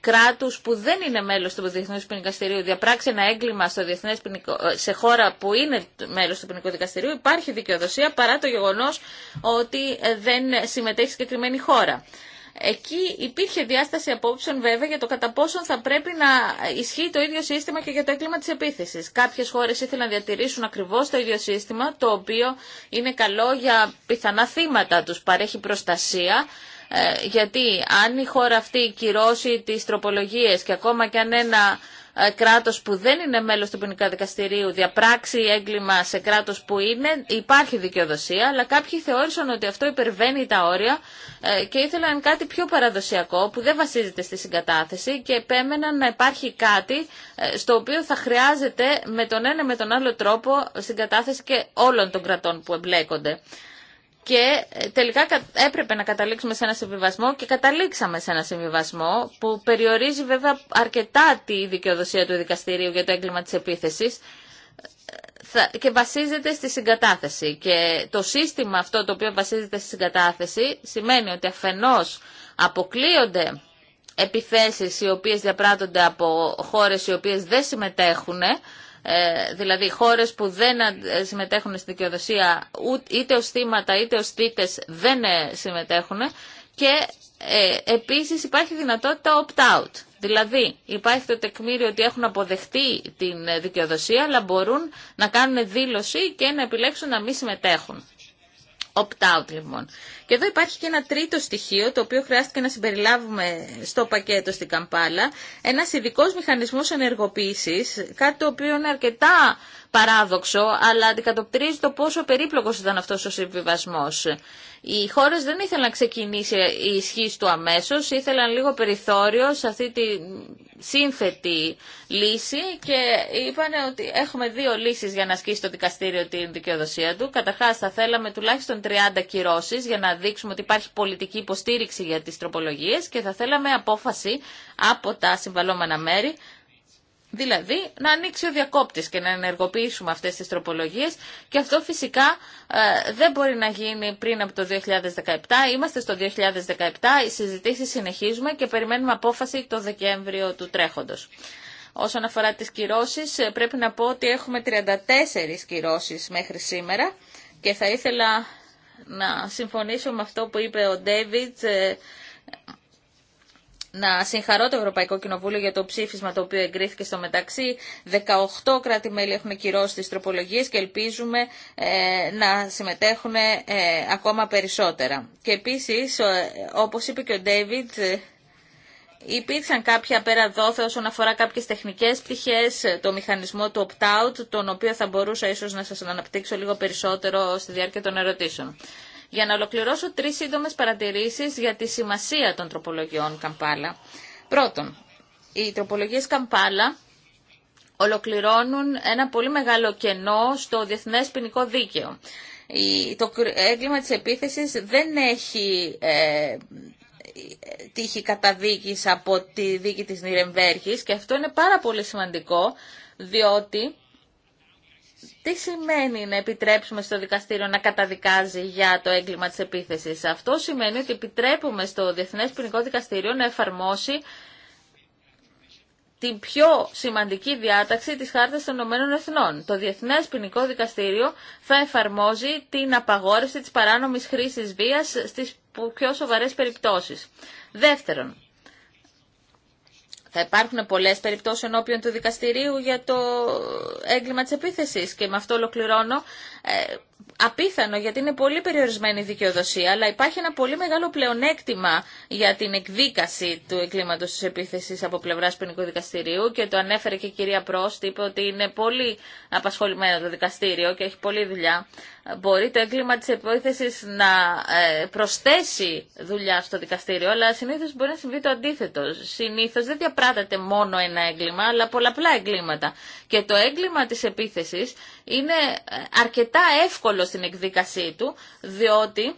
κράτους που δεν είναι μέλος του Διεθνούς Ποινικού διαπράξει ένα έγκλημα στο Διεθνές Ποινικό, ε, σε χώρα που είναι μέλος του Ποινικού Δικαστηρίου υπάρχει δικαιοδοσία παρά το γεγονός ότι ε, δεν συμμετέχει συγκεκριμένη χώρα. Εκεί υπήρχε διάσταση απόψεων βέβαια για το κατά πόσον θα πρέπει να ισχύει το ίδιο σύστημα και για το έκλειμα τη επίθεση. Κάποιε χώρε ήθελαν να διατηρήσουν ακριβώ το ίδιο σύστημα, το οποίο είναι καλό για πιθανά θύματα, του παρέχει προστασία ε, γιατί αν η χώρα αυτή κυρώσει τις τροπολογίες και ακόμα και αν ένα ε, κράτος που δεν είναι μέλος του ποινικού δικαστηρίου διαπράξει έγκλημα σε κράτος που είναι, υπάρχει δικαιοδοσία, αλλά κάποιοι θεώρησαν ότι αυτό υπερβαίνει τα όρια ε, και ήθελαν κάτι πιο παραδοσιακό που δεν βασίζεται στη συγκατάθεση και επέμεναν να υπάρχει κάτι στο οποίο θα χρειάζεται με τον ένα με τον άλλο τρόπο συγκατάθεση και όλων των κρατών που εμπλέκονται και ε, τελικά έπρεπε να καταλήξουμε σε ένα συμβιβασμό και καταλήξαμε σε ένα συμβιβασμό που περιορίζει βέβαια αρκετά τη δικαιοδοσία του δικαστηρίου για το έγκλημα της επίθεσης ε, και βασίζεται στη συγκατάθεση. Και το σύστημα αυτό το οποίο βασίζεται στη συγκατάθεση σημαίνει ότι αφενός αποκλείονται επιθέσεις οι οποίες διαπράττονται από χώρες οι οποίες δεν συμμετέχουν ε, δηλαδή χώρες που δεν συμμετέχουν στην δικαιοδοσία είτε ως θύματα είτε ως θήτες δεν ε, συμμετέχουν και ε, επίσης υπάρχει δυνατότητα opt-out. Δηλαδή υπάρχει το τεκμήριο ότι έχουν αποδεχτεί την ε, δικαιοδοσία αλλά μπορούν να κάνουν δήλωση και να επιλέξουν να μην συμμετέχουν opt λοιπόν. Και εδώ υπάρχει και ένα τρίτο στοιχείο το οποίο χρειάστηκε να συμπεριλάβουμε στο πακέτο στην Καμπάλα, Ένα ειδικό μηχανισμός ενεργοποίησης, κάτι το οποίο είναι αρκετά παράδοξο, αλλά αντικατοπτρίζει το πόσο περίπλοκος ήταν αυτός ο συμβιβασμός. Οι χώρες δεν ήθελαν να ξεκινήσει η ισχύ του αμέσως, ήθελαν λίγο περιθώριο σε αυτή τη σύνθετη λύση και είπαν ότι έχουμε δύο λύσεις για να ασκήσει το δικαστήριο την δικαιοδοσία του. Καταρχάς θα θέλαμε τουλάχιστον 30 κυρώσεις για να δείξουμε ότι υπάρχει πολιτική υποστήριξη για τις τροπολογίες και θα θέλαμε απόφαση από τα συμβαλώμενα μέρη Δηλαδή να ανοίξει ο διακόπτης και να ενεργοποιήσουμε αυτές τις τροπολογίες και αυτό φυσικά ε, δεν μπορεί να γίνει πριν από το 2017. Είμαστε στο 2017, οι συζητήσεις συνεχίζουμε και περιμένουμε απόφαση το Δεκέμβριο του τρέχοντος. Όσον αφορά τις κυρώσεις, ε, πρέπει να πω ότι έχουμε 34 κυρώσεις μέχρι σήμερα και θα ήθελα να συμφωνήσω με αυτό που είπε ο Ε, να συγχαρώ το Ευρωπαϊκό Κοινοβούλιο για το ψήφισμα το οποίο εγκρίθηκε στο μεταξύ. 18 κράτη-μέλη έχουν κυρώσει τις τροπολογίες και ελπίζουμε ε, να συμμετέχουν ε, ακόμα περισσότερα. Και επίσης, όπως είπε και ο Ντέιβιτ, Υπήρξαν κάποια πέρα δόθε όσον αφορά κάποιες τεχνικές πτυχές, το μηχανισμό του opt-out, τον οποίο θα μπορούσα ίσως να σας αναπτύξω λίγο περισσότερο στη διάρκεια των ερωτήσεων για να ολοκληρώσω τρει σύντομε παρατηρήσει για τη σημασία των τροπολογιών Καμπάλα. Πρώτον, οι τροπολογίε Καμπάλα ολοκληρώνουν ένα πολύ μεγάλο κενό στο διεθνέ ποινικό δίκαιο. Το έγκλημα της επίθεσης δεν έχει ε, τύχη καταδίκης από τη δίκη της Νιρεμβέργης και αυτό είναι πάρα πολύ σημαντικό διότι τι σημαίνει να επιτρέψουμε στο δικαστήριο να καταδικάζει για το έγκλημα της επίθεσης. Αυτό σημαίνει ότι επιτρέπουμε στο Διεθνές Ποινικό Δικαστήριο να εφαρμόσει την πιο σημαντική διάταξη της Χάρτας των Ηνωμένων Εθνών. Το Διεθνές Ποινικό Δικαστήριο θα εφαρμόζει την απαγόρευση της παράνομης χρήσης βίας στις πιο σοβαρές περιπτώσεις. Δεύτερον, θα υπάρχουν πολλέ περιπτώσεις ενώπιον του δικαστηρίου για το έγκλημα της επίθεσης και με αυτό ολοκληρώνω ε, απίθανο γιατί είναι πολύ περιορισμένη η δικαιοδοσία, αλλά υπάρχει ένα πολύ μεγάλο πλεονέκτημα για την εκδίκαση του εγκλήματος της επίθεσης από πλευράς ποινικού δικαστηρίου και το ανέφερε και η κυρία Πρόστ, είπε ότι είναι πολύ απασχολημένο το δικαστήριο και έχει πολλή δουλειά. Μπορεί το έγκλημα της επίθεσης να ε, προσθέσει δουλειά στο δικαστήριο, αλλά συνήθως μπορεί να συμβεί το αντίθετο. Συνήθως δεν διαπράτεται μόνο ένα έγκλημα, αλλά πολλαπλά εγκλήματα. Και το έγκλημα της επίθεσης είναι ε, αρκετά αρκετά εύκολο στην εκδίκασή του, διότι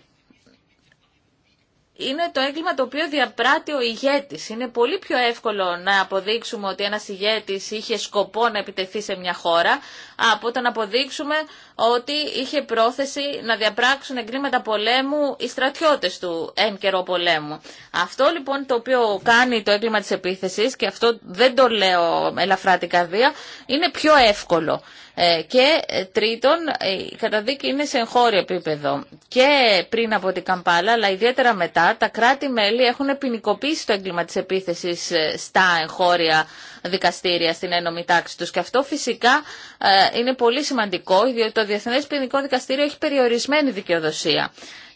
είναι το έγκλημα το οποίο διαπράττει ο ηγέτης. Είναι πολύ πιο εύκολο να αποδείξουμε ότι ένας ηγέτης είχε σκοπό να επιτεθεί σε μια χώρα από το να αποδείξουμε ότι είχε πρόθεση να διαπράξουν εγκλήματα πολέμου οι στρατιώτες του εν καιρό πολέμου. Αυτό λοιπόν το οποίο κάνει το έγκλημα της επίθεσης και αυτό δεν το λέω ελαφρά την καρδία, είναι πιο εύκολο. Ε, και ε, τρίτον, ε, η καταδίκη είναι σε εγχώριο επίπεδο. Και πριν από την Καμπάλα, αλλά ιδιαίτερα μετά, τα κράτη-μέλη έχουν ποινικοποιήσει το έγκλημα της επίθεσης στα εγχώρια δικαστήρια στην ένωμη τάξη τους. Και αυτό φυσικά ε, είναι πολύ σημαντικό, διότι το Διεθνές Ποινικό Δικαστήριο έχει περιορισμένη δικαιοδοσία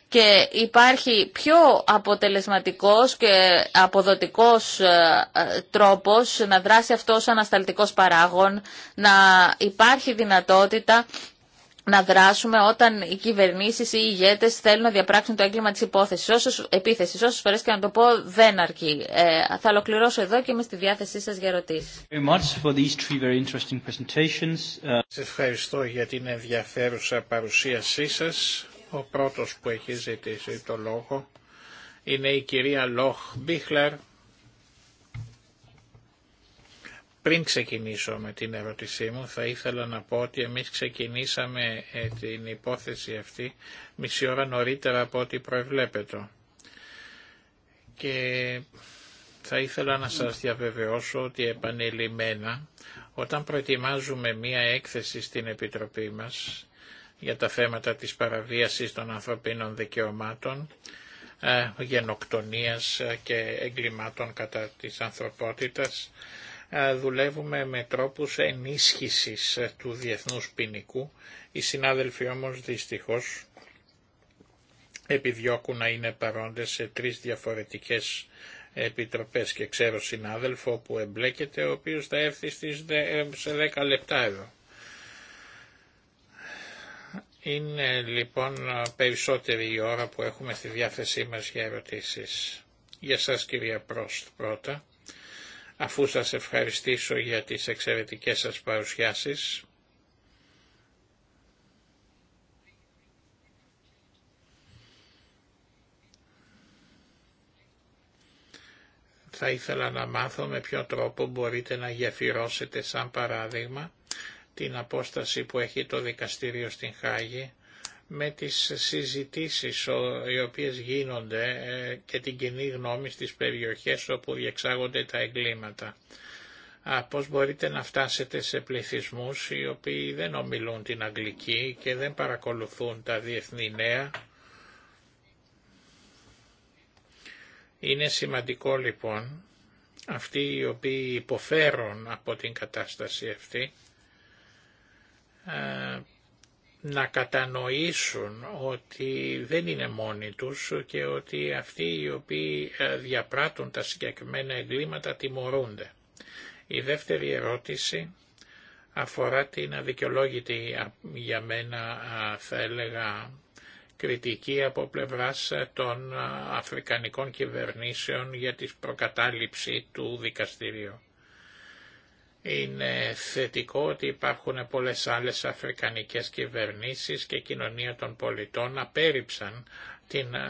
και υπάρχει πιο αποτελεσματικός και αποδοτικός ε, ε, τρόπος να δράσει αυτό ως ανασταλτικός παράγων, να υπάρχει δυνατότητα να δράσουμε όταν οι κυβερνήσει ή οι ηγέτε θέλουν να διαπράξουν το έγκλημα τη υπόθεση. Όσε επίθεση, όσε φορέ και να το πω, δεν αρκεί. Ε, θα ολοκληρώσω εδώ και είμαι στη διάθεσή σα για ερωτήσει. Σα ευχαριστώ για την ενδιαφέρουσα παρουσίασή σα. Ο πρώτο που έχει ζητήσει το λόγο είναι η κυρία Λόχ Μπίχλερ Πριν ξεκινήσω με την ερώτησή μου, θα ήθελα να πω ότι εμείς ξεκινήσαμε ε, την υπόθεση αυτή μισή ώρα νωρίτερα από ό,τι προεβλέπετο. Και θα ήθελα να σας διαβεβαιώσω ότι επανειλημμένα, όταν προετοιμάζουμε μία έκθεση στην Επιτροπή μας για τα θέματα της παραβίασης των ανθρωπίνων δικαιωμάτων, ε, γενοκτονίας και εγκλημάτων κατά της ανθρωπότητας, ε, δουλεύουμε με τρόπους ενίσχυσης του διεθνούς ποινικού. Οι συνάδελφοι όμως δυστυχώς επιδιώκουν να είναι παρόντες σε τρεις διαφορετικές επιτροπές και ξέρω συνάδελφο που εμπλέκεται ο οποίος θα έρθει στις ε, σε 10 λεπτά εδώ. Είναι λοιπόν περισσότερη η ώρα που έχουμε στη διάθεσή μας για ερωτήσεις. Για σας κυρία Πρόστ πρώτα αφού σας ευχαριστήσω για τις εξαιρετικές σας παρουσιάσεις. Θα ήθελα να μάθω με ποιο τρόπο μπορείτε να γεφυρώσετε σαν παράδειγμα την απόσταση που έχει το δικαστήριο στην Χάγη με τις συζητήσεις οι οποίες γίνονται ε, και την κοινή γνώμη στις περιοχές όπου διεξάγονται τα εγκλήματα. Α, πώς μπορείτε να φτάσετε σε πληθυσμούς οι οποίοι δεν ομιλούν την Αγγλική και δεν παρακολουθούν τα διεθνή νέα. Είναι σημαντικό λοιπόν αυτοί οι οποίοι υποφέρουν από την κατάσταση αυτή ε, να κατανοήσουν ότι δεν είναι μόνοι τους και ότι αυτοί οι οποίοι ε, διαπράττουν τα συγκεκριμένα εγκλήματα τιμωρούνται. Η δεύτερη ερώτηση αφορά την αδικαιολόγητη για μένα θα έλεγα κριτική από πλευράς ε, των αφρικανικών κυβερνήσεων για τη προκατάληψη του δικαστηρίου. Είναι θετικό ότι υπάρχουν πολλές άλλες αφρικανικές κυβερνήσεις και κοινωνία των πολιτών απέριψαν την ε,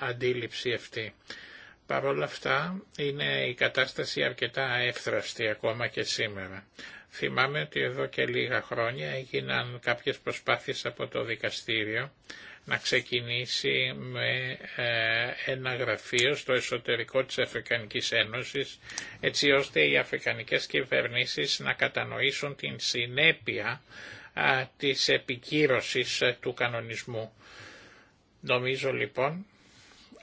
αντίληψη αυτή. Παρ' όλα αυτά είναι η κατάσταση αρκετά εύθραστη, ακόμα και σήμερα. Θυμάμαι ότι εδώ και λίγα χρόνια έγιναν κάποιες προσπάθειες από το δικαστήριο να ξεκινήσει με ε, ένα γραφείο στο εσωτερικό της Αφρικανικής Ένωσης, έτσι ώστε οι αφρικανικές κυβερνήσεις να κατανοήσουν την συνέπεια της επικύρωσης ε, του κανονισμού. Νομίζω λοιπόν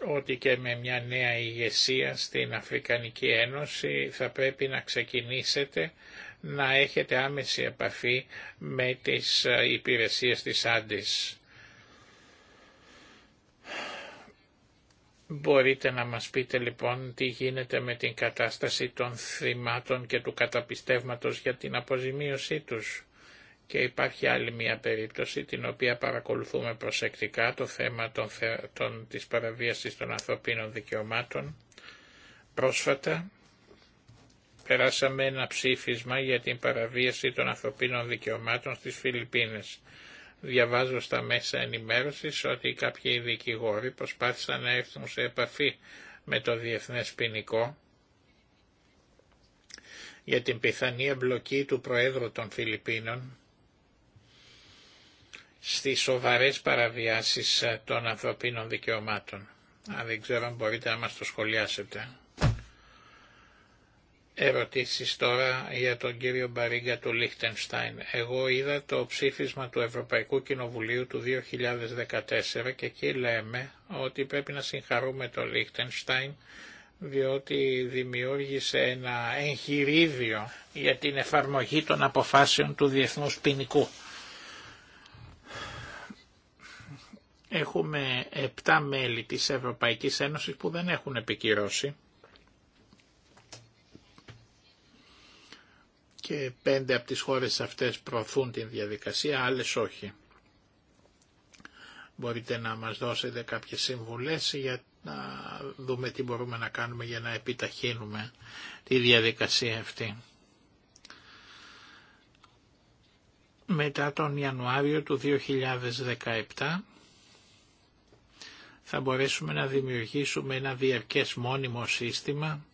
ότι και με μια νέα ηγεσία στην Αφρικανική Ένωση θα πρέπει να ξεκινήσετε να έχετε άμεση επαφή με τις ε, υπηρεσίες της Άντης. Μπορείτε να μας πείτε λοιπόν τι γίνεται με την κατάσταση των θυμάτων και του καταπιστεύματος για την αποζημίωσή τους. Και υπάρχει άλλη μια περίπτωση την οποία παρακολουθούμε προσεκτικά το θέμα των, της παραβίασης των ανθρωπίνων δικαιωμάτων. Πρόσφατα περάσαμε ένα ψήφισμα για την παραβίαση των ανθρωπίνων δικαιωμάτων στις Φιλιππίνες. Διαβάζω στα μέσα ενημέρωσης ότι κάποιοι δικηγόροι προσπάθησαν να έρθουν σε επαφή με το Διεθνές Ποινικό για την πιθανή εμπλοκή του Προέδρου των Φιλιππίνων στις σοβαρές παραβιάσεις των ανθρωπίνων δικαιωμάτων. Αν δεν ξέρω αν μπορείτε να μας το σχολιάσετε. Ερωτήσεις τώρα για τον κύριο Μπαρίγκα του Λίχτενστάιν. Εγώ είδα το ψήφισμα του Ευρωπαϊκού Κοινοβουλίου του 2014 και εκεί λέμε ότι πρέπει να συγχαρούμε τον Λίχτενστάιν διότι δημιούργησε ένα εγχειρίδιο για την εφαρμογή των αποφάσεων του Διεθνούς Ποινικού. Έχουμε 7 μέλη της Ευρωπαϊκής Ένωσης που δεν έχουν επικυρώσει και πέντε από τις χώρες αυτές προωθούν την διαδικασία, άλλες όχι. Μπορείτε να μας δώσετε κάποιες συμβουλές για να δούμε τι μπορούμε να κάνουμε για να επιταχύνουμε τη διαδικασία αυτή. Μετά τον Ιανουάριο του 2017 θα μπορέσουμε να δημιουργήσουμε ένα διαρκές μόνιμο σύστημα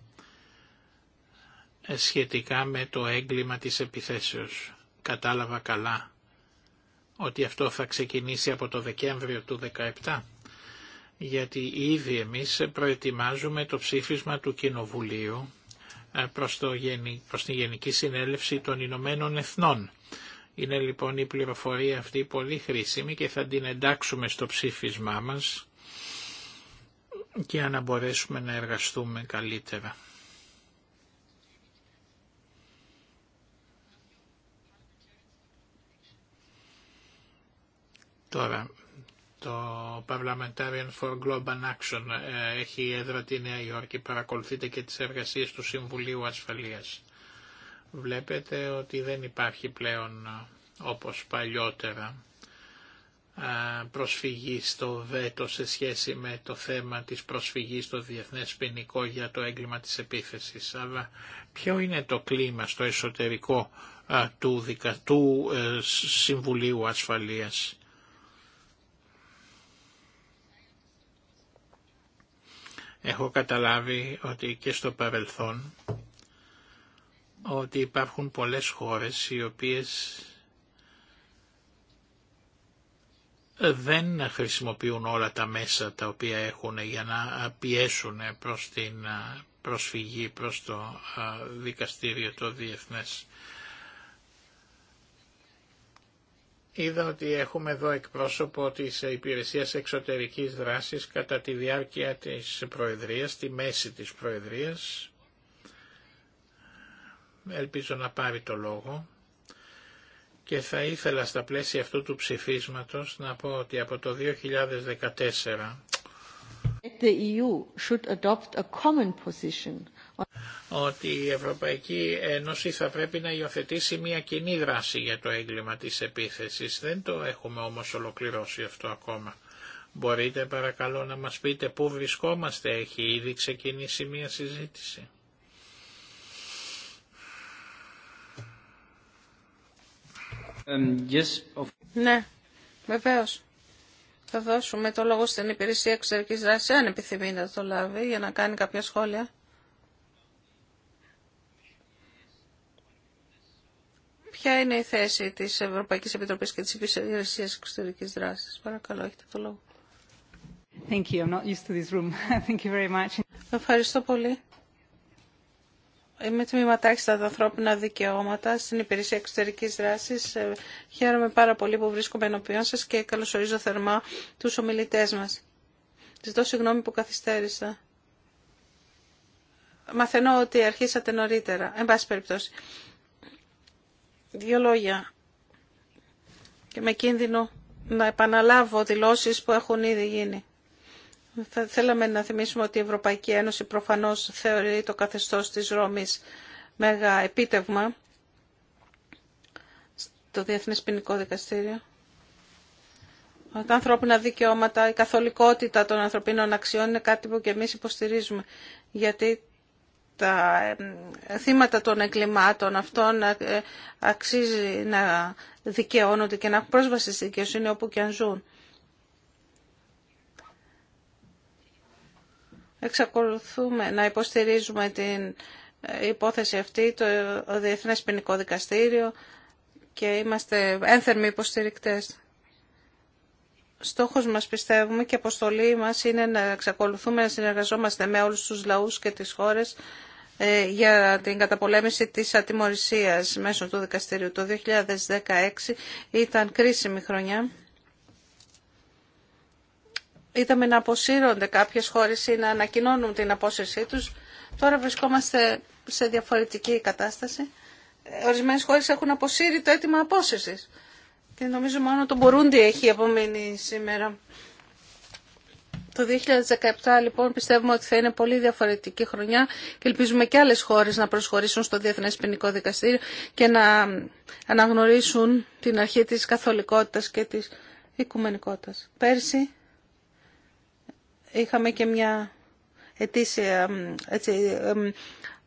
σχετικά με το έγκλημα της επιθέσεως. Κατάλαβα καλά ότι αυτό θα ξεκινήσει από το Δεκέμβριο του 2017, γιατί ήδη εμείς προετοιμάζουμε το ψήφισμα του Κοινοβουλίου ε, προς, το, προς τη Γενική Συνέλευση των Ηνωμένων Εθνών. Είναι λοιπόν η πληροφορία αυτή πολύ χρήσιμη και θα την εντάξουμε στο ψήφισμά μας και αν μπορέσουμε να εργαστούμε καλύτερα. Τώρα, το Parliamentarian for Global Action ε, έχει έδρα τη Νέα Υόρκη, παρακολουθείτε και τις εργασίες του Συμβουλίου Ασφαλείας. Βλέπετε ότι δεν υπάρχει πλέον ε, όπως παλιότερα ε, προσφυγή στο ΒΕΤΟ σε σχέση με το θέμα της προσφυγής στο διεθνές ποινικό για το έγκλημα της επίθεσης. Αλλά ποιο είναι το κλίμα στο εσωτερικό του, του Συμβουλίου Ασφαλείας. Έχω καταλάβει ότι και στο παρελθόν ότι υπάρχουν πολλές χώρες οι οποίες δεν χρησιμοποιούν όλα τα μέσα τα οποία έχουν για να πιέσουν προς την προσφυγή προς το δικαστήριο το διεθνές. Είδα ότι έχουμε εδώ εκπρόσωπο της Υπηρεσίας Εξωτερικής Δράσης κατά τη διάρκεια της Προεδρίας, τη μέση της Προεδρίας. Ελπίζω να πάρει το λόγο. Και θα ήθελα στα πλαίσια αυτού του ψηφίσματος να πω ότι από το 2014 the EU should adopt a common ότι η Ευρωπαϊκή Ένωση θα πρέπει να υιοθετήσει μια κοινή δράση για το έγκλημα της επίθεσης. Δεν το έχουμε όμως ολοκληρώσει αυτό ακόμα. Μπορείτε παρακαλώ να μας πείτε πού βρισκόμαστε, έχει ήδη ξεκινήσει μια συζήτηση. Um, yes. Ναι, βεβαίω. Θα δώσουμε το λόγο στην υπηρεσία εξωτερική δράση, αν επιθυμεί να το λάβει, για να κάνει κάποια σχόλια. Ποια είναι η θέση της Ευρωπαϊκής Επιτροπής και της Υπηρεσίας Εξωτερικής Δράσης. Παρακαλώ, έχετε το λόγο. Ευχαριστώ πολύ. Είμαι τμήματάξη στα ανθρώπινα δικαιώματα στην Υπηρεσία Εξωτερική Δράση. Ε, χαίρομαι πάρα πολύ που βρίσκομαι ενώπιον σα και καλωσορίζω θερμά του ομιλητέ μα. Ζητώ συγγνώμη που καθυστέρησα. Μαθαίνω ότι αρχίσατε νωρίτερα. Εν πάση περιπτώσει. Δύο λόγια και με κίνδυνο να επαναλάβω δηλώσεις που έχουν ήδη γίνει. Θα θέλαμε να θυμίσουμε ότι η Ευρωπαϊκή Ένωση προφανώς θεωρεί το καθεστώς της Ρώμης μέγα επίτευγμα στο Διεθνές Ποινικό Δικαστήριο. Τα ανθρώπινα δικαιώματα, η καθολικότητα των ανθρωπίνων αξιών είναι κάτι που και εμείς υποστηρίζουμε. Γιατί τα θύματα των εγκλημάτων αυτών ε, ε, αξίζει να δικαιώνονται και να έχουν πρόσβαση στη δικαιοσύνη όπου και αν ζουν. Εξακολουθούμε να υποστηρίζουμε την ε, υπόθεση αυτή, το Διεθνές Ποινικό Δικαστήριο και είμαστε ένθερμοι υποστηρικτές. Στόχος μας πιστεύουμε και αποστολή μας είναι να εξακολουθούμε να συνεργαζόμαστε με όλους τους λαούς και τις χώρες ε, για την καταπολέμηση της ατιμορρησίας μέσω του δικαστηρίου. Το 2016 ήταν κρίσιμη χρονιά. Είδαμε να αποσύρονται κάποιες χώρες ή να ανακοινώνουν την απόσυρσή τους. Τώρα βρισκόμαστε σε διαφορετική κατάσταση. Ορισμένες χώρες έχουν αποσύρει το αίτημα απόσυρσης. Και νομίζω μόνο το Μπορούντι έχει απομείνει σήμερα. Το 2017 λοιπόν πιστεύουμε ότι θα είναι πολύ διαφορετική χρονιά και ελπίζουμε και άλλες χώρες να προσχωρήσουν στο Διεθνές Ποινικό Δικαστήριο και να αναγνωρίσουν την αρχή της καθολικότητας και της οικουμενικότητας. Πέρσι είχαμε και μια ετήσια έτσι,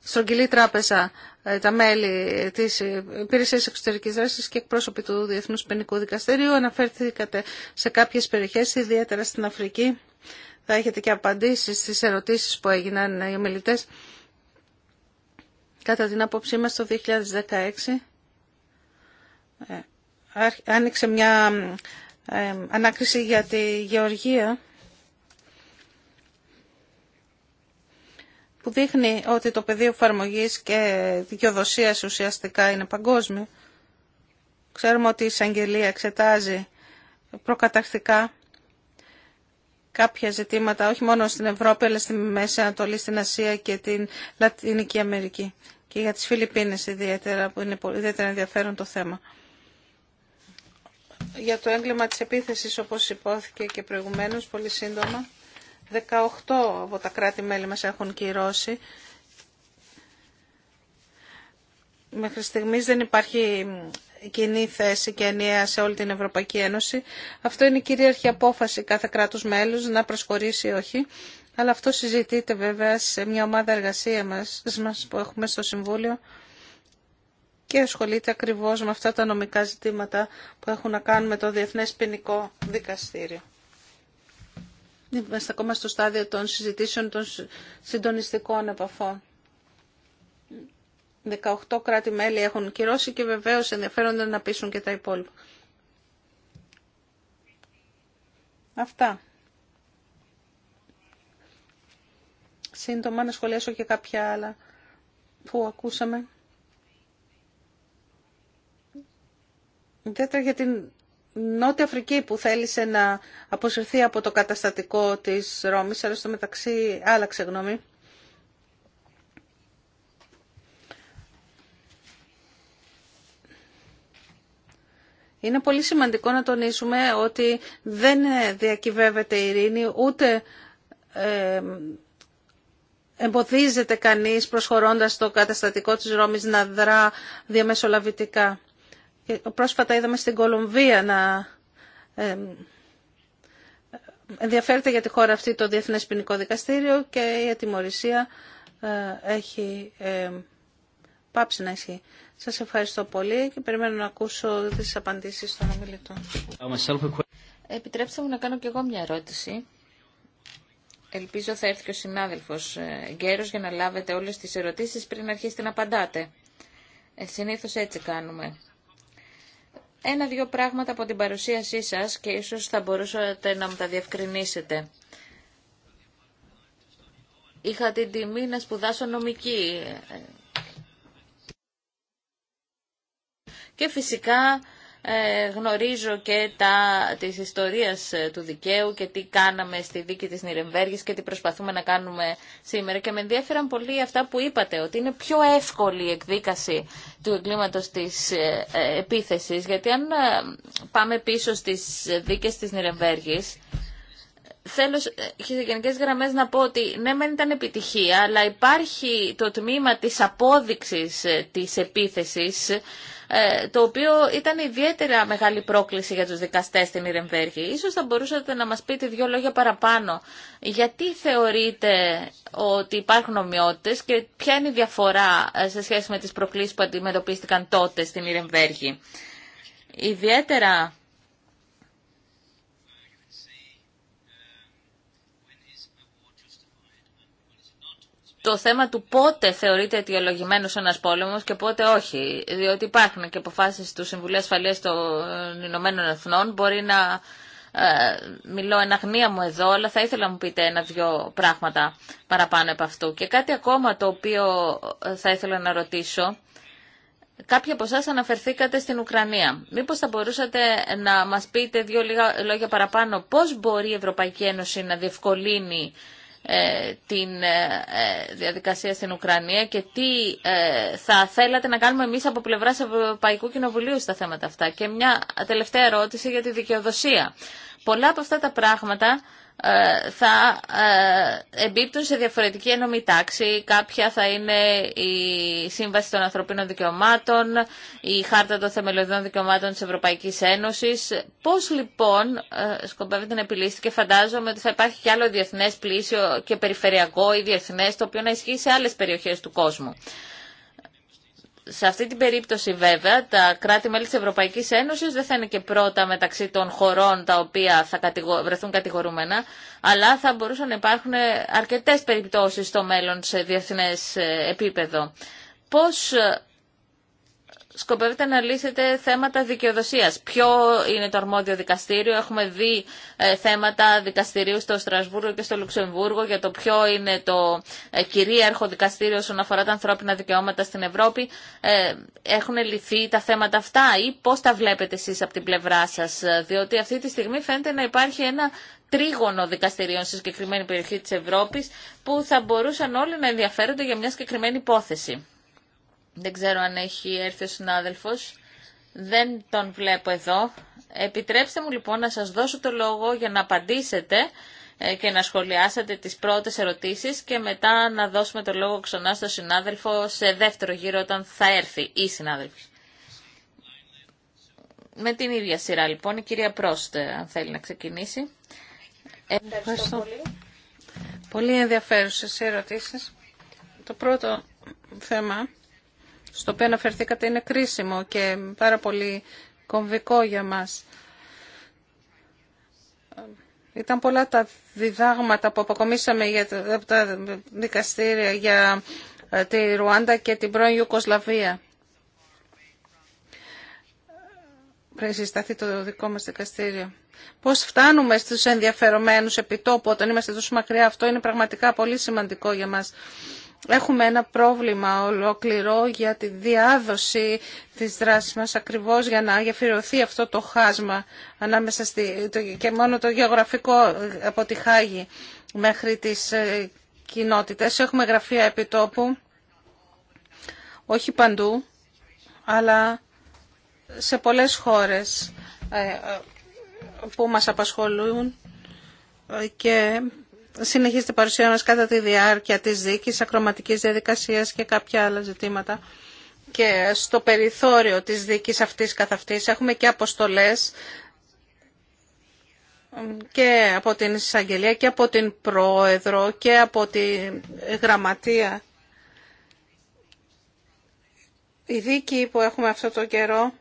στρογγυλή τράπεζα ε, τα μέλη της Υπηρεσίας Εξωτερικής Δράσης και εκπρόσωποι του Διεθνούς Πενικού Δικαστηρίου. Αναφέρθηκατε σε κάποιες περιοχές, ιδιαίτερα στην Αφρική. Θα έχετε και απαντήσεις στις ερωτήσεις που έγιναν οι ομιλητέ. Κατά την άποψή μας το 2016 ε, άνοιξε μια ε, ανάκριση για τη Γεωργία που δείχνει ότι το πεδίο εφαρμογή και δικαιοδοσία ουσιαστικά είναι παγκόσμιο. Ξέρουμε ότι η εισαγγελία εξετάζει προκατακτικά κάποια ζητήματα, όχι μόνο στην Ευρώπη, αλλά στη Μέση Ανατολή, στην Ασία και την Λατινική Αμερική. Και για τις Φιλιππίνες ιδιαίτερα, που είναι ιδιαίτερα ενδιαφέρον το θέμα. Για το έγκλημα της επίθεσης, όπως υπόθηκε και προηγουμένως, πολύ σύντομα. 18 από τα κράτη-μέλη μας έχουν κυρώσει. Μέχρι στιγμής δεν υπάρχει κοινή θέση και ενιαία σε όλη την Ευρωπαϊκή Ένωση. Αυτό είναι η κυρίαρχη απόφαση κάθε κράτους μέλους να προσχωρήσει ή όχι. Αλλά αυτό συζητείται βέβαια σε μια ομάδα εργασία μας, μας που έχουμε στο Συμβούλιο και ασχολείται ακριβώς με αυτά τα νομικά ζητήματα που έχουν να κάνουν με το Διεθνές Ποινικό Δικαστήριο. Είμαστε ακόμα στο στάδιο των συζητήσεων των συντονιστικών επαφών. 18 κράτη-μέλη έχουν κυρώσει και βεβαίως ενδιαφέρονται να πείσουν και τα υπόλοιπα. Αυτά. Σύντομα να σχολιάσω και κάποια άλλα που ακούσαμε. Ιδιαίτερα για την Νότια Αφρική που θέλησε να αποσυρθεί από το καταστατικό της Ρώμης, αλλά στο μεταξύ άλλαξε γνώμη. Είναι πολύ σημαντικό να τονίσουμε ότι δεν διακυβεύεται η ειρήνη, ούτε ε, εμποδίζεται κανείς προσχωρώντας το καταστατικό της Ρώμης να δρά διαμεσολαβητικά. Ε, πρόσφατα είδαμε στην Κολομβία να ε, ενδιαφέρεται για τη χώρα αυτή το Διεθνές Ποινικό Δικαστήριο και η ατιμορρησία ε, έχει πάψει να ισχύει. Σας ευχαριστώ πολύ και περιμένω να ακούσω τις απαντήσεις των ομιλητών. Επιτρέψτε μου να κάνω κι εγώ μια ερώτηση. Ελπίζω θα έρθει και ο συνάδελφος Γκέρος για να λάβετε όλες τις ερωτήσεις πριν αρχίσετε να απαντάτε. Ε, συνήθως έτσι κάνουμε ένα-δύο πράγματα από την παρουσίασή σας και ίσως θα μπορούσατε να μου τα διευκρινίσετε. Είχα την τιμή να σπουδάσω νομική. Και φυσικά ε, γνωρίζω και τα, της ιστορίας ε, του δικαίου και τι κάναμε στη δίκη της Νιρεμβέργης και τι προσπαθούμε να κάνουμε σήμερα και με ενδιαφέραν πολύ αυτά που είπατε ότι είναι πιο εύκολη η εκδίκαση του εγκλήματος της ε, επίθεσης γιατί αν πάμε πίσω στις δίκες της Νιρεμβέργης Θέλω σε γραμμές να πω ότι ναι μεν ήταν επιτυχία αλλά υπάρχει το τμήμα της απόδειξη ε, της επίθεση, ε, το οποίο ήταν ιδιαίτερα μεγάλη πρόκληση για τους δικαστές στην Ιρεμβέργη. Ίσως θα μπορούσατε να μας πείτε δύο λόγια παραπάνω. Γιατί θεωρείτε ότι υπάρχουν ομοιότητες και ποια είναι η διαφορά ε, σε σχέση με τις προκλήσεις που αντιμετωπίστηκαν τότε στην Ιρεμβέργη. Ιδιαίτερα το θέμα του πότε θεωρείται αιτιολογημένο ένα πόλεμο και πότε όχι. Διότι υπάρχουν και αποφάσει του Συμβουλίου Ασφαλεία των Ηνωμένων Εθνών. Μπορεί να ε, μιλώ εν αγνία μου εδώ, αλλά θα ήθελα να μου πείτε ένα-δυο πράγματα παραπάνω από αυτού. Και κάτι ακόμα το οποίο ε, θα ήθελα να ρωτήσω. Κάποιοι από εσά αναφερθήκατε στην Ουκρανία. Μήπως θα μπορούσατε να μας πείτε δύο λίγα λόγια παραπάνω πώς μπορεί η Ευρωπαϊκή Ένωση να διευκολύνει ε, την ε, ε, διαδικασία στην Ουκρανία και τι θα θέλατε να κάνουμε εμείς από πλευράς Ευρωπαϊκού Κοινοβουλίου στα θέματα αυτά. Και μια τελευταία ερώτηση για τη δικαιοδοσία. Πολλά από αυτά τα πράγματα ε, θα ε, εμπίπτουν σε διαφορετική ενόμη τάξη. Κάποια θα είναι η Σύμβαση των Ανθρωπίνων Δικαιωμάτων, η Χάρτα των Θεμελιωδών Δικαιωμάτων της Ευρωπαϊκής Ένωσης. Πώς λοιπόν ε, σκοπεύετε να επιλύσετε και φαντάζομαι ότι θα υπάρχει κι άλλο διεθνές πλήσιο και περιφερειακό ή διεθνές το οποίο να ισχύει σε άλλες περιοχές του κόσμου σε αυτή την περίπτωση βέβαια τα κράτη-μέλη της Ευρωπαϊκής Ένωσης δεν θα είναι και πρώτα μεταξύ των χωρών τα οποία θα βρεθούν κατηγορούμενα, αλλά θα μπορούσαν να υπάρχουν αρκετές περιπτώσεις στο μέλλον σε διεθνές ε, επίπεδο. Πώς ε, σκοπεύετε να λύσετε θέματα δικαιοδοσίας. Ποιο είναι το αρμόδιο δικαστήριο. Έχουμε δει ε, θέματα δικαστηρίου στο Στρασβούργο και στο Λουξεμβούργο για το ποιο είναι το ε, κυρίαρχο δικαστήριο όσον αφορά τα ανθρώπινα δικαιώματα στην Ευρώπη. Ε, έχουν λυθεί τα θέματα αυτά ή πώς τα βλέπετε εσείς από την πλευρά σας. Διότι αυτή τη στιγμή φαίνεται να υπάρχει ένα τρίγωνο δικαστηρίων σε συγκεκριμένη περιοχή της Ευρώπης που θα μπορούσαν όλοι να ενδιαφέρονται για μια συγκεκριμένη υπόθεση. Δεν ξέρω αν έχει έρθει ο συνάδελφος. Δεν τον βλέπω εδώ. Επιτρέψτε μου λοιπόν να σας δώσω το λόγο για να απαντήσετε ε, και να σχολιάσετε τις πρώτες ερωτήσεις και μετά να δώσουμε το λόγο ξανά στο συνάδελφο σε δεύτερο γύρο όταν θα έρθει η συνάδελφος. Με την ίδια σειρά λοιπόν η κυρία Πρόστε αν θέλει να ξεκινήσει. Ευχαριστώ, πολύ. Πολύ ενδιαφέρουσες ερωτήσεις. Το πρώτο θέμα στο οποίο αναφερθήκατε είναι κρίσιμο και πάρα πολύ κομβικό για μας. Ήταν πολλά τα διδάγματα που αποκομίσαμε για τα δικαστήρια για ε, τη Ρουάντα και την πρώην Ιουκοσλαβία. Πριν συσταθεί το δικό μας δικαστήριο. Πώς φτάνουμε στους ενδιαφερομένους επιτόπου όταν είμαστε τόσο μακριά. Αυτό είναι πραγματικά πολύ σημαντικό για μας. Έχουμε ένα πρόβλημα ολόκληρο για τη διάδοση της δράσης μας ακριβώς για να γεφυρωθεί αυτό το χάσμα ανάμεσα στη, και μόνο το γεωγραφικό ε, από τη Χάγη μέχρι τις ε, κοινότητες. Έχουμε γραφεία επιτόπου, όχι παντού, αλλά σε πολλές χώρες ε, που μας απασχολούν και Συνεχίζεται η παρουσία μας κατά τη διάρκεια της δίκης, ακροματικής διαδικασίας και κάποια άλλα ζητήματα. Και στο περιθώριο της δίκης αυτής καθ' αυτής έχουμε και αποστολές και από την εισαγγελία και από την πρόεδρο και από τη γραμματεία. Η δίκη που έχουμε αυτό το καιρό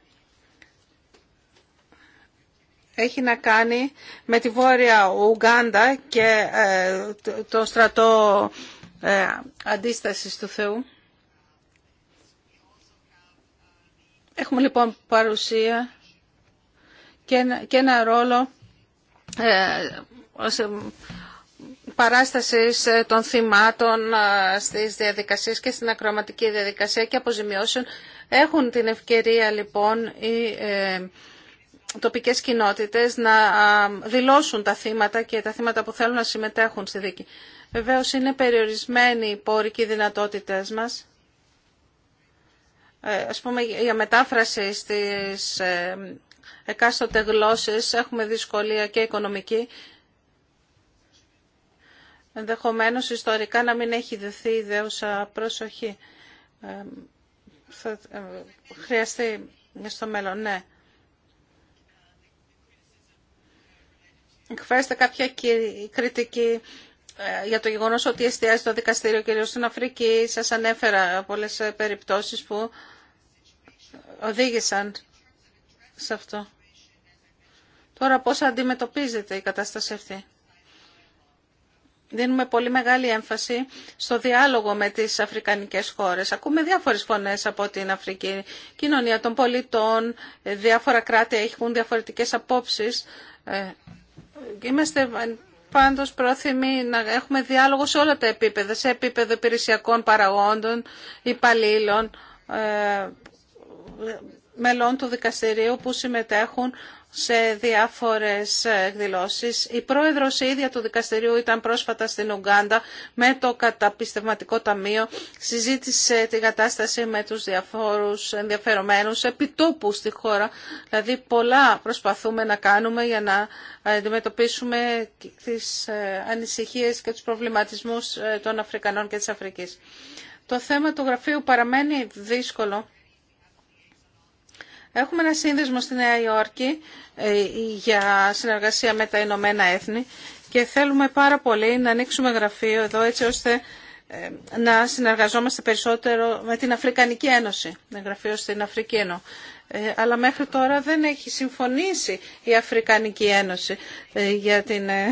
έχει να κάνει με τη Βόρεια Ουγγάντα και ε, το στρατό ε, αντίστασης του Θεού. Έχουμε λοιπόν παρουσία και ένα, και ένα ρόλο ε, ως παράστασης των θυμάτων στις διαδικασίες και στην ακροματική διαδικασία και αποζημιώσεων. Έχουν την ευκαιρία λοιπόν οι τοπικές κοινότητες να δηλώσουν τα θύματα και τα θύματα που θέλουν να συμμετέχουν στη δίκη. Βεβαίως είναι περιορισμένη η πορική δυνατότητες μας. Ε, ας πούμε για μετάφραση στις ε, εκάστοτε γλώσσες έχουμε δυσκολία και οικονομική. Ενδεχομένως ιστορικά να μην έχει δεθεί ιδέουσα προσοχή. Ε, θα ε, χρειαστεί στο μέλλον, ναι. εκφράζεται κάποια κριτική ε, για το γεγονό ότι εστιάζει το δικαστήριο κυρίω στην Αφρική. σα ανέφερα πολλές ε, περιπτώσει που οδήγησαν σε αυτό. Τώρα πώς αντιμετωπίζεται η κατάσταση αυτή. Δίνουμε πολύ μεγάλη έμφαση στο διάλογο με τις αφρικανικές χώρες. Ακούμε διάφορες φωνές από την Αφρική. Κοινωνία των πολιτών, ε, διάφορα κράτη έχουν διαφορετικές απόψεις Είμαστε πάντω πρόθυμοι να έχουμε διάλογο σε όλα τα επίπεδα, σε επίπεδο υπηρεσιακών παραγόντων, υπαλλήλων, ε, μελών του δικαστηρίου που συμμετέχουν σε διάφορες ε, εκδηλώσεις. Η πρόεδρος η ίδια του δικαστηρίου ήταν πρόσφατα στην Ουγγάντα με το καταπιστευματικό ταμείο. Συζήτησε τη κατάσταση με τους διαφόρους ενδιαφερομένους επιτόπου στη χώρα. Δηλαδή πολλά προσπαθούμε να κάνουμε για να αντιμετωπίσουμε τις ε, ανησυχίες και τους προβληματισμούς ε, των Αφρικανών και της Αφρικής. Το θέμα του γραφείου παραμένει δύσκολο Έχουμε ένα σύνδεσμο στη Νέα Υόρκη ε, για συνεργασία με τα Ηνωμένα Έθνη και θέλουμε πάρα πολύ να ανοίξουμε γραφείο εδώ έτσι ώστε ε, να συνεργαζόμαστε περισσότερο με την Αφρικανική Ένωση, με γραφείο στην Αφρική ε, αλλά μέχρι τώρα δεν έχει συμφωνήσει η Αφρικανική Ένωση ε, για την ε,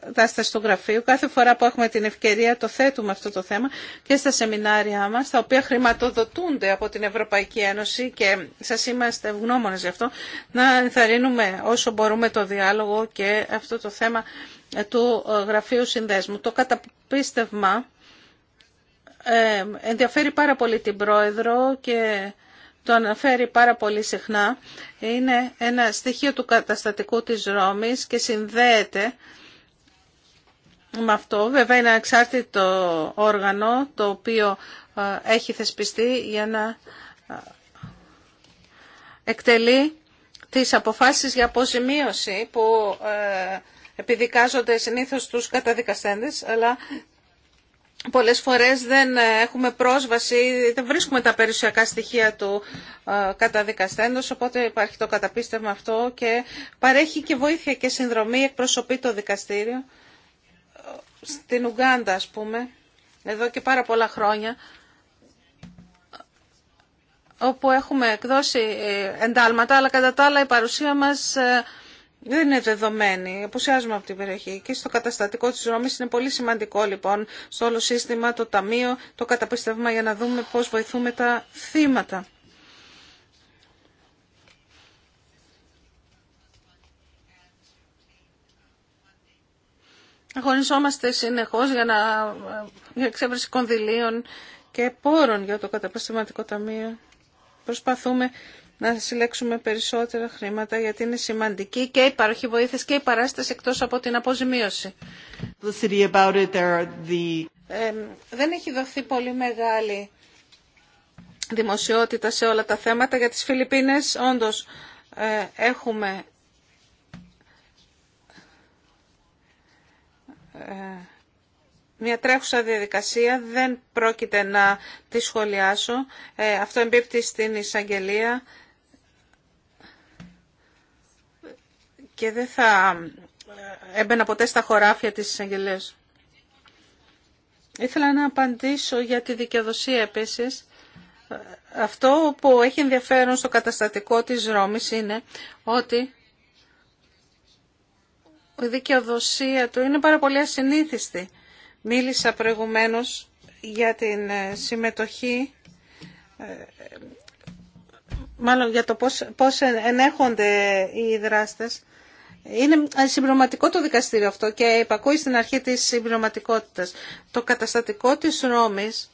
κατάσταση του γραφείου. Κάθε φορά που έχουμε την ευκαιρία το θέτουμε αυτό το θέμα και στα σεμινάρια μας, τα οποία χρηματοδοτούνται από την Ευρωπαϊκή Ένωση και σας είμαστε ευγνώμονες γι' αυτό, να ενθαρρύνουμε όσο μπορούμε το διάλογο και αυτό το θέμα του γραφείου συνδέσμου. Το καταπίστευμα ενδιαφέρει πάρα πολύ την Πρόεδρο και το αναφέρει πάρα πολύ συχνά, είναι ένα στοιχείο του καταστατικού της Ρώμης και συνδέεται με αυτό. Βέβαια είναι εξάρτητο όργανο το οποίο ε, έχει θεσπιστεί για να ε, εκτελεί τις αποφάσεις για αποζημίωση που ε, επιδικάζονται συνήθως τους καταδικαστέντες, αλλά πολλές φορές δεν έχουμε πρόσβαση, δεν βρίσκουμε τα περιουσιακά στοιχεία του ε, καταδικαστέντος, οπότε υπάρχει το καταπίστευμα αυτό και παρέχει και βοήθεια και συνδρομή, εκπροσωπεί το δικαστήριο ε, στην Ουγγάντα ας πούμε, εδώ και πάρα πολλά χρόνια, όπου έχουμε εκδώσει ε, εντάλματα, αλλά κατά τα άλλα η παρουσία μας δεν είναι δεδομένη, αποσιάζουμε από την περιοχή και στο καταστατικό της Ρώμης είναι πολύ σημαντικό λοιπόν στο όλο σύστημα, το ταμείο, το καταπιστεύμα για να δούμε πώς βοηθούμε τα θύματα. Αγωνιζόμαστε συνεχώς για να για εξέβρεση κονδυλίων και πόρων για το καταπιστευματικό ταμείο. Προσπαθούμε να συλλέξουμε περισσότερα χρήματα γιατί είναι σημαντική και η παροχή βοήθειας και η παράσταση εκτός από την αποζημίωση. About it, the... δεν έχει δοθεί πολύ μεγάλη δημοσιότητα σε όλα τα θέματα. Για τις Φιλιππίνες όντως ε, έχουμε ε, μια τρέχουσα διαδικασία, δεν πρόκειται να τη σχολιάσω. Ε, αυτό εμπίπτει στην εισαγγελία. και δεν θα ε, έμπαινα ποτέ στα χωράφια της εισαγγελίας. Ήθελα να απαντήσω για τη δικαιοδοσία επίσης. Αυτό που έχει ενδιαφέρον στο καταστατικό της Ρώμης είναι ότι η δικαιοδοσία του είναι πάρα πολύ ασυνήθιστη. Μίλησα προηγουμένως για την ε, συμμετοχή, ε, μάλλον για το πώς, ενέχονται οι δράστες είναι συμπληρωματικό το δικαστήριο αυτό και υπακούει στην αρχή της συμπληρωματικότητας. Το καταστατικό της Ρώμης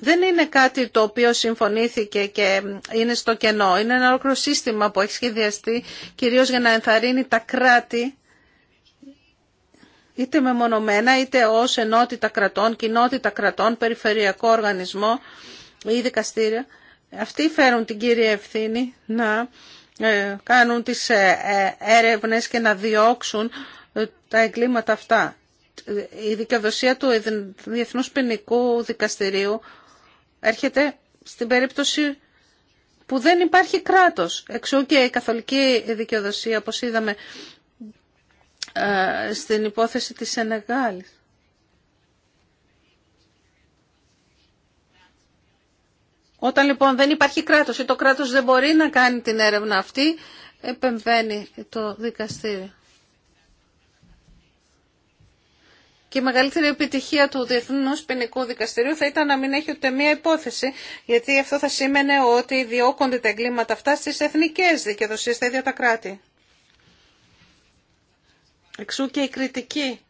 δεν είναι κάτι το οποίο συμφωνήθηκε και είναι στο κενό. Είναι ένα ολόκληρο σύστημα που έχει σχεδιαστεί κυρίως για να ενθαρρύνει τα κράτη είτε μεμονωμένα είτε ως ενότητα κρατών, κοινότητα κρατών, περιφερειακό οργανισμό ή δικαστήρια. Αυτοί φέρουν την κύρια ευθύνη να ε, κάνουν τις ε, ε, έρευνες και να διώξουν τα εγκλήματα αυτά. Η δικαιοδοσία του Διεθνούς Ποινικού Δικαστηρίου έρχεται στην περίπτωση που δεν υπάρχει κράτος. Εξού και η καθολική δικαιοδοσία, όπως είδαμε στην υπόθεση της Σενεγάλης. Όταν λοιπόν δεν υπάρχει κράτος ή το κράτος δεν μπορεί να κάνει την έρευνα αυτή, επεμβαίνει το δικαστήριο. Και η μεγαλύτερη επιτυχία του Διεθνούς Ποινικού Δικαστηρίου θα ήταν να μην έχει ούτε μία υπόθεση, γιατί αυτό θα σήμαινε ότι διώκονται τα εγκλήματα αυτά στις εθνικές δικαιοδοσίες, τα ίδια τα κράτη. Εξού και η κριτική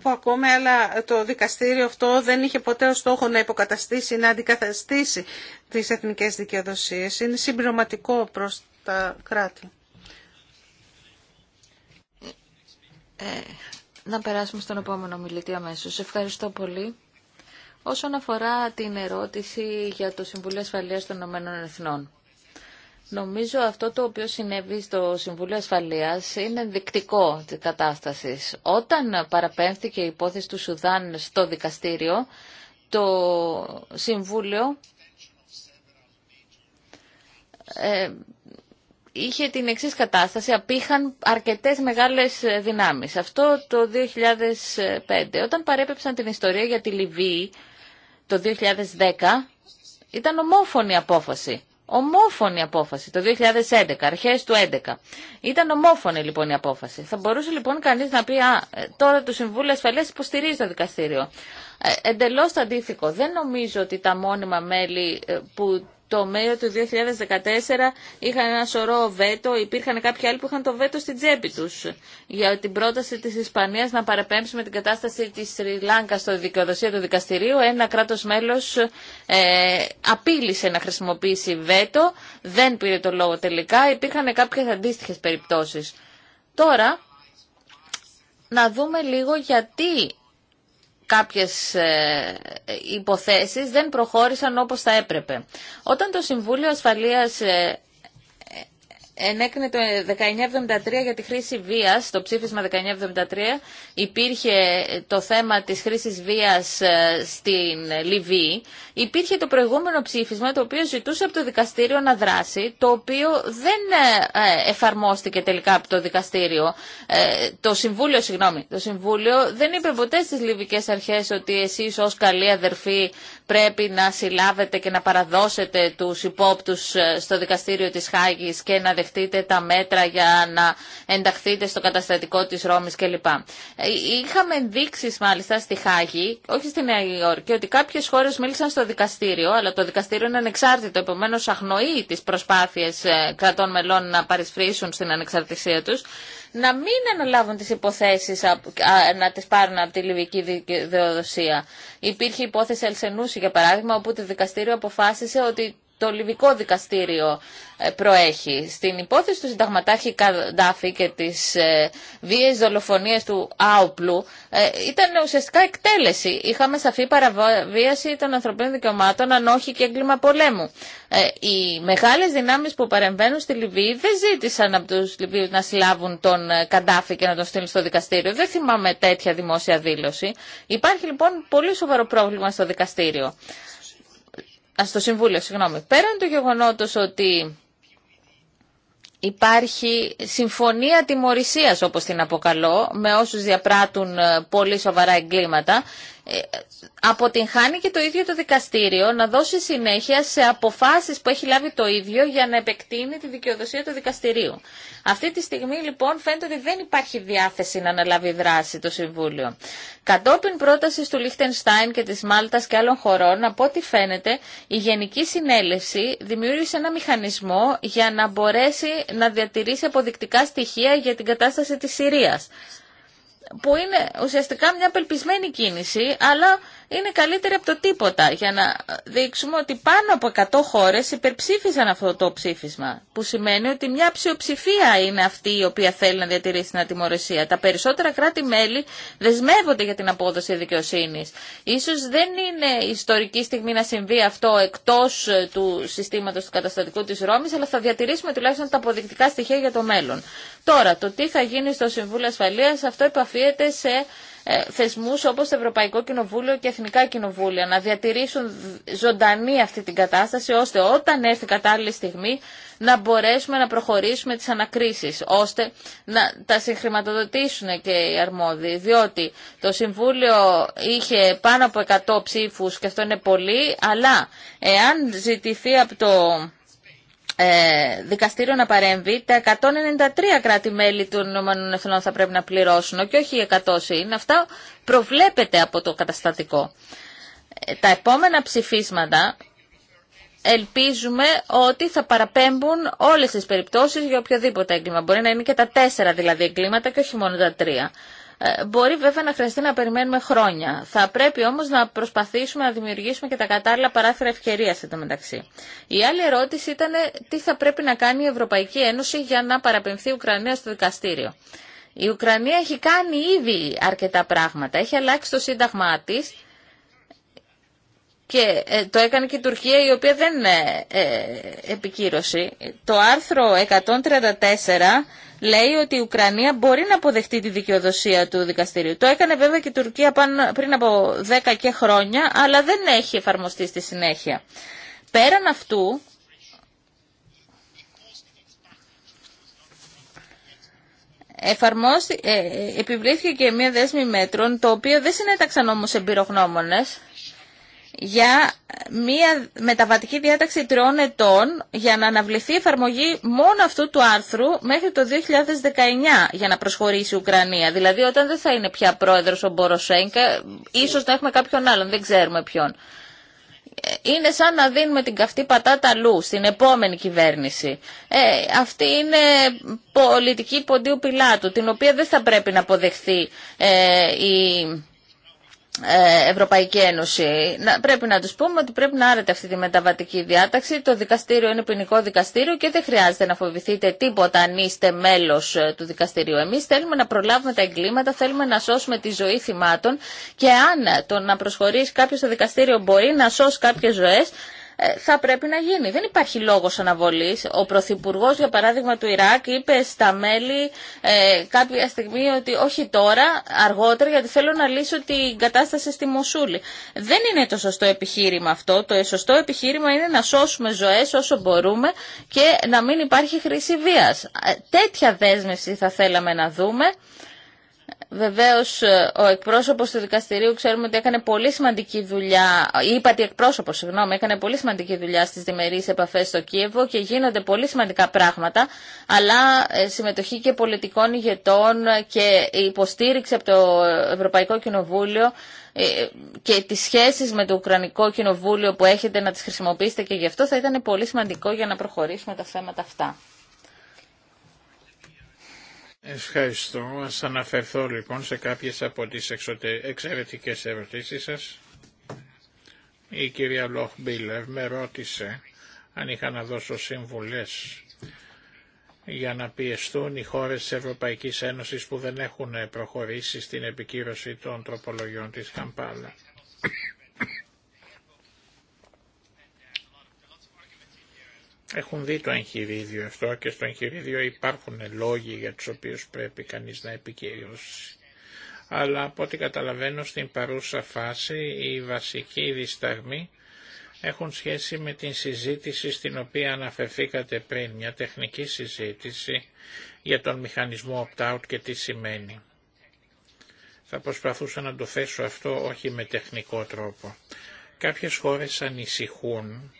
που ακούμε, αλλά το δικαστήριο αυτό δεν είχε ποτέ ως στόχο να υποκαταστήσει, να αντικαταστήσει τις εθνικές δικαιοδοσίες. Είναι συμπληρωματικό προς τα κράτη. Ε, να περάσουμε στον επόμενο μιλητή αμέσως. Ευχαριστώ πολύ. Όσον αφορά την ερώτηση για το Συμβουλίο Ασφαλείας των Ηνωμένων Εθνών. Νομίζω αυτό το οποίο συνέβη στο Συμβούλιο Ασφαλείας είναι ενδεικτικό της κατάστασης. Όταν παραπέμφθηκε η υπόθεση του Σουδάν στο δικαστήριο, το Συμβούλιο ε, είχε την εξή κατάσταση, απήχαν αρκετές μεγάλες δυνάμεις. Αυτό το 2005. Όταν παρέπεψαν την ιστορία για τη Λιβύη το 2010, ήταν ομόφωνη απόφαση ομόφωνη απόφαση το 2011, αρχές του 2011. Ήταν ομόφωνη λοιπόν η απόφαση. Θα μπορούσε λοιπόν κανείς να πει «Α, ε, τώρα το Συμβούλιο Ασφαλείας υποστηρίζει το δικαστήριο». Ε, εντελώς το αντίθετο. Δεν νομίζω ότι τα μόνιμα μέλη ε, που το Μέιο του 2014 είχαν ένα σωρό βέτο, υπήρχαν κάποιοι άλλοι που είχαν το βέτο στην τσέπη τους για την πρόταση της Ισπανίας να παραπέμψει με την κατάσταση της Σρι Λάγκα στο δικαιοδοσία του δικαστηρίου. Ένα κράτο μέλος ε, απείλησε να χρησιμοποιήσει βέτο, δεν πήρε το λόγο τελικά, υπήρχαν κάποιες αντίστοιχε περιπτώσει. Τώρα, να δούμε λίγο γιατί κάποιες ε, υποθέσεις δεν προχώρησαν όπως θα έπρεπε. Όταν το Συμβούλιο Ασφαλείας ε, ενέκρινε το 1973 για τη χρήση βίας, το ψήφισμα 1973 υπήρχε το θέμα της χρήσης βίας ε, στην Λιβύη, υπήρχε το προηγούμενο ψήφισμα το οποίο ζητούσε από το δικαστήριο να δράσει, το οποίο δεν ε, ε, εφαρμόστηκε τελικά από το δικαστήριο, το Συμβούλιο, συγγνώμη, το Συμβούλιο δεν είπε ποτέ στις Λιβικές Αρχές ότι εσείς ως καλή αδερφή πρέπει να συλλάβετε και να παραδώσετε τους υπόπτους ε, στο δικαστήριο της Χάγης και να δεχτείτε τα μέτρα για να ενταχθείτε στο καταστατικό της Ρώμης κλπ. Ε, είχαμε ενδείξει μάλιστα στη Χάγη, όχι στη Νέα Υόρκη, ότι κάποιες χώρες μίλησαν στο δικαστήριο, αλλά το δικαστήριο είναι ανεξάρτητο, επομένως αγνοεί τις προσπάθειες ε, κρατών μελών να παρισφρήσουν στην ανεξαρτησία τους να μην αναλάβουν τις υποθέσεις να τις πάρουν από τη Λιβική δικαιοδοσία. Υπήρχε υπόθεση Ελσενούση, για παράδειγμα, όπου το δικαστήριο αποφάσισε ότι το Λιβικό Δικαστήριο ε, προέχει. Στην υπόθεση του συνταγματάρχη Καντάφη και τις ε, βίαιες δολοφονίες του Αόπλου ε, ήταν ουσιαστικά εκτέλεση. Είχαμε σαφή παραβίαση των ανθρωπίνων δικαιωμάτων, αν όχι και έγκλημα πολέμου. Οι μεγάλες δυνάμεις που παρεμβαίνουν στη Λιβύη δεν ζήτησαν από τους Λιβύους να συλλάβουν τον Καντάφη και να τον στείλουν στο δικαστήριο. Δεν θυμάμαι τέτοια δημόσια δήλωση. Υπάρχει λοιπόν πολύ σοβαρό πρόβλημα στο δικαστήριο στο Συμβούλιο, συγγνώμη. Πέραν του γεγονότος ότι υπάρχει συμφωνία τιμωρησίας όπως την αποκαλώ με όσους διαπράττουν ε, πολύ σοβαρά εγκλήματα ε, αποτυγχάνει και το ίδιο το δικαστήριο να δώσει συνέχεια σε αποφάσεις που έχει λάβει το ίδιο για να επεκτείνει τη δικαιοδοσία του δικαστηρίου. Αυτή τη στιγμή λοιπόν φαίνεται ότι δεν υπάρχει διάθεση να αναλάβει δράση το Συμβούλιο. Κατόπιν πρόταση του Λίχτενστάιν και της Μάλτας και άλλων χωρών, από ό,τι φαίνεται, η Γενική Συνέλευση δημιούργησε ένα μηχανισμό για να μπορέσει να διατηρήσει αποδεικτικά στοιχεία για την κατάσταση της Συρίας που είναι ουσιαστικά μια απελπισμένη κίνηση, αλλά είναι καλύτερη από το τίποτα για να δείξουμε ότι πάνω από 100 χώρες υπερψήφισαν αυτό το ψήφισμα, που σημαίνει ότι μια ψηφοψηφία είναι αυτή η οποία θέλει να διατηρήσει την ατιμορρεσία. Τα περισσότερα κράτη-μέλη δεσμεύονται για την απόδοση δικαιοσύνης. Ίσως δεν είναι ιστορική στιγμή να συμβεί αυτό εκτός ε, του συστήματος του καταστατικού της Ρώμης, αλλά θα διατηρήσουμε τουλάχιστον τα αποδεικτικά στοιχεία για το μέλλον. Τώρα, το τι θα γίνει στο Συμβούλιο Ασφαλείας, αυτό επαφίεται σε ε, θεσμούς όπως το Ευρωπαϊκό Κοινοβούλιο και Εθνικά Κοινοβούλια να διατηρήσουν ζωντανή αυτή την κατάσταση ώστε όταν έρθει κατάλληλη στιγμή να μπορέσουμε να προχωρήσουμε τις ανακρίσεις ώστε να τα συγχρηματοδοτήσουν και οι αρμόδιοι διότι το Συμβούλιο είχε πάνω από 100 ψήφους και αυτό είναι πολύ αλλά εάν ζητηθεί από το ε, δικαστήριο να παρέμβει, τα 193 κράτη-μέλη των Ηνωμένων θα πρέπει να πληρώσουν και όχι οι 100 είναι. Αυτά προβλέπεται από το καταστατικό. Ε, τα επόμενα ψηφίσματα ελπίζουμε ότι θα παραπέμπουν όλες τις περιπτώσεις για οποιοδήποτε έγκλημα. Μπορεί να είναι και τα τέσσερα δηλαδή εγκλήματα και όχι μόνο τα τρία. Ε, μπορεί βέβαια να χρειαστεί να περιμένουμε χρόνια. Θα πρέπει όμως να προσπαθήσουμε να δημιουργήσουμε και τα κατάλληλα παράθυρα ευκαιρία σε το μεταξύ. Η άλλη ερώτηση ήταν τι θα πρέπει να κάνει η Ευρωπαϊκή Ένωση για να παραπεμφθεί η Ουκρανία στο δικαστήριο. Η Ουκρανία έχει κάνει ήδη αρκετά πράγματα. Έχει αλλάξει το σύνταγμά τη και ε, το έκανε και η Τουρκία η οποία δεν ε, επικύρωσε. Το άρθρο 134 λέει ότι η Ουκρανία μπορεί να αποδεχτεί τη δικαιοδοσία του δικαστηρίου. Το έκανε βέβαια και η Τουρκία πριν από 10 και χρόνια, αλλά δεν έχει εφαρμοστεί στη συνέχεια. Πέραν αυτού, εφαρμόστη, ε, ε, επιβλήθηκε και μία δέσμη μέτρων, το οποίο δεν συνέταξαν όμως εμπειρογνώμονες για μια μεταβατική διάταξη τριών ετών για να αναβληθεί η εφαρμογή μόνο αυτού του άρθρου μέχρι το 2019 για να προσχωρήσει η Ουκρανία. Δηλαδή όταν δεν θα είναι πια πρόεδρος ο Μποροσέγκα, ίσως να έχουμε κάποιον άλλον, δεν ξέρουμε ποιον. Είναι σαν να δίνουμε την καυτή πατάτα αλλού, στην επόμενη κυβέρνηση. Ε, αυτή είναι πολιτική ποντίου πιλάτου, την οποία δεν θα πρέπει να αποδεχθεί ε, η ε, Ευρωπαϊκή Ένωση. Να, πρέπει να του πούμε ότι πρέπει να άρετε αυτή τη μεταβατική διάταξη. Το δικαστήριο είναι ποινικό δικαστήριο και δεν χρειάζεται να φοβηθείτε τίποτα αν είστε μέλος ε, του δικαστηρίου. Εμείς θέλουμε να προλάβουμε τα εγκλήματα, θέλουμε να σώσουμε τη ζωή θυμάτων και αν το να προσχωρήσει κάποιο στο δικαστήριο μπορεί να σώσει κάποιε ζωέ. Ε, θα πρέπει να γίνει. Δεν υπάρχει λόγος αναβολής. Ο Πρωθυπουργό, για παράδειγμα, του Ιράκ είπε στα μέλη ε, κάποια στιγμή ότι όχι τώρα, αργότερα, γιατί θέλω να λύσω την κατάσταση στη Μοσούλη. Δεν είναι το σωστό επιχείρημα αυτό. Το σωστό επιχείρημα είναι να σώσουμε ζωές όσο μπορούμε και να μην υπάρχει χρήση βίας. Ε, τέτοια δέσμευση θα θέλαμε να δούμε Βεβαίω, ε, ο εκπρόσωπο του δικαστηρίου ξέρουμε ότι έκανε πολύ σημαντική δουλειά, είπα ότι εκπρόσωπο, συγγνώμη, έκανε πολύ σημαντική δουλειά στι διμερεί επαφές στο Κίεβο και γίνονται πολύ σημαντικά πράγματα, αλλά ε, συμμετοχή και πολιτικών ηγετών και υποστήριξη από το Ευρωπαϊκό Κοινοβούλιο ε, και τις σχέσεις με το Ουκρανικό Κοινοβούλιο που έχετε να τις χρησιμοποιήσετε και γι' αυτό θα ήταν πολύ σημαντικό για να προχωρήσουμε τα θέματα αυτά. Ευχαριστώ. Ας αναφερθώ λοιπόν σε κάποιες από τις εξωτε... εξαιρετικές ερωτήσεις σας. Η κυρία Μπίλερ με ρώτησε αν είχα να δώσω συμβουλές για να πιεστούν οι χώρες της Ευρωπαϊκής Ένωσης που δεν έχουν προχωρήσει στην επικύρωση των τροπολογιών της Καμπάλα. Έχουν δει το εγχειρίδιο αυτό και στο εγχειρίδιο υπάρχουν λόγοι για τους οποίους πρέπει κανείς να επικυρώσει. Αλλά από ό,τι καταλαβαίνω στην παρούσα φάση οι βασικοί δισταγμοί έχουν σχέση με την συζήτηση στην οποία αναφερθήκατε πριν, μια τεχνική συζήτηση για τον μηχανισμό opt-out και τι σημαίνει. Θα προσπαθούσα να το θέσω αυτό όχι με τεχνικό τρόπο. Κάποιες χώρες ανησυχούν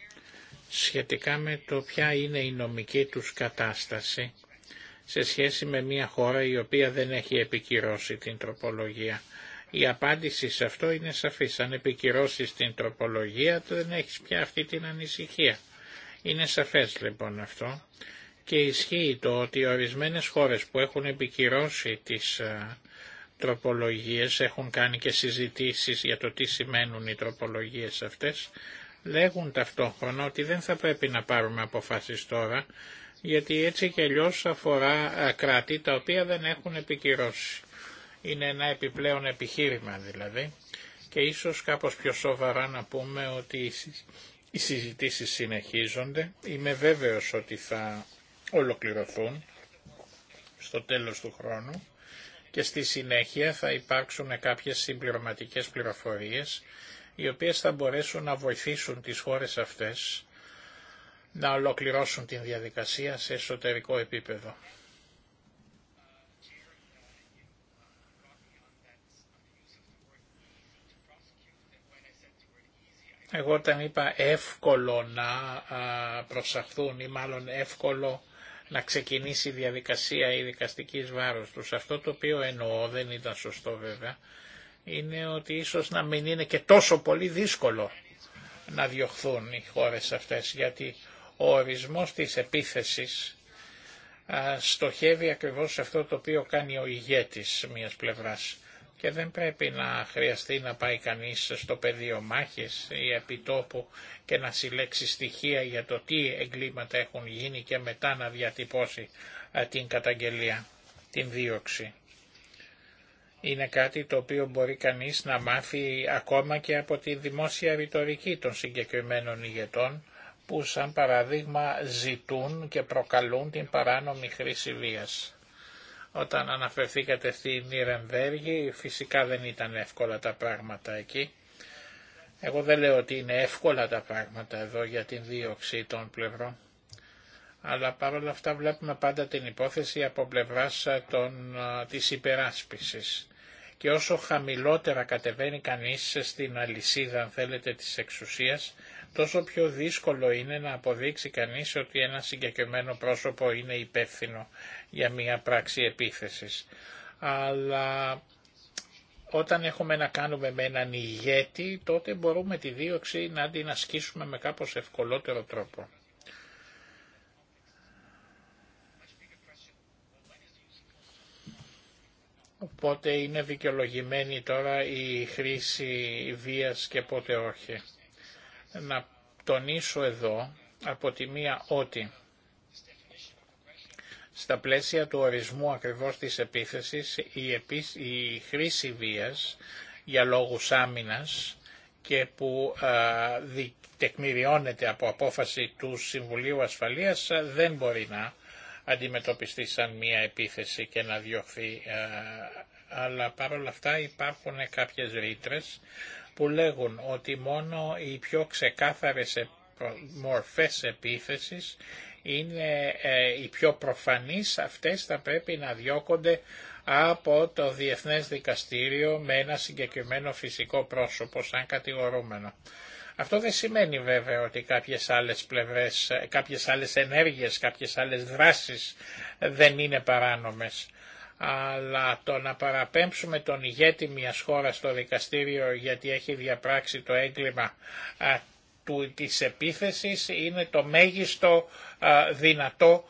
σχετικά με το ποια είναι η νομική τους κατάσταση σε σχέση με μια χώρα η οποία δεν έχει επικυρώσει την τροπολογία. Η απάντηση σε αυτό είναι σαφής. Αν επικυρώσεις την τροπολογία, δεν έχεις πια αυτή την ανησυχία. Είναι σαφές λοιπόν αυτό και ισχύει το ότι ορισμένες χώρες που έχουν επικυρώσει τις ε, τροπολογίες, έχουν κάνει και συζητήσεις για το τι σημαίνουν οι τροπολογίες αυτές, λέγουν ταυτόχρονα ότι δεν θα πρέπει να πάρουμε αποφάσεις τώρα, γιατί έτσι και αλλιώ αφορά κράτη τα οποία δεν έχουν επικυρώσει. Είναι ένα επιπλέον επιχείρημα δηλαδή και ίσως κάπως πιο σοβαρά να πούμε ότι οι συζητήσεις συνεχίζονται. Είμαι βέβαιος ότι θα ολοκληρωθούν στο τέλος του χρόνου και στη συνέχεια θα υπάρξουν κάποιες συμπληρωματικές πληροφορίες οι οποίες θα μπορέσουν να βοηθήσουν τις χώρες αυτές να ολοκληρώσουν την διαδικασία σε εσωτερικό επίπεδο. Εγώ όταν είπα εύκολο να προσαχθούν ή μάλλον εύκολο να ξεκινήσει η διαδικασία η δικαστικής βάρος τους, αυτό το οποίο εννοώ δεν ήταν σωστό βέβαια, είναι ότι ίσως να μην είναι και τόσο πολύ δύσκολο να διωχθούν οι χώρες αυτές, γιατί ο ορισμός της επίθεσης στοχεύει ακριβώς σε αυτό το οποίο κάνει ο ηγέτης μιας πλευράς και δεν πρέπει να χρειαστεί να πάει κανείς στο πεδίο μάχης ή επιτόπου και να συλλέξει στοιχεία για το τι εγκλήματα έχουν γίνει και μετά να διατυπώσει την καταγγελία, την δίωξη είναι κάτι το οποίο μπορεί κανείς να μάθει ακόμα και από τη δημόσια ρητορική των συγκεκριμένων ηγετών που σαν παραδείγμα ζητούν και προκαλούν την παράνομη χρήση βίας. Όταν αναφερθήκατε στη Νιρεμβέργη φυσικά δεν ήταν εύκολα τα πράγματα εκεί. Εγώ δεν λέω ότι είναι εύκολα τα πράγματα εδώ για την δίωξη των πλευρών. Αλλά παρόλα αυτά βλέπουμε πάντα την υπόθεση από πλευράς ε, των, ε, της υπεράσπισης και όσο χαμηλότερα κατεβαίνει κανείς στην αλυσίδα αν θέλετε της εξουσίας, τόσο πιο δύσκολο είναι να αποδείξει κανείς ότι ένα συγκεκριμένο πρόσωπο είναι υπεύθυνο για μια πράξη επίθεσης. Αλλά όταν έχουμε να κάνουμε με έναν ηγέτη, τότε μπορούμε τη δίωξη να την ασκήσουμε με κάπως ευκολότερο τρόπο. Οπότε είναι δικαιολογημένη τώρα η χρήση βίας και πότε όχι. Να τονίσω εδώ από τη μία ότι στα πλαίσια του ορισμού ακριβώς της επίθεσης η χρήση βίας για λόγους άμυνας και που τεκμηριώνεται από απόφαση του Συμβουλίου Ασφαλείας δεν μπορεί να αντιμετωπιστεί σαν μία επίθεση και να διωχθεί. Ε, αλλά παρόλα αυτά υπάρχουν κάποιες ρήτρε που λέγουν ότι μόνο οι πιο ξεκάθαρες μορφές επίθεσης είναι ε, οι πιο προφανείς, αυτές θα πρέπει να διώκονται από το Διεθνές Δικαστήριο με ένα συγκεκριμένο φυσικό πρόσωπο σαν κατηγορούμενο. Αυτό δεν σημαίνει βέβαια ότι κάποιες άλλες πλευρές, κάποιες άλλες ενέργειες, κάποιες άλλες δράσεις δεν είναι παράνομες. Αλλά το να παραπέμψουμε τον ηγέτη μιας χώρας στο δικαστήριο γιατί έχει διαπράξει το έγκλημα του, της επίθεσης είναι το μέγιστο δυνατό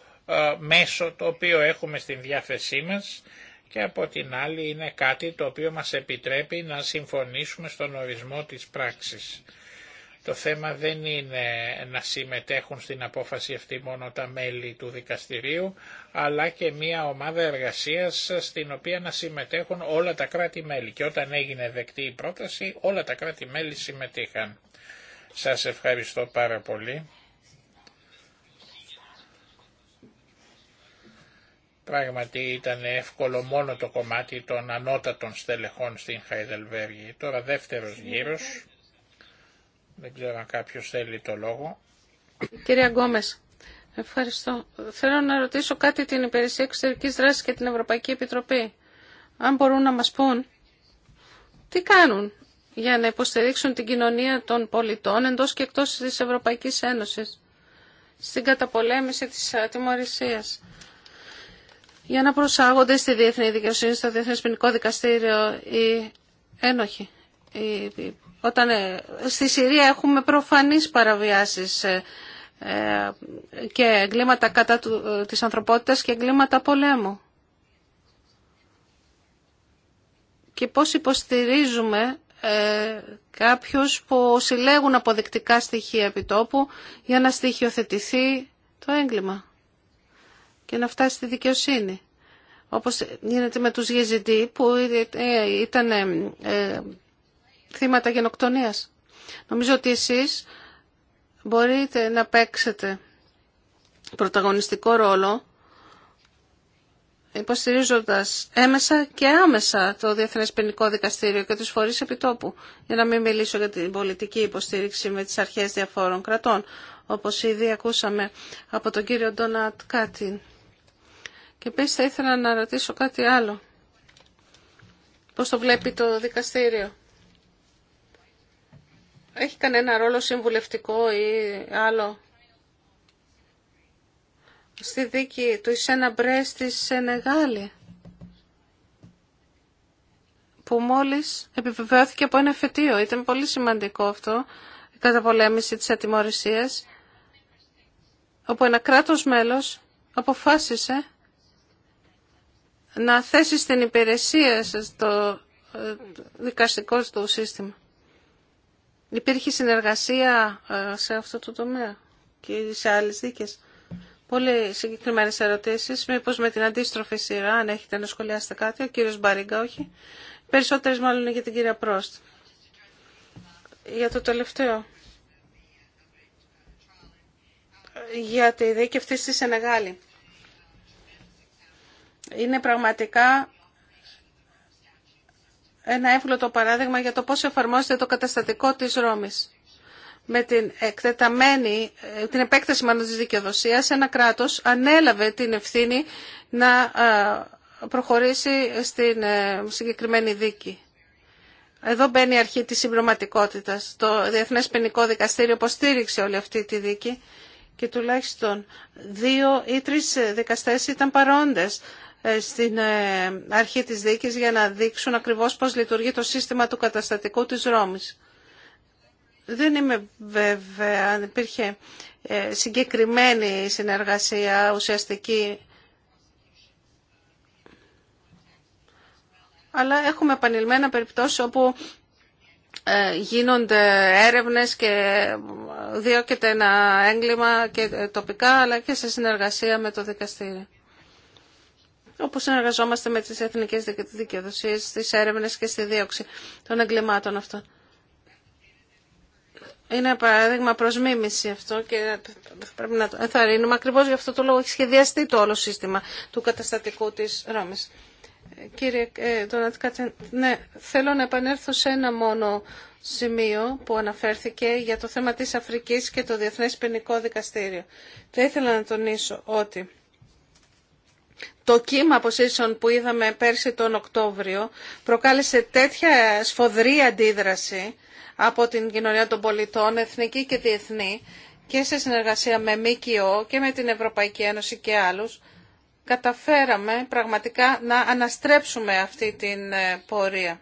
μέσο το οποίο έχουμε στην διάθεσή μας και από την άλλη είναι κάτι το οποίο μας επιτρέπει να συμφωνήσουμε στον ορισμό της πράξης. Το θέμα δεν είναι να συμμετέχουν στην απόφαση αυτή μόνο τα μέλη του δικαστηρίου, αλλά και μια ομάδα εργασίας στην οποία να συμμετέχουν όλα τα κράτη-μέλη. Και όταν έγινε δεκτή η πρόταση, όλα τα κράτη-μέλη συμμετείχαν. Σας ευχαριστώ πάρα πολύ. Πράγματι ήταν εύκολο μόνο το κομμάτι των ανώτατων στελεχών στην Χαϊδελβέργη. Τώρα δεύτερος γύρος. Δεν ξέρω αν κάποιο θέλει το λόγο. Κυρία Γκόμε, ευχαριστώ. Θέλω να ρωτήσω κάτι την υπηρεσία εξωτερική δράση και την Ευρωπαϊκή Επιτροπή. Αν μπορούν να μα πούν τι κάνουν για να υποστηρίξουν την κοινωνία των πολιτών εντός και εκτός της Ευρωπαϊκής Ένωσης στην καταπολέμηση της ατιμορρησίας για να προσάγονται στη διεθνή δικαιοσύνη, στο Διεθνές Ποινικό Δικαστήριο οι ένοχοι, οι όταν ε, στη Συρία έχουμε προφανείς παραβιάσεις ε, ε, και εγκλήματα κατά της ανθρωπότητας και εγκλήματα πολέμου. Και πώς υποστηρίζουμε κάποιους που συλλέγουν αποδεικτικά στοιχεία επιτόπου για να στοιχειοθετηθεί το έγκλημα και να φτάσει στη δικαιοσύνη. Όπως γίνεται με τους Γεζιντή που ήταν θύματα γενοκτονίας. Νομίζω ότι εσείς μπορείτε να παίξετε πρωταγωνιστικό ρόλο υποστηρίζοντας έμεσα και άμεσα το Διεθνές Ποινικό Δικαστήριο και τους φορείς επιτόπου, για να μην μιλήσω για την πολιτική υποστήριξη με τις αρχές διαφόρων κρατών, όπως ήδη ακούσαμε από τον κύριο Ντόνατ Κάτιν. Και επίση θα ήθελα να ρωτήσω κάτι άλλο. Πώς το βλέπει το δικαστήριο έχει κανένα ρόλο συμβουλευτικό ή άλλο στη δίκη του Ισένα Μπρέ στη Σενεγάλη που μόλις επιβεβαιώθηκε από ένα φετίο. Ήταν πολύ σημαντικό αυτό, η αλλο στη δικη του ισενα μπρεστη στη σενεγαλη που μολις επιβεβαιωθηκε απο ενα φετιο ηταν πολυ σημαντικο αυτο η καταπολεμηση της ατιμορρησίας, όπου ένα κράτος μέλος αποφάσισε να θέσει στην υπηρεσία σας το ε, δικαστικό του σύστημα. Υπήρχε συνεργασία ε, σε αυτό το τομέα και σε άλλες δίκες. Πολύ συγκεκριμένε ερωτήσεις. Μήπω με την αντίστροφη σειρά, αν έχετε να σχολιάσετε κάτι, ο κύριος Μπαρίγκα, όχι. Περισσότερες μάλλον είναι για την κυρία Πρόστ. Για το τελευταίο. Για τη δίκη αυτή στη Σενεγάλη. Είναι πραγματικά ένα εύγλωτο παράδειγμα για το πώς εφαρμόζεται το καταστατικό της Ρώμης. Με την, εκτεταμένη, την επέκταση μάλλον της δικαιοδοσίας, ένα κράτος ανέλαβε την ευθύνη να ε, προχωρήσει στην ε, συγκεκριμένη δίκη. Εδώ μπαίνει η αρχή της συμπληρωματικότητα. Το Διεθνές Ποινικό Δικαστήριο υποστήριξε όλη αυτή τη δίκη και τουλάχιστον δύο ή τρεις δικαστές ήταν παρόντες ε, στην ε, αρχή της δίκης για να δείξουν ακριβώς πώς λειτουργεί το σύστημα του καταστατικού της Ρώμης. Δεν είμαι βέβαια αν υπήρχε ε, συγκεκριμένη συνεργασία ουσιαστική αλλά έχουμε επανειλημμένα περιπτώσεις όπου γίνονται έρευνες και διώκεται ένα έγκλημα και τοπικά αλλά και σε συνεργασία με το δικαστήριο όπως συνεργαζόμαστε με τις εθνικές δικαιοδοσίες, στις έρευνες και στη δίωξη των εγκλημάτων αυτών. Είναι παράδειγμα προς μίμηση αυτό και πρέπει να το ενθαρρύνουμε. Ακριβώς γι' αυτό το λόγο έχει σχεδιαστεί το όλο σύστημα του καταστατικού της Ρώμης. Κύριε ε, Ντονάτ Κάτσεν, ναι, θέλω να επανέλθω σε ένα μόνο σημείο που αναφέρθηκε για το θέμα της Αφρικής και το Διεθνές Ποινικό Δικαστήριο. Θα ήθελα να τονίσω ότι το κύμα αποσύσεων που είδαμε πέρσι τον Οκτώβριο προκάλεσε τέτοια σφοδρή αντίδραση από την κοινωνία των πολιτών, εθνική και διεθνή, και σε συνεργασία με ΜΚΟ και με την Ευρωπαϊκή Ένωση και άλλους, καταφέραμε πραγματικά να αναστρέψουμε αυτή την ε, πορεία.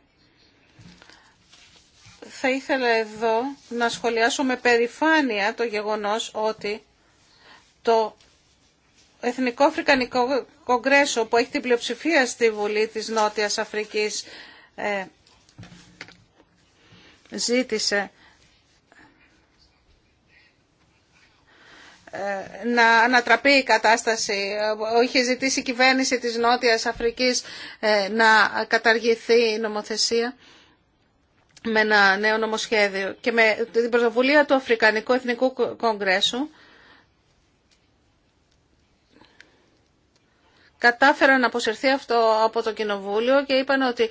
Θα ήθελα εδώ να σχολιάσω με περηφάνεια το γεγονός ότι το Εθνικό Αφρικανικό Κογκρέσο που έχει την πλειοψηφία στη Βουλή της Νότιας Αφρικής ε, ζήτησε ε, να ανατραπεί η κατάσταση. Είχε ζητήσει η κυβέρνηση της Νότιας Αφρικής ε, να καταργηθεί η νομοθεσία με ένα νέο νομοσχέδιο και με την πρωτοβουλία του Αφρικανικού Εθνικού Κογκρέσου κατάφεραν να αποσυρθεί αυτό από το Κοινοβούλιο και είπαν ότι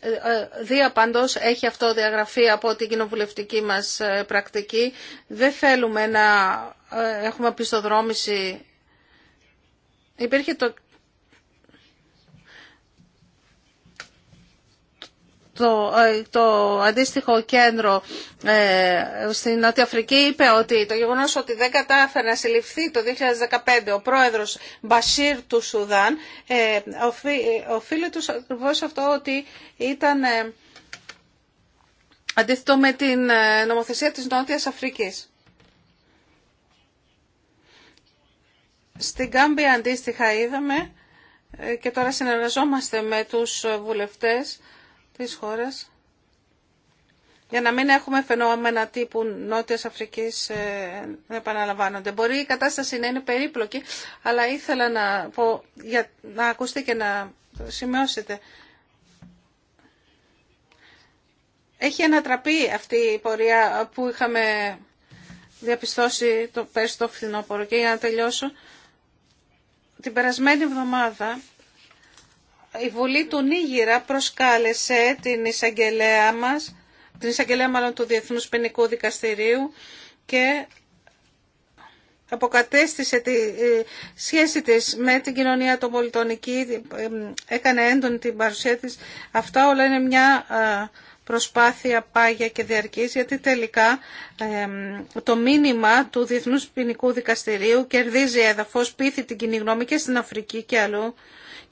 ε, ε, Δία πάντως έχει αυτό διαγραφεί από την κοινοβουλευτική μας ε, πρακτική. Δεν θέλουμε να έχουμε πιστοδρόμηση. Υπήρχε το Ε, το, αντίστοιχο κέντρο ε, στην Νότια Αφρική είπε ότι το γεγονός ότι δεν κατάφερε να συλληφθεί το 2015 ο πρόεδρος Μπασίρ του Σουδάν ε, οφεί, οφείλεται αυτό ότι ήταν ε, αντίθετο με την ε, νομοθεσία της Νότιας Αφρικής. Στην Κάμπια αντίστοιχα είδαμε και τώρα συνεργαζόμαστε με τους βουλευτές της χώρας για να μην έχουμε φαινόμενα τύπου Νότιας Αφρικής ε, να επαναλαμβάνονται. Μπορεί η κατάσταση να είναι περίπλοκη, αλλά ήθελα να, πω, για, να ακουστεί και να σημειώσετε. Έχει ανατραπεί αυτή η πορεία που είχαμε διαπιστώσει το πέρσι το φθινόπωρο. Και για να τελειώσω, την περασμένη εβδομάδα η Βουλή του Νίγηρα προσκάλεσε την εισαγγελέα μας, την εισαγγελέα μάλλον του Διεθνούς Ποινικού Δικαστηρίου και αποκατέστησε τη ε, σχέση της με την κοινωνία των πολιτών ε, έκανε έντονη την παρουσία της. Αυτά όλα είναι μια ε, προσπάθεια πάγια και διαρκής, γιατί τελικά το μήνυμα του Διεθνούς Ποινικού Δικαστηρίου κερδίζει έδαφος, πείθει την κοινή γνώμη και στην Αφρική και αλλού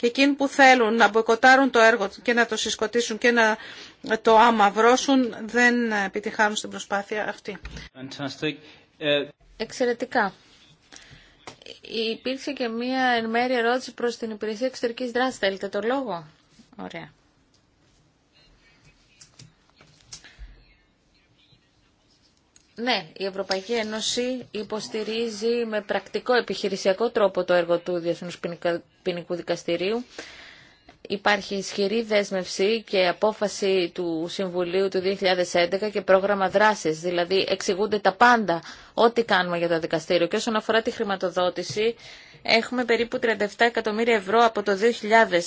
και εκείνοι που θέλουν να μποϊκοτάρουν το έργο και να το συσκοτήσουν και να το αμαυρώσουν δεν επιτυχάνουν στην προσπάθεια αυτή. Fantastic. Ε, Εξαιρετικά. Υπήρξε και μία εν μέρη ερώτηση προς την Υπηρεσία Εξωτερικής Δράσης. Θέλετε το λόγο. Ωραία. Ναι, η Ευρωπαϊκή Ένωση υποστηρίζει με πρακτικό επιχειρησιακό τρόπο το έργο του Διεθνούς Ποινικού Δικαστηρίου. Υπάρχει ισχυρή δέσμευση και απόφαση του Συμβουλίου του 2011 και πρόγραμμα δράσης, δηλαδή εξηγούνται τα πάντα ό,τι κάνουμε για το δικαστήριο. Και όσον αφορά τη χρηματοδότηση, Έχουμε περίπου 37 εκατομμύρια ευρώ από το 2000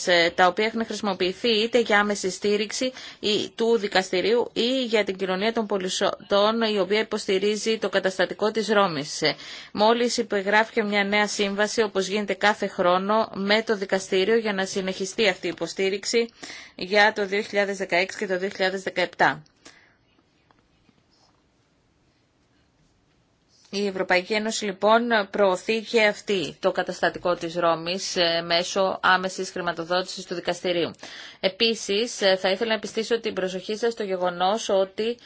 ε, τα οποία έχουν χρησιμοποιηθεί είτε για άμεση στήριξη του δικαστηρίου ή για την κοινωνία των πολιτών η οποία υποστηρίζει το καταστατικό της Ρώμης. Ε, μόλις υπεγράφηκε μια νέα σύμβαση όπως γίνεται κάθε χρόνο με το δικαστήριο για να συνεχιστεί αυτή η υποστήριξη για το 2016 και το 2017. Η Ευρωπαϊκή Ένωση λοιπόν προωθεί και αυτή το καταστατικό της Ρώμης ε, μέσω άμεσης χρηματοδότησης του δικαστηρίου. Επίσης ε, θα ήθελα να επιστήσω την προσοχή σας στο γεγονός ότι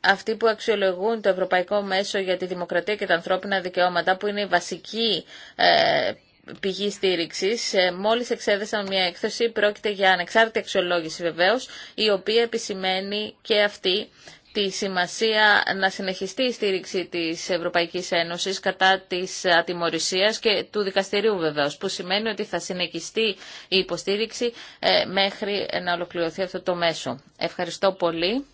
αυτοί που αξιολογούν το Ευρωπαϊκό Μέσο για τη Δημοκρατία και τα Ανθρώπινα Δικαιώματα που είναι η βασική ε, πηγή στήριξη. Μόλι εξέδεσαν μια έκθεση, πρόκειται για ανεξάρτητη αξιολόγηση βεβαίω, η οποία επισημαίνει και αυτή τη σημασία να συνεχιστεί η στήριξη της Ευρωπαϊκής Ένωσης κατά της ατιμορρησίας και του δικαστηρίου βεβαίως, που σημαίνει ότι θα συνεχιστεί η υποστήριξη ε, μέχρι να ολοκληρωθεί αυτό το μέσο. Ευχαριστώ πολύ.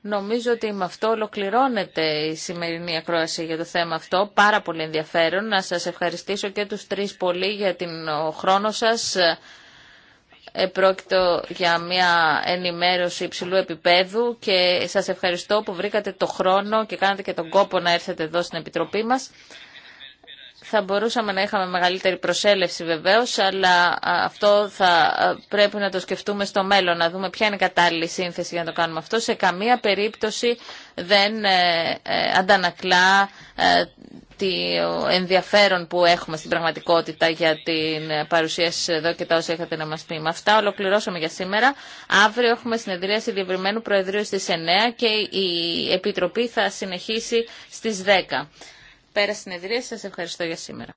Νομίζω ότι με αυτό ολοκληρώνεται η σημερινή ακρόαση για το θέμα αυτό. Πάρα πολύ ενδιαφέρον. Να σας ευχαριστήσω και τους τρεις πολύ για τον χρόνο σας. Πρόκειτο για μια ενημέρωση υψηλού επίπεδου και σας ευχαριστώ που βρήκατε το χρόνο και κάνατε και τον κόπο να έρθετε εδώ στην Επιτροπή μας. Θα μπορούσαμε να είχαμε μεγαλύτερη προσέλευση βεβαίως, αλλά αυτό θα πρέπει να το σκεφτούμε στο μέλλον, να δούμε ποια είναι η κατάλληλη σύνθεση για να το κάνουμε αυτό. Σε καμία περίπτωση δεν ε, ε, αντανακλά ε, το ενδιαφέρον που έχουμε στην πραγματικότητα για την παρουσίαση εδώ και τα όσα είχατε να μας πει. Με αυτά ολοκληρώσαμε για σήμερα. Αύριο έχουμε συνεδρίαση διευρυμένου Προεδρείου στις 9 και η Επιτροπή θα συνεχίσει στις 10. Πέρα συνεδρία. Σας ευχαριστώ για σήμερα.